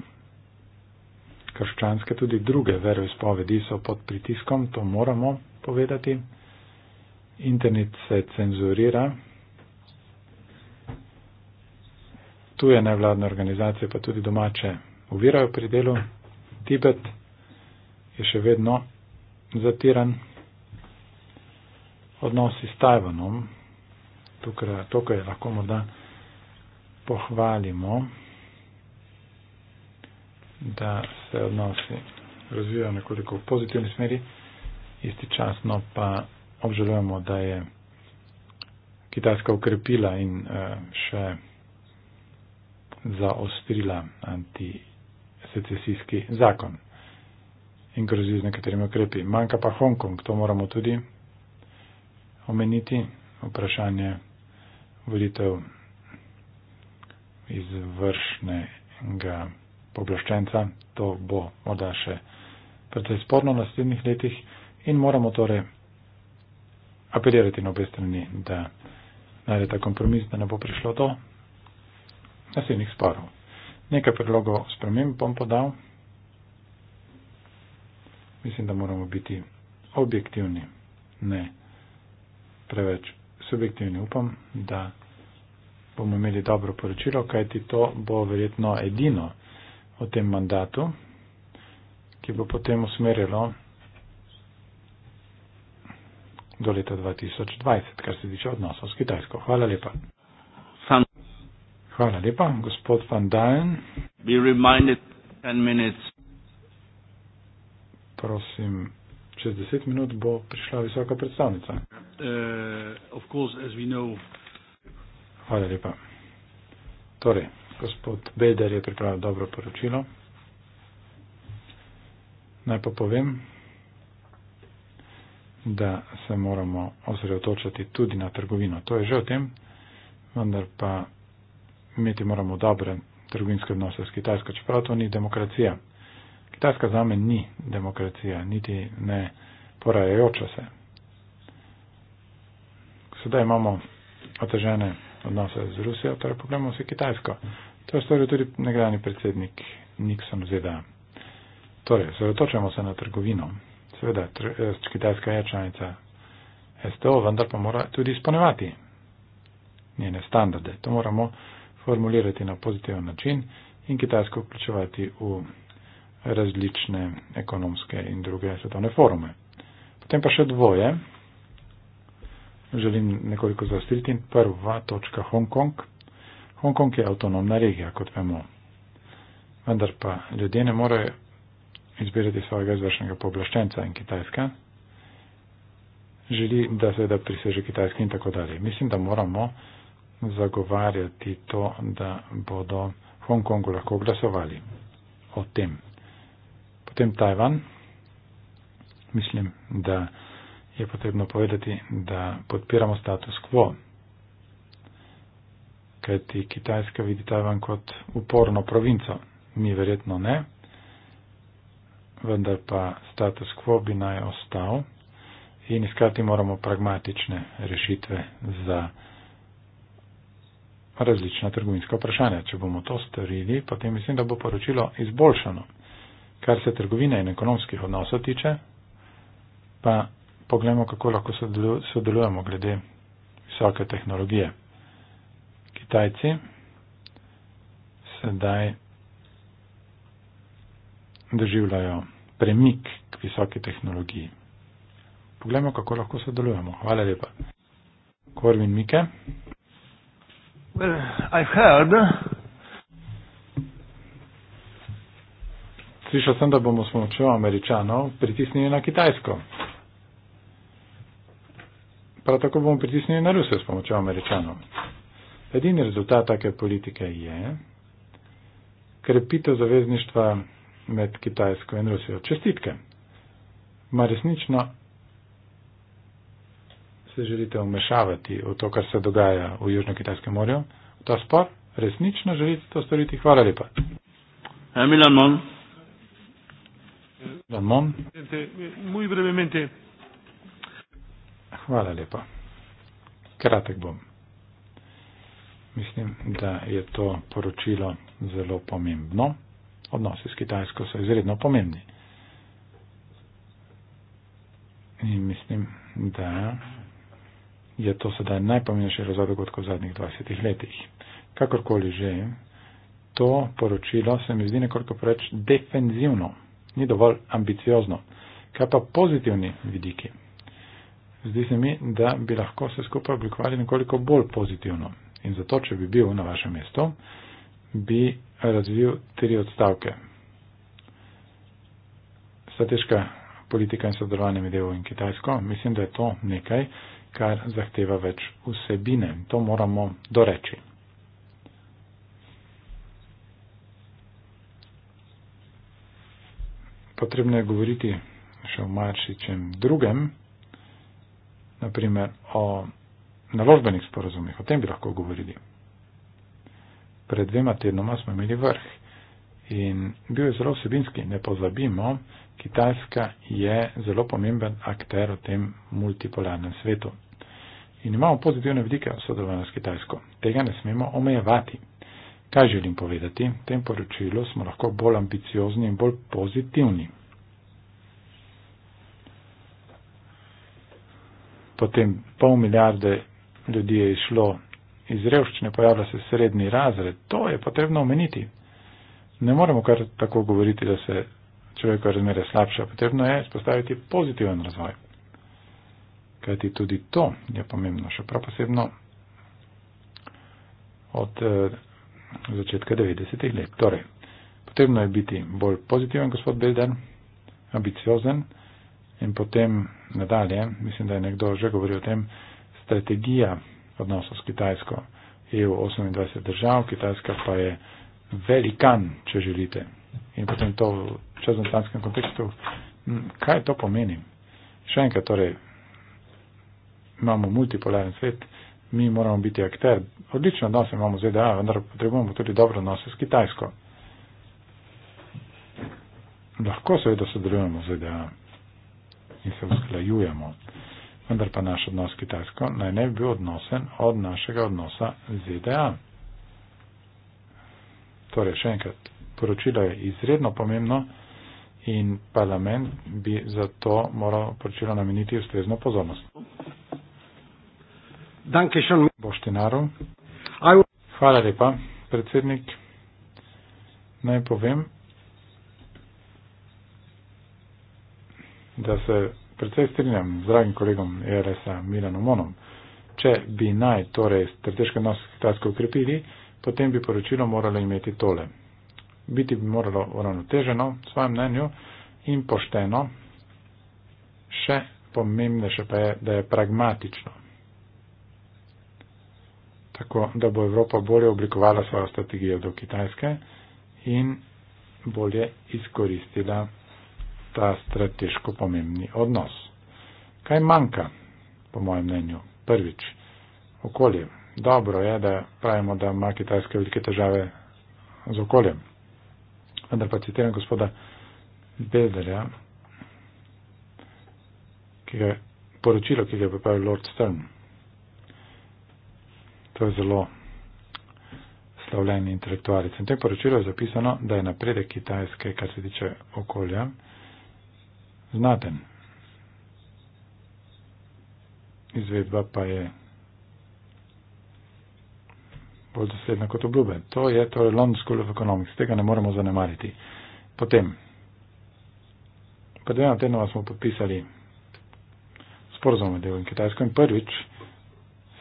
S2: krščanske, tudi druge veroizpovedi so pod pritiskom, to moramo povedati. Internet se cenzurira. Tu je nevladne organizacije, pa tudi domače, uvirajo pri delu. Tibet je še vedno zatiran. Odnosi s Tajvanom, tukaj, tukaj lahko morda pohvalimo, da se odnosi razvijajo nekoliko v pozitivni smeri, istočasno pa obžalujemo, da je Kitajska ukrepila in eh, še zaostrila antisecesijski zakon in grozi z nekaterimi ukrepi. Manjka pa Hongkong, to moramo tudi omeniti. Vprašanje voditev izvršnega poblaščenca, to bo morda še predvsej sporno v naslednjih letih in moramo torej apelirati na obe strani, da najdete kompromis, da ne bo prišlo do naslednjih sporov. Nekaj predlogov spremem bom podal mislim, da moramo biti objektivni, ne preveč subjektivni. Upam, da bomo imeli dobro poročilo, kajti to bo verjetno edino o tem mandatu, ki bo potem usmerjalo do leta 2020, kar se tiče odnosov s Kitajsko. Hvala lepa. Hvala lepa, gospod Van Dyen.
S1: Be reminded 10 minutes
S2: prosim, čez deset minut bo prišla visoka predstavnica.
S1: Uh, course, know...
S2: Hvala lepa. Torej, gospod Beder je pripravil dobro poročilo. Naj pa povem, da se moramo osredotočati tudi na trgovino. To je že o tem, vendar pa imeti moramo dobre trgovinske odnose s Kitajsko, čeprav to ni demokracija. Kitajska za me ni demokracija, niti ne porajajoča se. Sedaj imamo otežene odnose z Rusijo, torej pogledamo se Kitajsko. To je storil tudi nekdani predsednik Nixon ZDA. Torej, sredotočamo se na trgovino. Seveda, tr eh, Kitajska je članica STO, vendar pa mora tudi izpolnjevati njene standarde. To moramo formulirati na pozitiven način in Kitajsko vključevati v različne ekonomske in druge svetovne forume. Potem pa še dvoje. Želim nekoliko zastriti. Prva točka Hongkong. Hongkong je avtonomna regija, kot vemo. Vendar pa ljudje ne morejo izbirati svojega izvršnega pooblaščenca in Kitajska. Želi, da se da priseže Kitajski in tako dalje. Mislim, da moramo zagovarjati to, da bodo Hongkongu lahko glasovali o tem potem Tajvan. Mislim, da je potrebno povedati, da podpiramo status quo. Kajti Kitajska vidi Tajvan kot uporno provinco. Mi verjetno ne. Vendar pa status quo bi naj ostal in iskati moramo pragmatične rešitve za različna trgovinska vprašanja. Če bomo to storili, potem mislim, da bo poročilo izboljšano. Kar se trgovine in ekonomskih odnosov tiče, pa pogledamo, kako lahko sodelujemo glede visoke tehnologije. Kitajci sedaj doživljajo premik k visoki tehnologiji. Poglejmo, kako lahko sodelujemo. Hvala lepa. Korvin Mike. Well, I've heard Slišal sem, da bomo s pomočjo američanov pritisnili na Kitajsko. Prav tako bomo pritisnili na Rusijo s pomočjo američanov. Edini rezultat take politike je krepitev zavezništva med Kitajsko in Rusijo. Čestitke. Ma resnično se želite umešavati v to, kar se dogaja v Južno-Kitajskem morju, v ta spor? Resnično želite to storiti? Hvala lepa. Emil eh, Almon. Ramon.
S1: Muy brevemente.
S2: Hvala lepa. Kratek bom. Mislim, da je to poročilo zelo pomembno. Odnosi s Kitajsko so izredno pomembni. In mislim, da je to sedaj najpomembnejši razvoj dogodkov v zadnjih 20 letih. Kakorkoli že, to poročilo se mi zdi nekoliko preveč defenzivno ni dovolj ambiciozno. Kaj pa pozitivni vidiki? Zdi se mi, da bi lahko se skupaj oblikovali nekoliko bolj pozitivno. In zato, če bi bil na vašem mestu, bi razvil tri odstavke. Strateška politika in sodelovanje med EU in Kitajsko, mislim, da je to nekaj, kar zahteva več vsebine. To moramo doreči. potrebno je govoriti še o marsičem drugem, naprimer o naložbenih sporazumih, o tem bi lahko govorili. Pred dvema tednoma smo imeli vrh in bil je zelo vsebinski, ne pozabimo, Kitajska je zelo pomemben akter v tem multipolarnem svetu. In imamo pozitivne vidike sodelovanja s Kitajsko. Tega ne smemo omejevati. Kaj želim povedati? V tem poročilu smo lahko bolj ambiciozni in bolj pozitivni. Potem pol milijarde ljudi je išlo iz revščine, pojavlja se srednji razred. To je potrebno omeniti. Ne moremo kar tako govoriti, da se človekove razmere slabša. Potrebno je spostaviti pozitiven razvoj. Kajti tudi to je pomembno, še prav posebno od eh, začetka 90-ih let. Torej, potrebno je biti bolj pozitiven, gospod Belden, ambiciozen in potem nadalje, mislim, da je nekdo že govoril o tem, strategija odnosov s Kitajsko je v 28 držav, Kitajska pa je velikan, če želite. In potem to v čezantanskem kontekstu, kaj to pomeni? Še enkrat, torej, imamo multipolaren svet, mi moramo biti akter. Odlične odnose imamo z EDA, vendar potrebujemo tudi dobre odnose s Kitajsko. Lahko seveda sodelujemo z EDA in se usklajujemo, vendar pa naš odnos s Kitajsko naj ne bi bil odnosen od našega odnosa z EDA. Torej, še enkrat, poročilo je izredno pomembno in parlament bi zato moral poročilo nameniti ustrezno pozornost. Boštenaru. Hvala lepa, predsednik. Naj povem, da se predvsej strinjam z dragim kolegom ERS-a Milanom Monom. Če bi naj torej strateške odnose s Kitajsko ukrepili, potem bi poročilo moralo imeti tole. Biti bi moralo uravnoteženo, svojem mnenju, in pošteno. Še pomembnejše pa je, da je pragmatično tako da bo Evropa bolje oblikovala svojo strategijo do Kitajske in bolje izkoristila ta strateško pomembni odnos. Kaj manjka, po mojem mnenju? Prvič, okolje. Dobro je, da pravimo, da ima Kitajska velike težave z okoljem. Vendar pa citiram gospoda Bezdarja, ki je poročilo, ki ga je pripravil Lord Stern. To je zelo slavljeni intelektualec. In v tem poročilu je zapisano, da je napredek Kitajske, kar se tiče okolja, znaten. Izvedba pa je bolj dosledna kot obljube. To je torej London School of Economics, tega ne moremo zanemariti. Potem, pred dvema tednoma smo podpisali sporozum med delom in Kitajsko in prvič,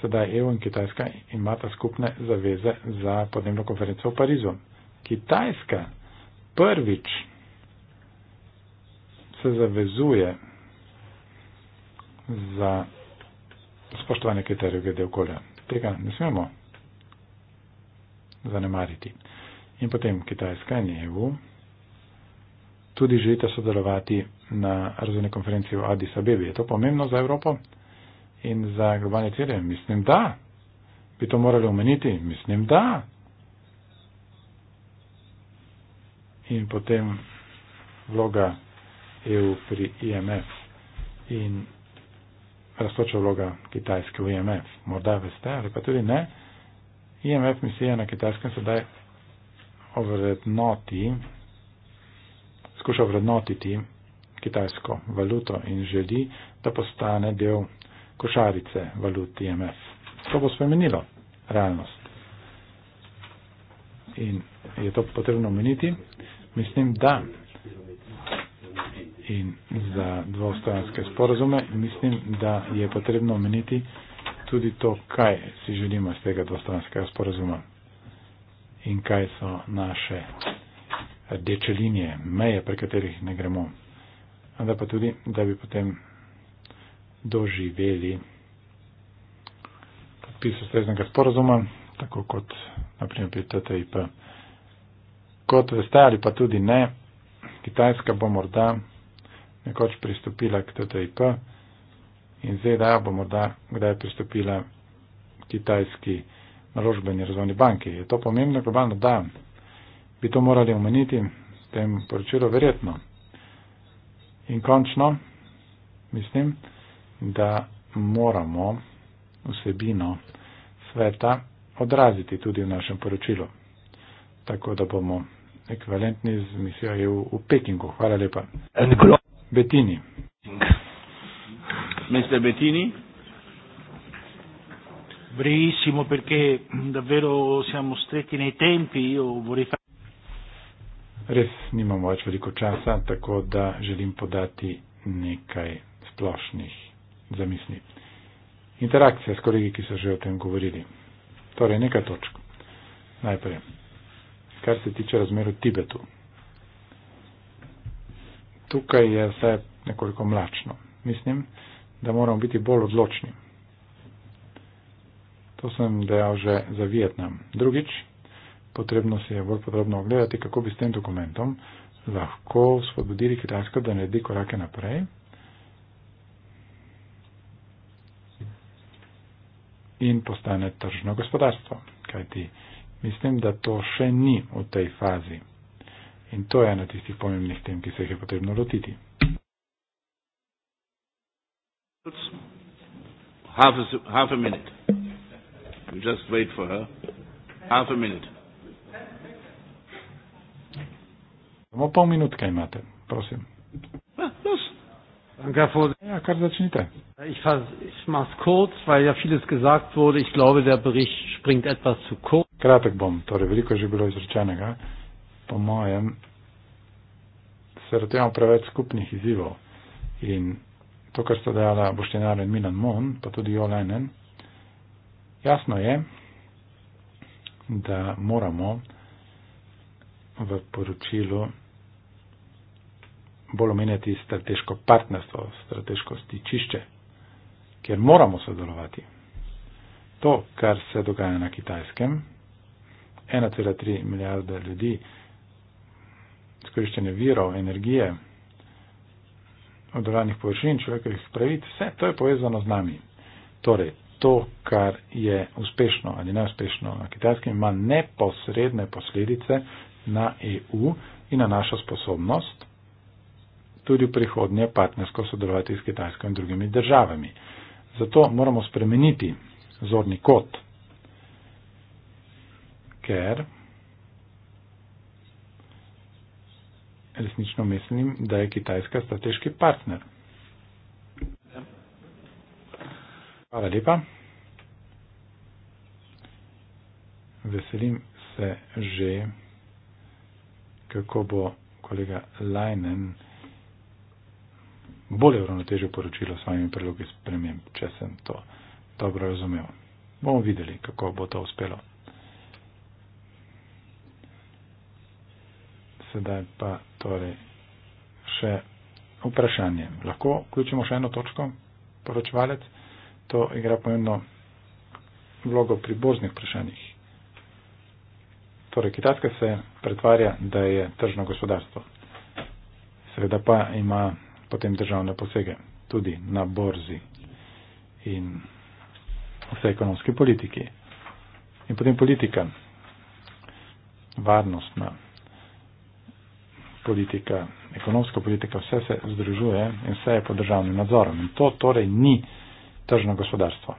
S2: Sedaj EU in Kitajska imata skupne zaveze za podnebno konferenco v Parizu. Kitajska prvič se zavezuje za spoštovanje kriterijev glede okolja. Tega ne smemo zanemariti. In potem Kitajska in EU tudi želite sodelovati na razvojne konferenci v Addis Abebi. Je to pomembno za Evropo? in za globalne cilje? Mislim, da. Bi to morali omeniti? Mislim, da. In potem vloga EU pri IMF in rastoča vloga Kitajske v IMF. Morda veste ali pa tudi ne. IMF misija na Kitajskem sedaj ovrednoti, skuša ovrednotiti kitajsko valuto in želi, da postane del košarice valut IMF. To bo spremenilo realnost. In je to potrebno omeniti? Mislim, da. In za dvostranske sporozume mislim, da je potrebno omeniti tudi to, kaj si želimo iz tega dvostranskega sporozuma in kaj so naše rdeče linije, meje, pre katerih ne gremo. Ampak pa tudi, da bi potem doživeli podpis ustreznega sporazuma, tako kot naprimer pri TTIP. Kot veste ali pa tudi ne, Kitajska bo morda nekoč pristopila k TTIP in ZDA bo morda kdaj pristopila Kitajski naložbeni razvojni banki. Je to pomembno globalno? Da. Bi to morali omeniti s tem poročilo? Verjetno. In končno, mislim, da moramo vsebino sveta odraziti tudi v našem poročilu. Tako da bomo ekvivalentni z misijo EU v Pekingu. Hvala lepa. Betini. Mr. Betini.
S3: Brevissimo perché davvero siamo stretti nei tempi, io vorrei fare.
S2: Res nimamo več veliko časa, tako da želim podati nekaj splošnih zamisli. Interakcija s kolegi, ki so že o tem govorili. Torej, neka točka. Najprej, kar se tiče razmeru Tibetu. Tukaj je vse nekoliko mlačno. Mislim, da moramo biti bolj odločni. To sem dejal že za Vietnam. Drugič, potrebno se je bolj podrobno ogledati, kako bi s tem dokumentom lahko spodbudili Kitajsko, da naredi korake naprej in postane tržno gospodarstvo. Kajti mislim, da to še ni v tej fazi. In to je ena tistih pomembnih tem, ki se jih je potrebno lotiti.
S1: Half a, half a minute. You just wait for her. Half a minute.
S2: Samo pol minutke imate, prosim. Ja, kar začnite. Ich, ich mach's kurz, weil ja vieles gesagt wurde. Ich glaube, der Bericht springt etwas zu kurz. Kratek bom, torej veliko je že bilo izrečenega. Po mojem se rotevamo preveč skupnih izzivov. In to, kar sta dejala Boštenar in Milan Mon, pa tudi Jo Lenen, jasno je, da moramo v poročilu bolj omenjati strateško partnerstvo, strateško stičišče, kjer moramo sodelovati. To, kar se dogaja na kitajskem, 1,3 milijarde ljudi, skoriščene virov, energije, odvranih površin, človekovih spravit, vse to je povezano z nami. Torej, to, kar je uspešno ali neuspešno na kitajskem, ima neposredne posledice na EU in na našo sposobnost tudi v prihodnje partnersko sodelovati s Kitajsko in drugimi državami. Zato moramo spremeniti zorni kot, ker resnično mislim, da je Kitajska strateški partner. Hvala lepa. Veselim se že, kako bo kolega Lajnen bolje uravnotežil poročilo s svojimi predlogi sprememb, če sem to dobro razumel. Bomo videli, kako bo to uspelo. Sedaj pa torej še vprašanje. Lahko vključimo še eno točko, poročevalec? To igra pomembno vlogo pri borznih vprašanjih. Torej, Kitajska se pretvarja, da je tržno gospodarstvo. Seveda pa ima potem državne posege tudi na borzi in vse ekonomske politike. In potem politika, varnostna politika, ekonomska politika, vse se združuje in vse je pod državnim nadzorom. In to torej ni tržno gospodarstvo.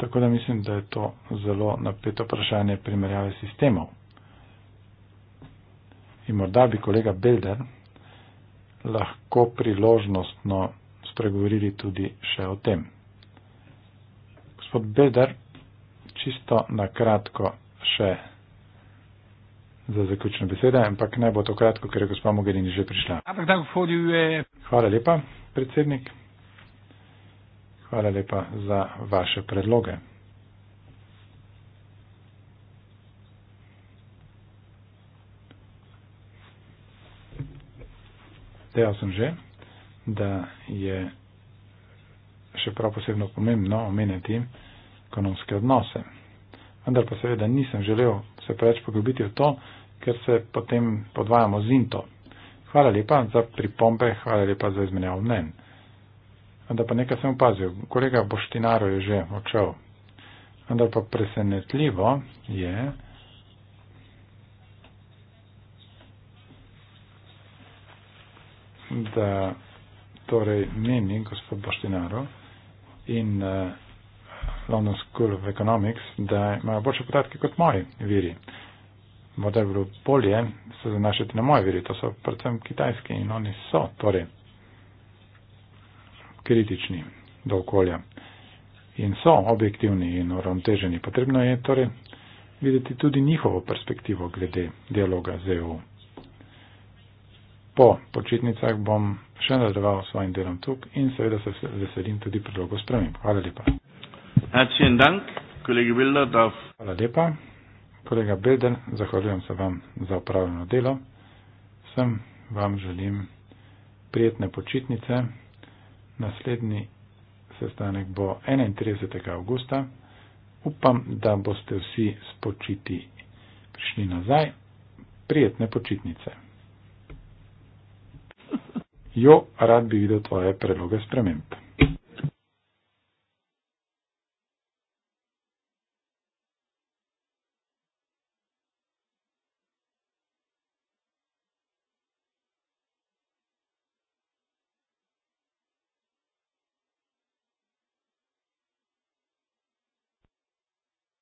S2: Tako da mislim, da je to zelo napeto vprašanje primerjave sistemov. In morda bi kolega Belder lahko priložnostno spregovorili tudi še o tem. Gospod Bedar, čisto na kratko še za zaključne besede, ampak naj bo to kratko, ker je gospa Mogherini že prišla. Hvala lepa, predsednik. Hvala lepa za vaše predloge. Dejal sem že, da je še prav posebno pomembno omeniti ekonomske odnose. Vendar pa seveda nisem želel se preveč poglobiti v to, ker se potem podvajamo z into. Hvala lepa za pripombe, hvala lepa za izmenjav mnen. Vendar pa nekaj sem opazil, kolega Boštinaro je že odšel. Vendar pa presenetljivo je, da torej meni gospod Boštinaro in uh, London School of Economics, da imajo boljše podatke kot moji viri. Morda bi bilo bolje se zanašati na moje viri, to so predvsem kitajski in oni so torej kritični do okolja in so objektivni in uravnoteženi. Potrebno je torej videti tudi njihovo perspektivo glede dialoga z EU. Po počitnicah bom še nadaljeval s svojim delom tukaj in seveda se veselim tudi predlogov sprememb. Hvala lepa. Hvala lepa. Kolega Bilder, zahvaljujem se vam za upravljeno delo. Sem vam želim prijetne počitnice. Naslednji sestanek bo 31. augusta. Upam, da boste vsi spočiti prišli nazaj. Prijetne počitnice. Jo rad bi videl tvoje predloge sprememb.